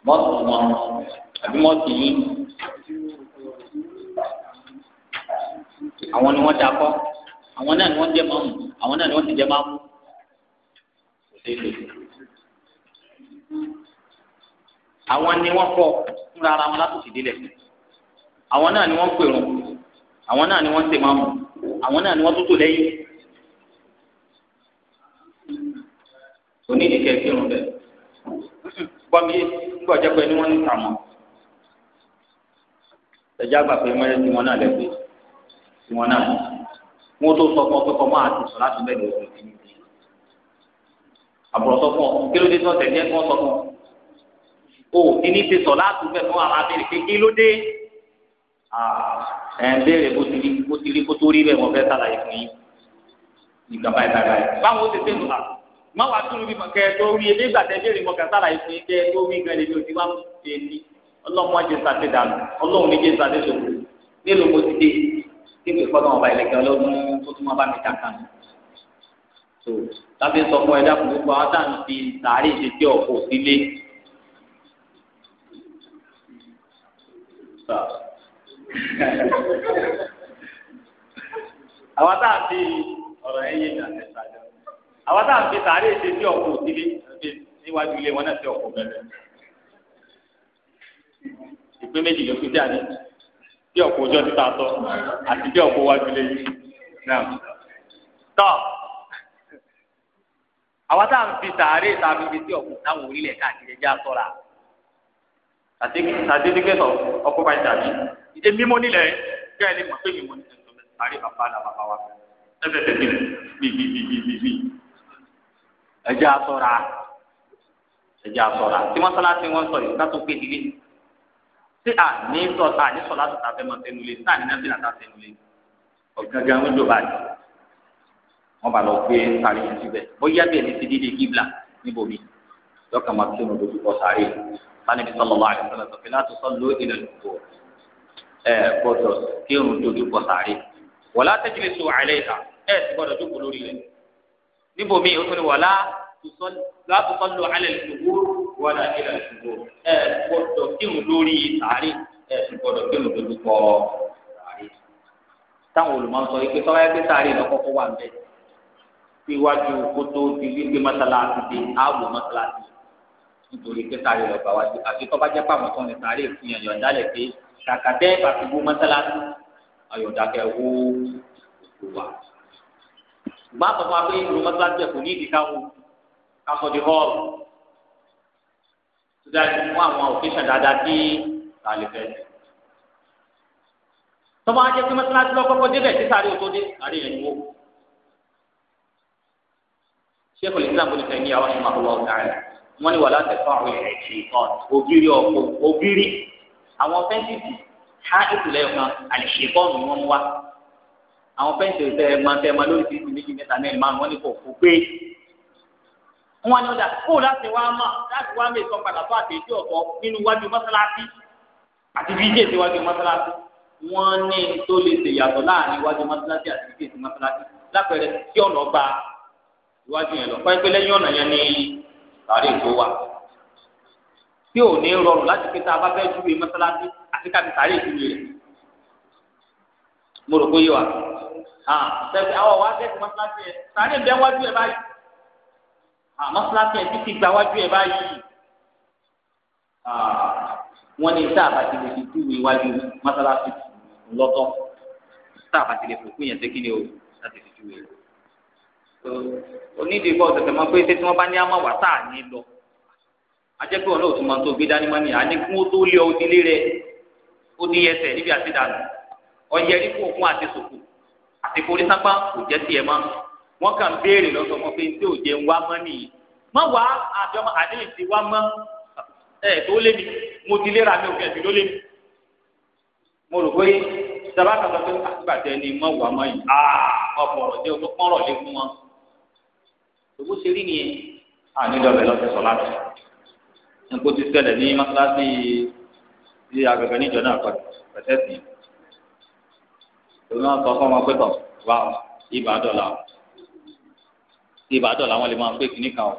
mọ́tò mọ́ àbí mọ́tò yìí àwọn ni wọ́n dakọ́ àwọn náà ni wọ́n jẹ́ máàmù àwọn náà ni wọ́n ti jẹ́ máàmù kò sí èdè. àwọn ni wọ́n kọ́ fúnra ara wọn látòkè délẹ̀ àwọn náà ni wọ́n pèrò àwọn náà ni wọ́n ṣe máàmù àwọn náà ni wọ́n tó tò lẹ́yìn. onídìkẹ́ kírun bẹ́ẹ̀ bọ́mi ńgbọ́jẹ́ pé ni wọ́n ń ta wọn. ẹ̀jẹ̀ àgbà pé mọ́lẹ́sìn wọn náà lẹ́gbẹ̀ẹ́ tiwọn náà wọn tó sọ fún ọ pé kọ máa ti sọ láti bẹ́ẹ̀ lọ́wọ́ ti ní ti àbúrò sọ fún ọ kí ló dé sọ tẹ̀lé ẹ̀ kọ́ sọ fún ọ ò ní ní ti sọ láti bẹ́ẹ̀ fún àwọn abẹ́rẹ́ pé kí ló dé ẹ̀ ń béèrè bó ti rí bó ti rí kó tó rí bẹ́ẹ̀ wọ́n fẹ́ sàlàyé fún yín ìjọba ẹ̀ka rẹ̀ báwo ti sẹ́nu hà má wàá tún bí kẹ tó rí ebi ìgbà tẹ béèrè mọ kẹta láì fún yín kẹ tó rí gan ebi òtí wá fún yín ọlọ́mọ ajé sàtẹ̀dànù ọlọ́run ní jésù àdéṣòwò nílùú mo ti dé kébè kọ́nà ọba ìlẹ̀kẹ́ ọlọ́dún tó tún máa bá mi ta kan. tó lábẹ́ sọ fún ẹ̀dá fún gbogbo àwọn tá à ń fi sàárè ṣe tí ọ̀pọ̀ sílé. àwọn tá à ń fi ọ̀rọ̀ ẹ̀yẹ ìdàgbẹ́ sàájọ́ àwọn tá à ń fi sàárè ṣe tí ọ̀pọ̀ sílé níwájú ilé wọn náà ti ọ̀pọ̀ bẹ̀rẹ̀. ìpín méjì ló fi dé àná tí ọ̀pọ̀ ọjọ́ ti ta sọ àti tí ọ̀pọ̀ wájú lé yìí náà. tọ́ àwa tá à ń fi sàárè tàbí ibi tí ọ̀pọ̀ táwọn orílẹ̀ káàkiri ẹja sọ́ra sàdédégbèsọ̀ ọkọ̀ bá ìdàbí ìdè mímọ́ nílẹ̀ bẹ́ẹ̀ ni mọ̀ pé mímọ́ nílẹ̀ tó bẹ́ẹ̀ sàárè bàbá àlà bàbá wa ẹ̀fẹ̀ tẹ̀lé bíbíbíbíbí ẹja sọ́ra ẹja sọ́ra tí wọ́n sọ́ra tí wọ́n sọ yìí ká tó pé nílé tí a ní sọ a ní sọ láti ta fẹ́ máa tẹnu lé tá a ní náà sí láti ta tẹnu lé ọ̀gángan ń lò báyìí wọ́n bá lọ gbé sáré yẹn síbẹ̀ bóyá bẹ́ẹ̀ ní ti dídé gíblà níbo mi lọ́kàn máa tẹnu lójú kọ sáré sani bí sọlọ́lá àdìsọ́lá sọ fẹ́lá tó sọ́ọ́ lóyè lẹ́nu tó ẹ gbọ́dọ̀ kírun lójú kọ sáré wọ́lá tẹ́jìlẹ̀ sọ àlẹ́ ìta ẹ ti gbọ́dọ̀ jókòó lórí rẹ̀ níbo mi tún ní wọ́lá tó sọ́ọ́ wọ́dà ilẹ̀ ìṣubú ẹ gbọ́dọ̀ kírun lórí sàárì ẹ gbọ́dọ̀ kírun lórí kọ́ sàárì. táwọn olùmọ̀ sọ pé tọ́lá ẹgbẹ́ sàárì lọ kọ́kọ́ wà nbẹ síwájú kótó ti wípé mọ́sálásí ti ààbò mọ́sálásí nítorí pé sàárì lọ bá wá sí àti tọ́ba jẹ́ pàmò kan ní sàárì fún yàn yọ̀ǹda lẹ̀ pé kàkàtẹ́ ìfàsíwò mọ́sálásí ayọ̀ǹda kẹ wó òkú wa. gbàtọ̀ fún wa pé ìlú mọ́sálásí ẹ̀kọ́ di họ́ọ̀lù tó dájú fún àwọn òkèèṣàn dáadáa tí sàlẹ fẹ sí. tọ́wọ́ ajẹ́ pé mọ́sálásí lọ́kọ́kọ́ débẹ̀ tí sáré òtó dé sáré yẹn wó. sẹ́kọ̀ọ́ lè sábò nìkan ní àwọn ọmọ àwọn ọ̀gá rẹ̀ wọ́n ní wà láti fọ́ àwọn ẹ̀rẹ̀ ṣe ìtàn ògiri ọ̀pọ̀ ògiri àwọn fẹ́ǹsì ha ìtùlẹ̀ kan àlèṣe bọ́ọ̀lù wọn mú wa àwọn fẹ́ǹsì tẹ tẹ ẹ lórí títí méjì mẹ́ta mẹ́rin márùn-ún wọ́n kò kó gbé wọn ni ọjà kó láti wá mọ láti wá mẹ ìsọpadà tó àtẹjú ọkọ nínú wájú mọ́sálásí àti fíjì èsì wájú mọ́sálásí wọn ní tó lè ṣe yàtọ̀ láàrin wájú mọ́sálásí àti fíjì èsì mọ́sálásí lápẹẹrẹ tí ọ̀nà gba iwájú yẹn lọ pẹ́ẹ́pẹ́ lẹ́yìn ọ̀nà yẹn ní sàárè tó wà tí ò ní rọrùn láti pé tá a bá fẹ́ júwe mọ́sálásí àti kábi sàárè júwe rẹ̀ mo rò pé yìí wà àwọn wa fẹ́ ti mọ́sálásí yẹn sàárè bẹ́ẹ̀ wájú yẹn báyìí àmọ́ fúláṣí ẹ̀ títí gba wájú ẹ̀ báyìí wọ́n ní tá a bá ti lè fi tú iwájú mọ́sálásí lọ́tọ̀ tá a bá ti lè fòkú yẹn sékí ni o láti fi tú ìwé onídìí bọ́ọ̀ tẹ̀tẹ̀ mọ́ pé ṣé tí wọ́n bá ní àmọ́ wà tá a ní lọ ajẹ́pẹ́ wọn náà tún máa tó gbé dání mọ́ni àní kí wọ́n tó lé ọ ìdílé rẹ ó ní ẹsẹ̀ níbi àti dànù ọ̀yẹ́rí kò fún àti sòkò àti forí sápá kò jẹ́ tiẹ̀ máa wọ́n kàn béèrè lọ́sọ̀ wọn pé tí òjé ń wá mọ́ nìyí mọ́ wá àjọmọ́ àdéhùn ti wá mọ́ ẹ̀ tó lé mi mo ti léra mi ò fi ẹ̀sìn ló lé mi mo rò pé sábà kan sọ pé àtìgbàtẹ ni mọ́ wá mọ́ yìí ọ̀pọ̀ ọ̀rọ̀ jẹ́ òtún pọ́nrọ̀ lé fún wọn òwò ṣe rí nìyẹn ànídọ́bẹ̀ lọ́sẹ̀ sọ láti nǹkó ti ṣẹlẹ̀ ní mọ́sálásí ti agbègbè níjọ náà pẹ̀tẹ́sì ìwé wọn sọ fún ọmọ pẹ́tọ̀ wá ìbàdàn làwọn tí ìbàdàn làwọn lè máa pé kínní kan o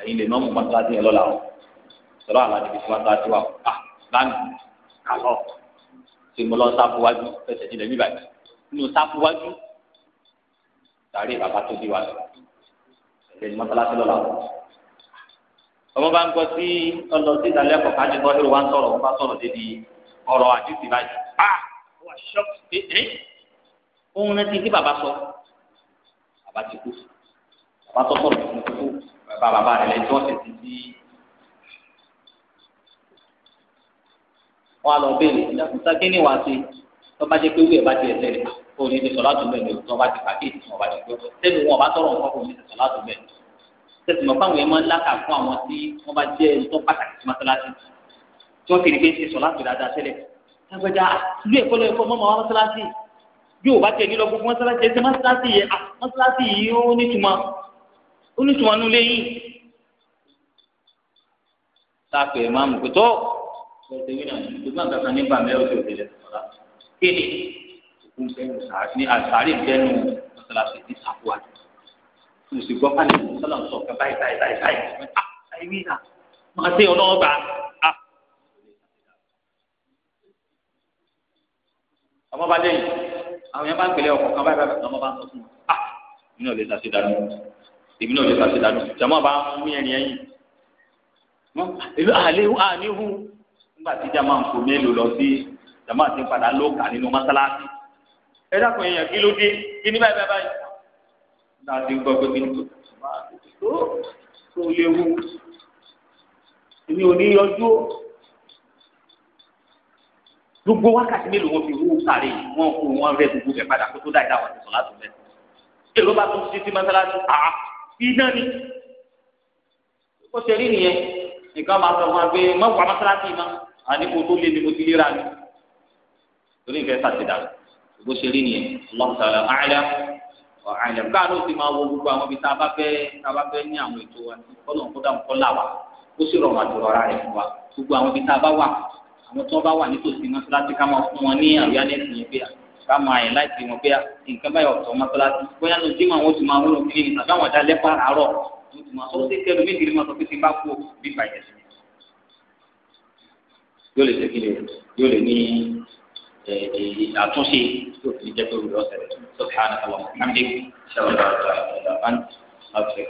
ẹ̀yin lè mọ́mú mọ́tíláṣí yẹn lọ́la o sọ̀rọ̀ àlàdé fi mọ́tíláṣí wa o ah, à báńkì kàlọ́ tí mo lọ sáfù wájú fẹsẹ̀ nílẹ̀ bíbá yìí nínú sáfù wájú sàárè bàbá tó bí wa lọ ẹ̀jẹ̀ ni mọ́tíláṣí lọ́la o ọmọ bá ń gbọ́ sí ọlọ sí ìdálẹ́ ọkọ̀ kájí kọ́ lóru wá ń sọ̀rọ̀ wọ́n bá sọ̀rọ̀ débi ọ̀rọ̀ àdìsí báyìí a ah, wà ṣọ́ọ̀kì ẹ̀ ẹ̀ òun rántí tí bàbá sọ bàbá ti kú sí wọn tó sọ̀rọ̀ fún kókó bàbá bàbá rẹ̀ lẹ́yìn tí wọ́n tẹ̀sí sí wọn á lọ béèrè ìdákùnsá kíní wàá sí tó bá jẹ́ pé wíwẹ̀ bá ti ẹsẹ̀ rẹ̀ kó ní ti sọ̀rọ̀ àtúnbẹ̀ ní òtún ọba ti pàkíyèsí wọn bá ti gbọ́ sẹ́nu wọn bá tọrọ nǹkan kó ní ti sọ̀rọ̀ àtúnbẹ̀ tẹ̀sí mọ̀ fáwọn yẹn máa ń lákà fún àwọn tí wọ́n bá jẹ́ ẹ̀tọ́ pàtàkì sí mọ́sálásí tí wọ́n ti pé ń ṣe sọ̀rọ̀ àtúnbẹ̀ dáadáa tẹ́lẹ̀ lágbàjá ah, ìlú ẹ̀kọ́ lọ́yẹ̀ fún ọmọ mọ́sálásí bí onítùmọ̀ nù lẹ́yìn láàpẹ̀ ìmáàmù pé tó lọ́sẹ̀ wí náà ṣùgbọ́n kankan nípa mẹ́rin tó tẹ̀lé sọ̀rọ̀ kéde òkun bẹ́ẹ̀ ní àṣàrí bẹ́ẹ̀nu mọ́sálásí ní sàkóyà mo sì gbọ́ pálí sọ́lá ń sọ ọ̀kẹ́ báyìí báyìí báyìí báyìí ah ṣáyé wí náà máa ṣe ọlọ́wọ́ gbà á. ọmọ bá dé àwọn yẹn bá ń pèlè ọkọ̀ kan báyìí báyìí ọmọ ń sọ fún mi ah mi náà lè ta sí èmi náà lè sàṣẹ dájú jàmọ́ bá mú yẹn yẹn yìí ìlú àléhu àníhu nígbà tí jàmọ́ nǹkan mélòó lọ sí jàmọ́ àti padà lóka nínú mọ́sálásí ẹ dákun èèyàn kí ló dé kí ní báyìí báyìí náà ti gbọ́ pé kí ní tó tó léwu èmi ò ní yọjú gbogbo wákàtí mélòó wọn fi wú sáré wọn kó wọn rẹ gbogbo ẹ padà kó tó dá ìdáwọn ti sọ láti mẹ èrò bá tó ti mọ́sálásí àá iná ni ó ṣe rí nìyẹn nìkan máa sọ fún wa pé mọ̀wá mọ́sálásí ma àníkó tó lé ní mo ti léra ni torí ìfẹ́ sàtìdá bó ṣe rí nìyẹn lọ́sàlẹ̀ àìlẹ́ àìlẹ́ káàdó ti máa wo gbogbo àwọn ibi tá a bá fẹ́ tá a bá fẹ́ ní àwọn ètò wa kọ́nà kódà ń kọ́ là wa ó sì rọrùn àti rọra rẹ̀ fún wa gbogbo àwọn ibi tá a bá wà àwọn tó bá wà nítòsí mọ́sálásí ká máa fún wọn ní àríyá lẹ́sìn yẹn ká máa yẹn láì fi wọn bóyá nǹkan báyọ̀ ọ̀tọ̀ mọ́sálásí bóyá ní ojúmọ̀ àwọn oṣù máa wúlò kí ni tàbí àwọn ọ̀dàlẹ́ pa àárọ̀ tó ti máa sọ́wọ́ sí kẹlu mí kiri máa sọ pé ti bá kú bí bàyẹ̀ sí. yóò lè ṣe ni yóò lè ní àtúnṣe yóò fi jẹ́ pé olùdó ọ̀sẹ̀ rẹ̀ sọ̀tàn àwọn ọmọ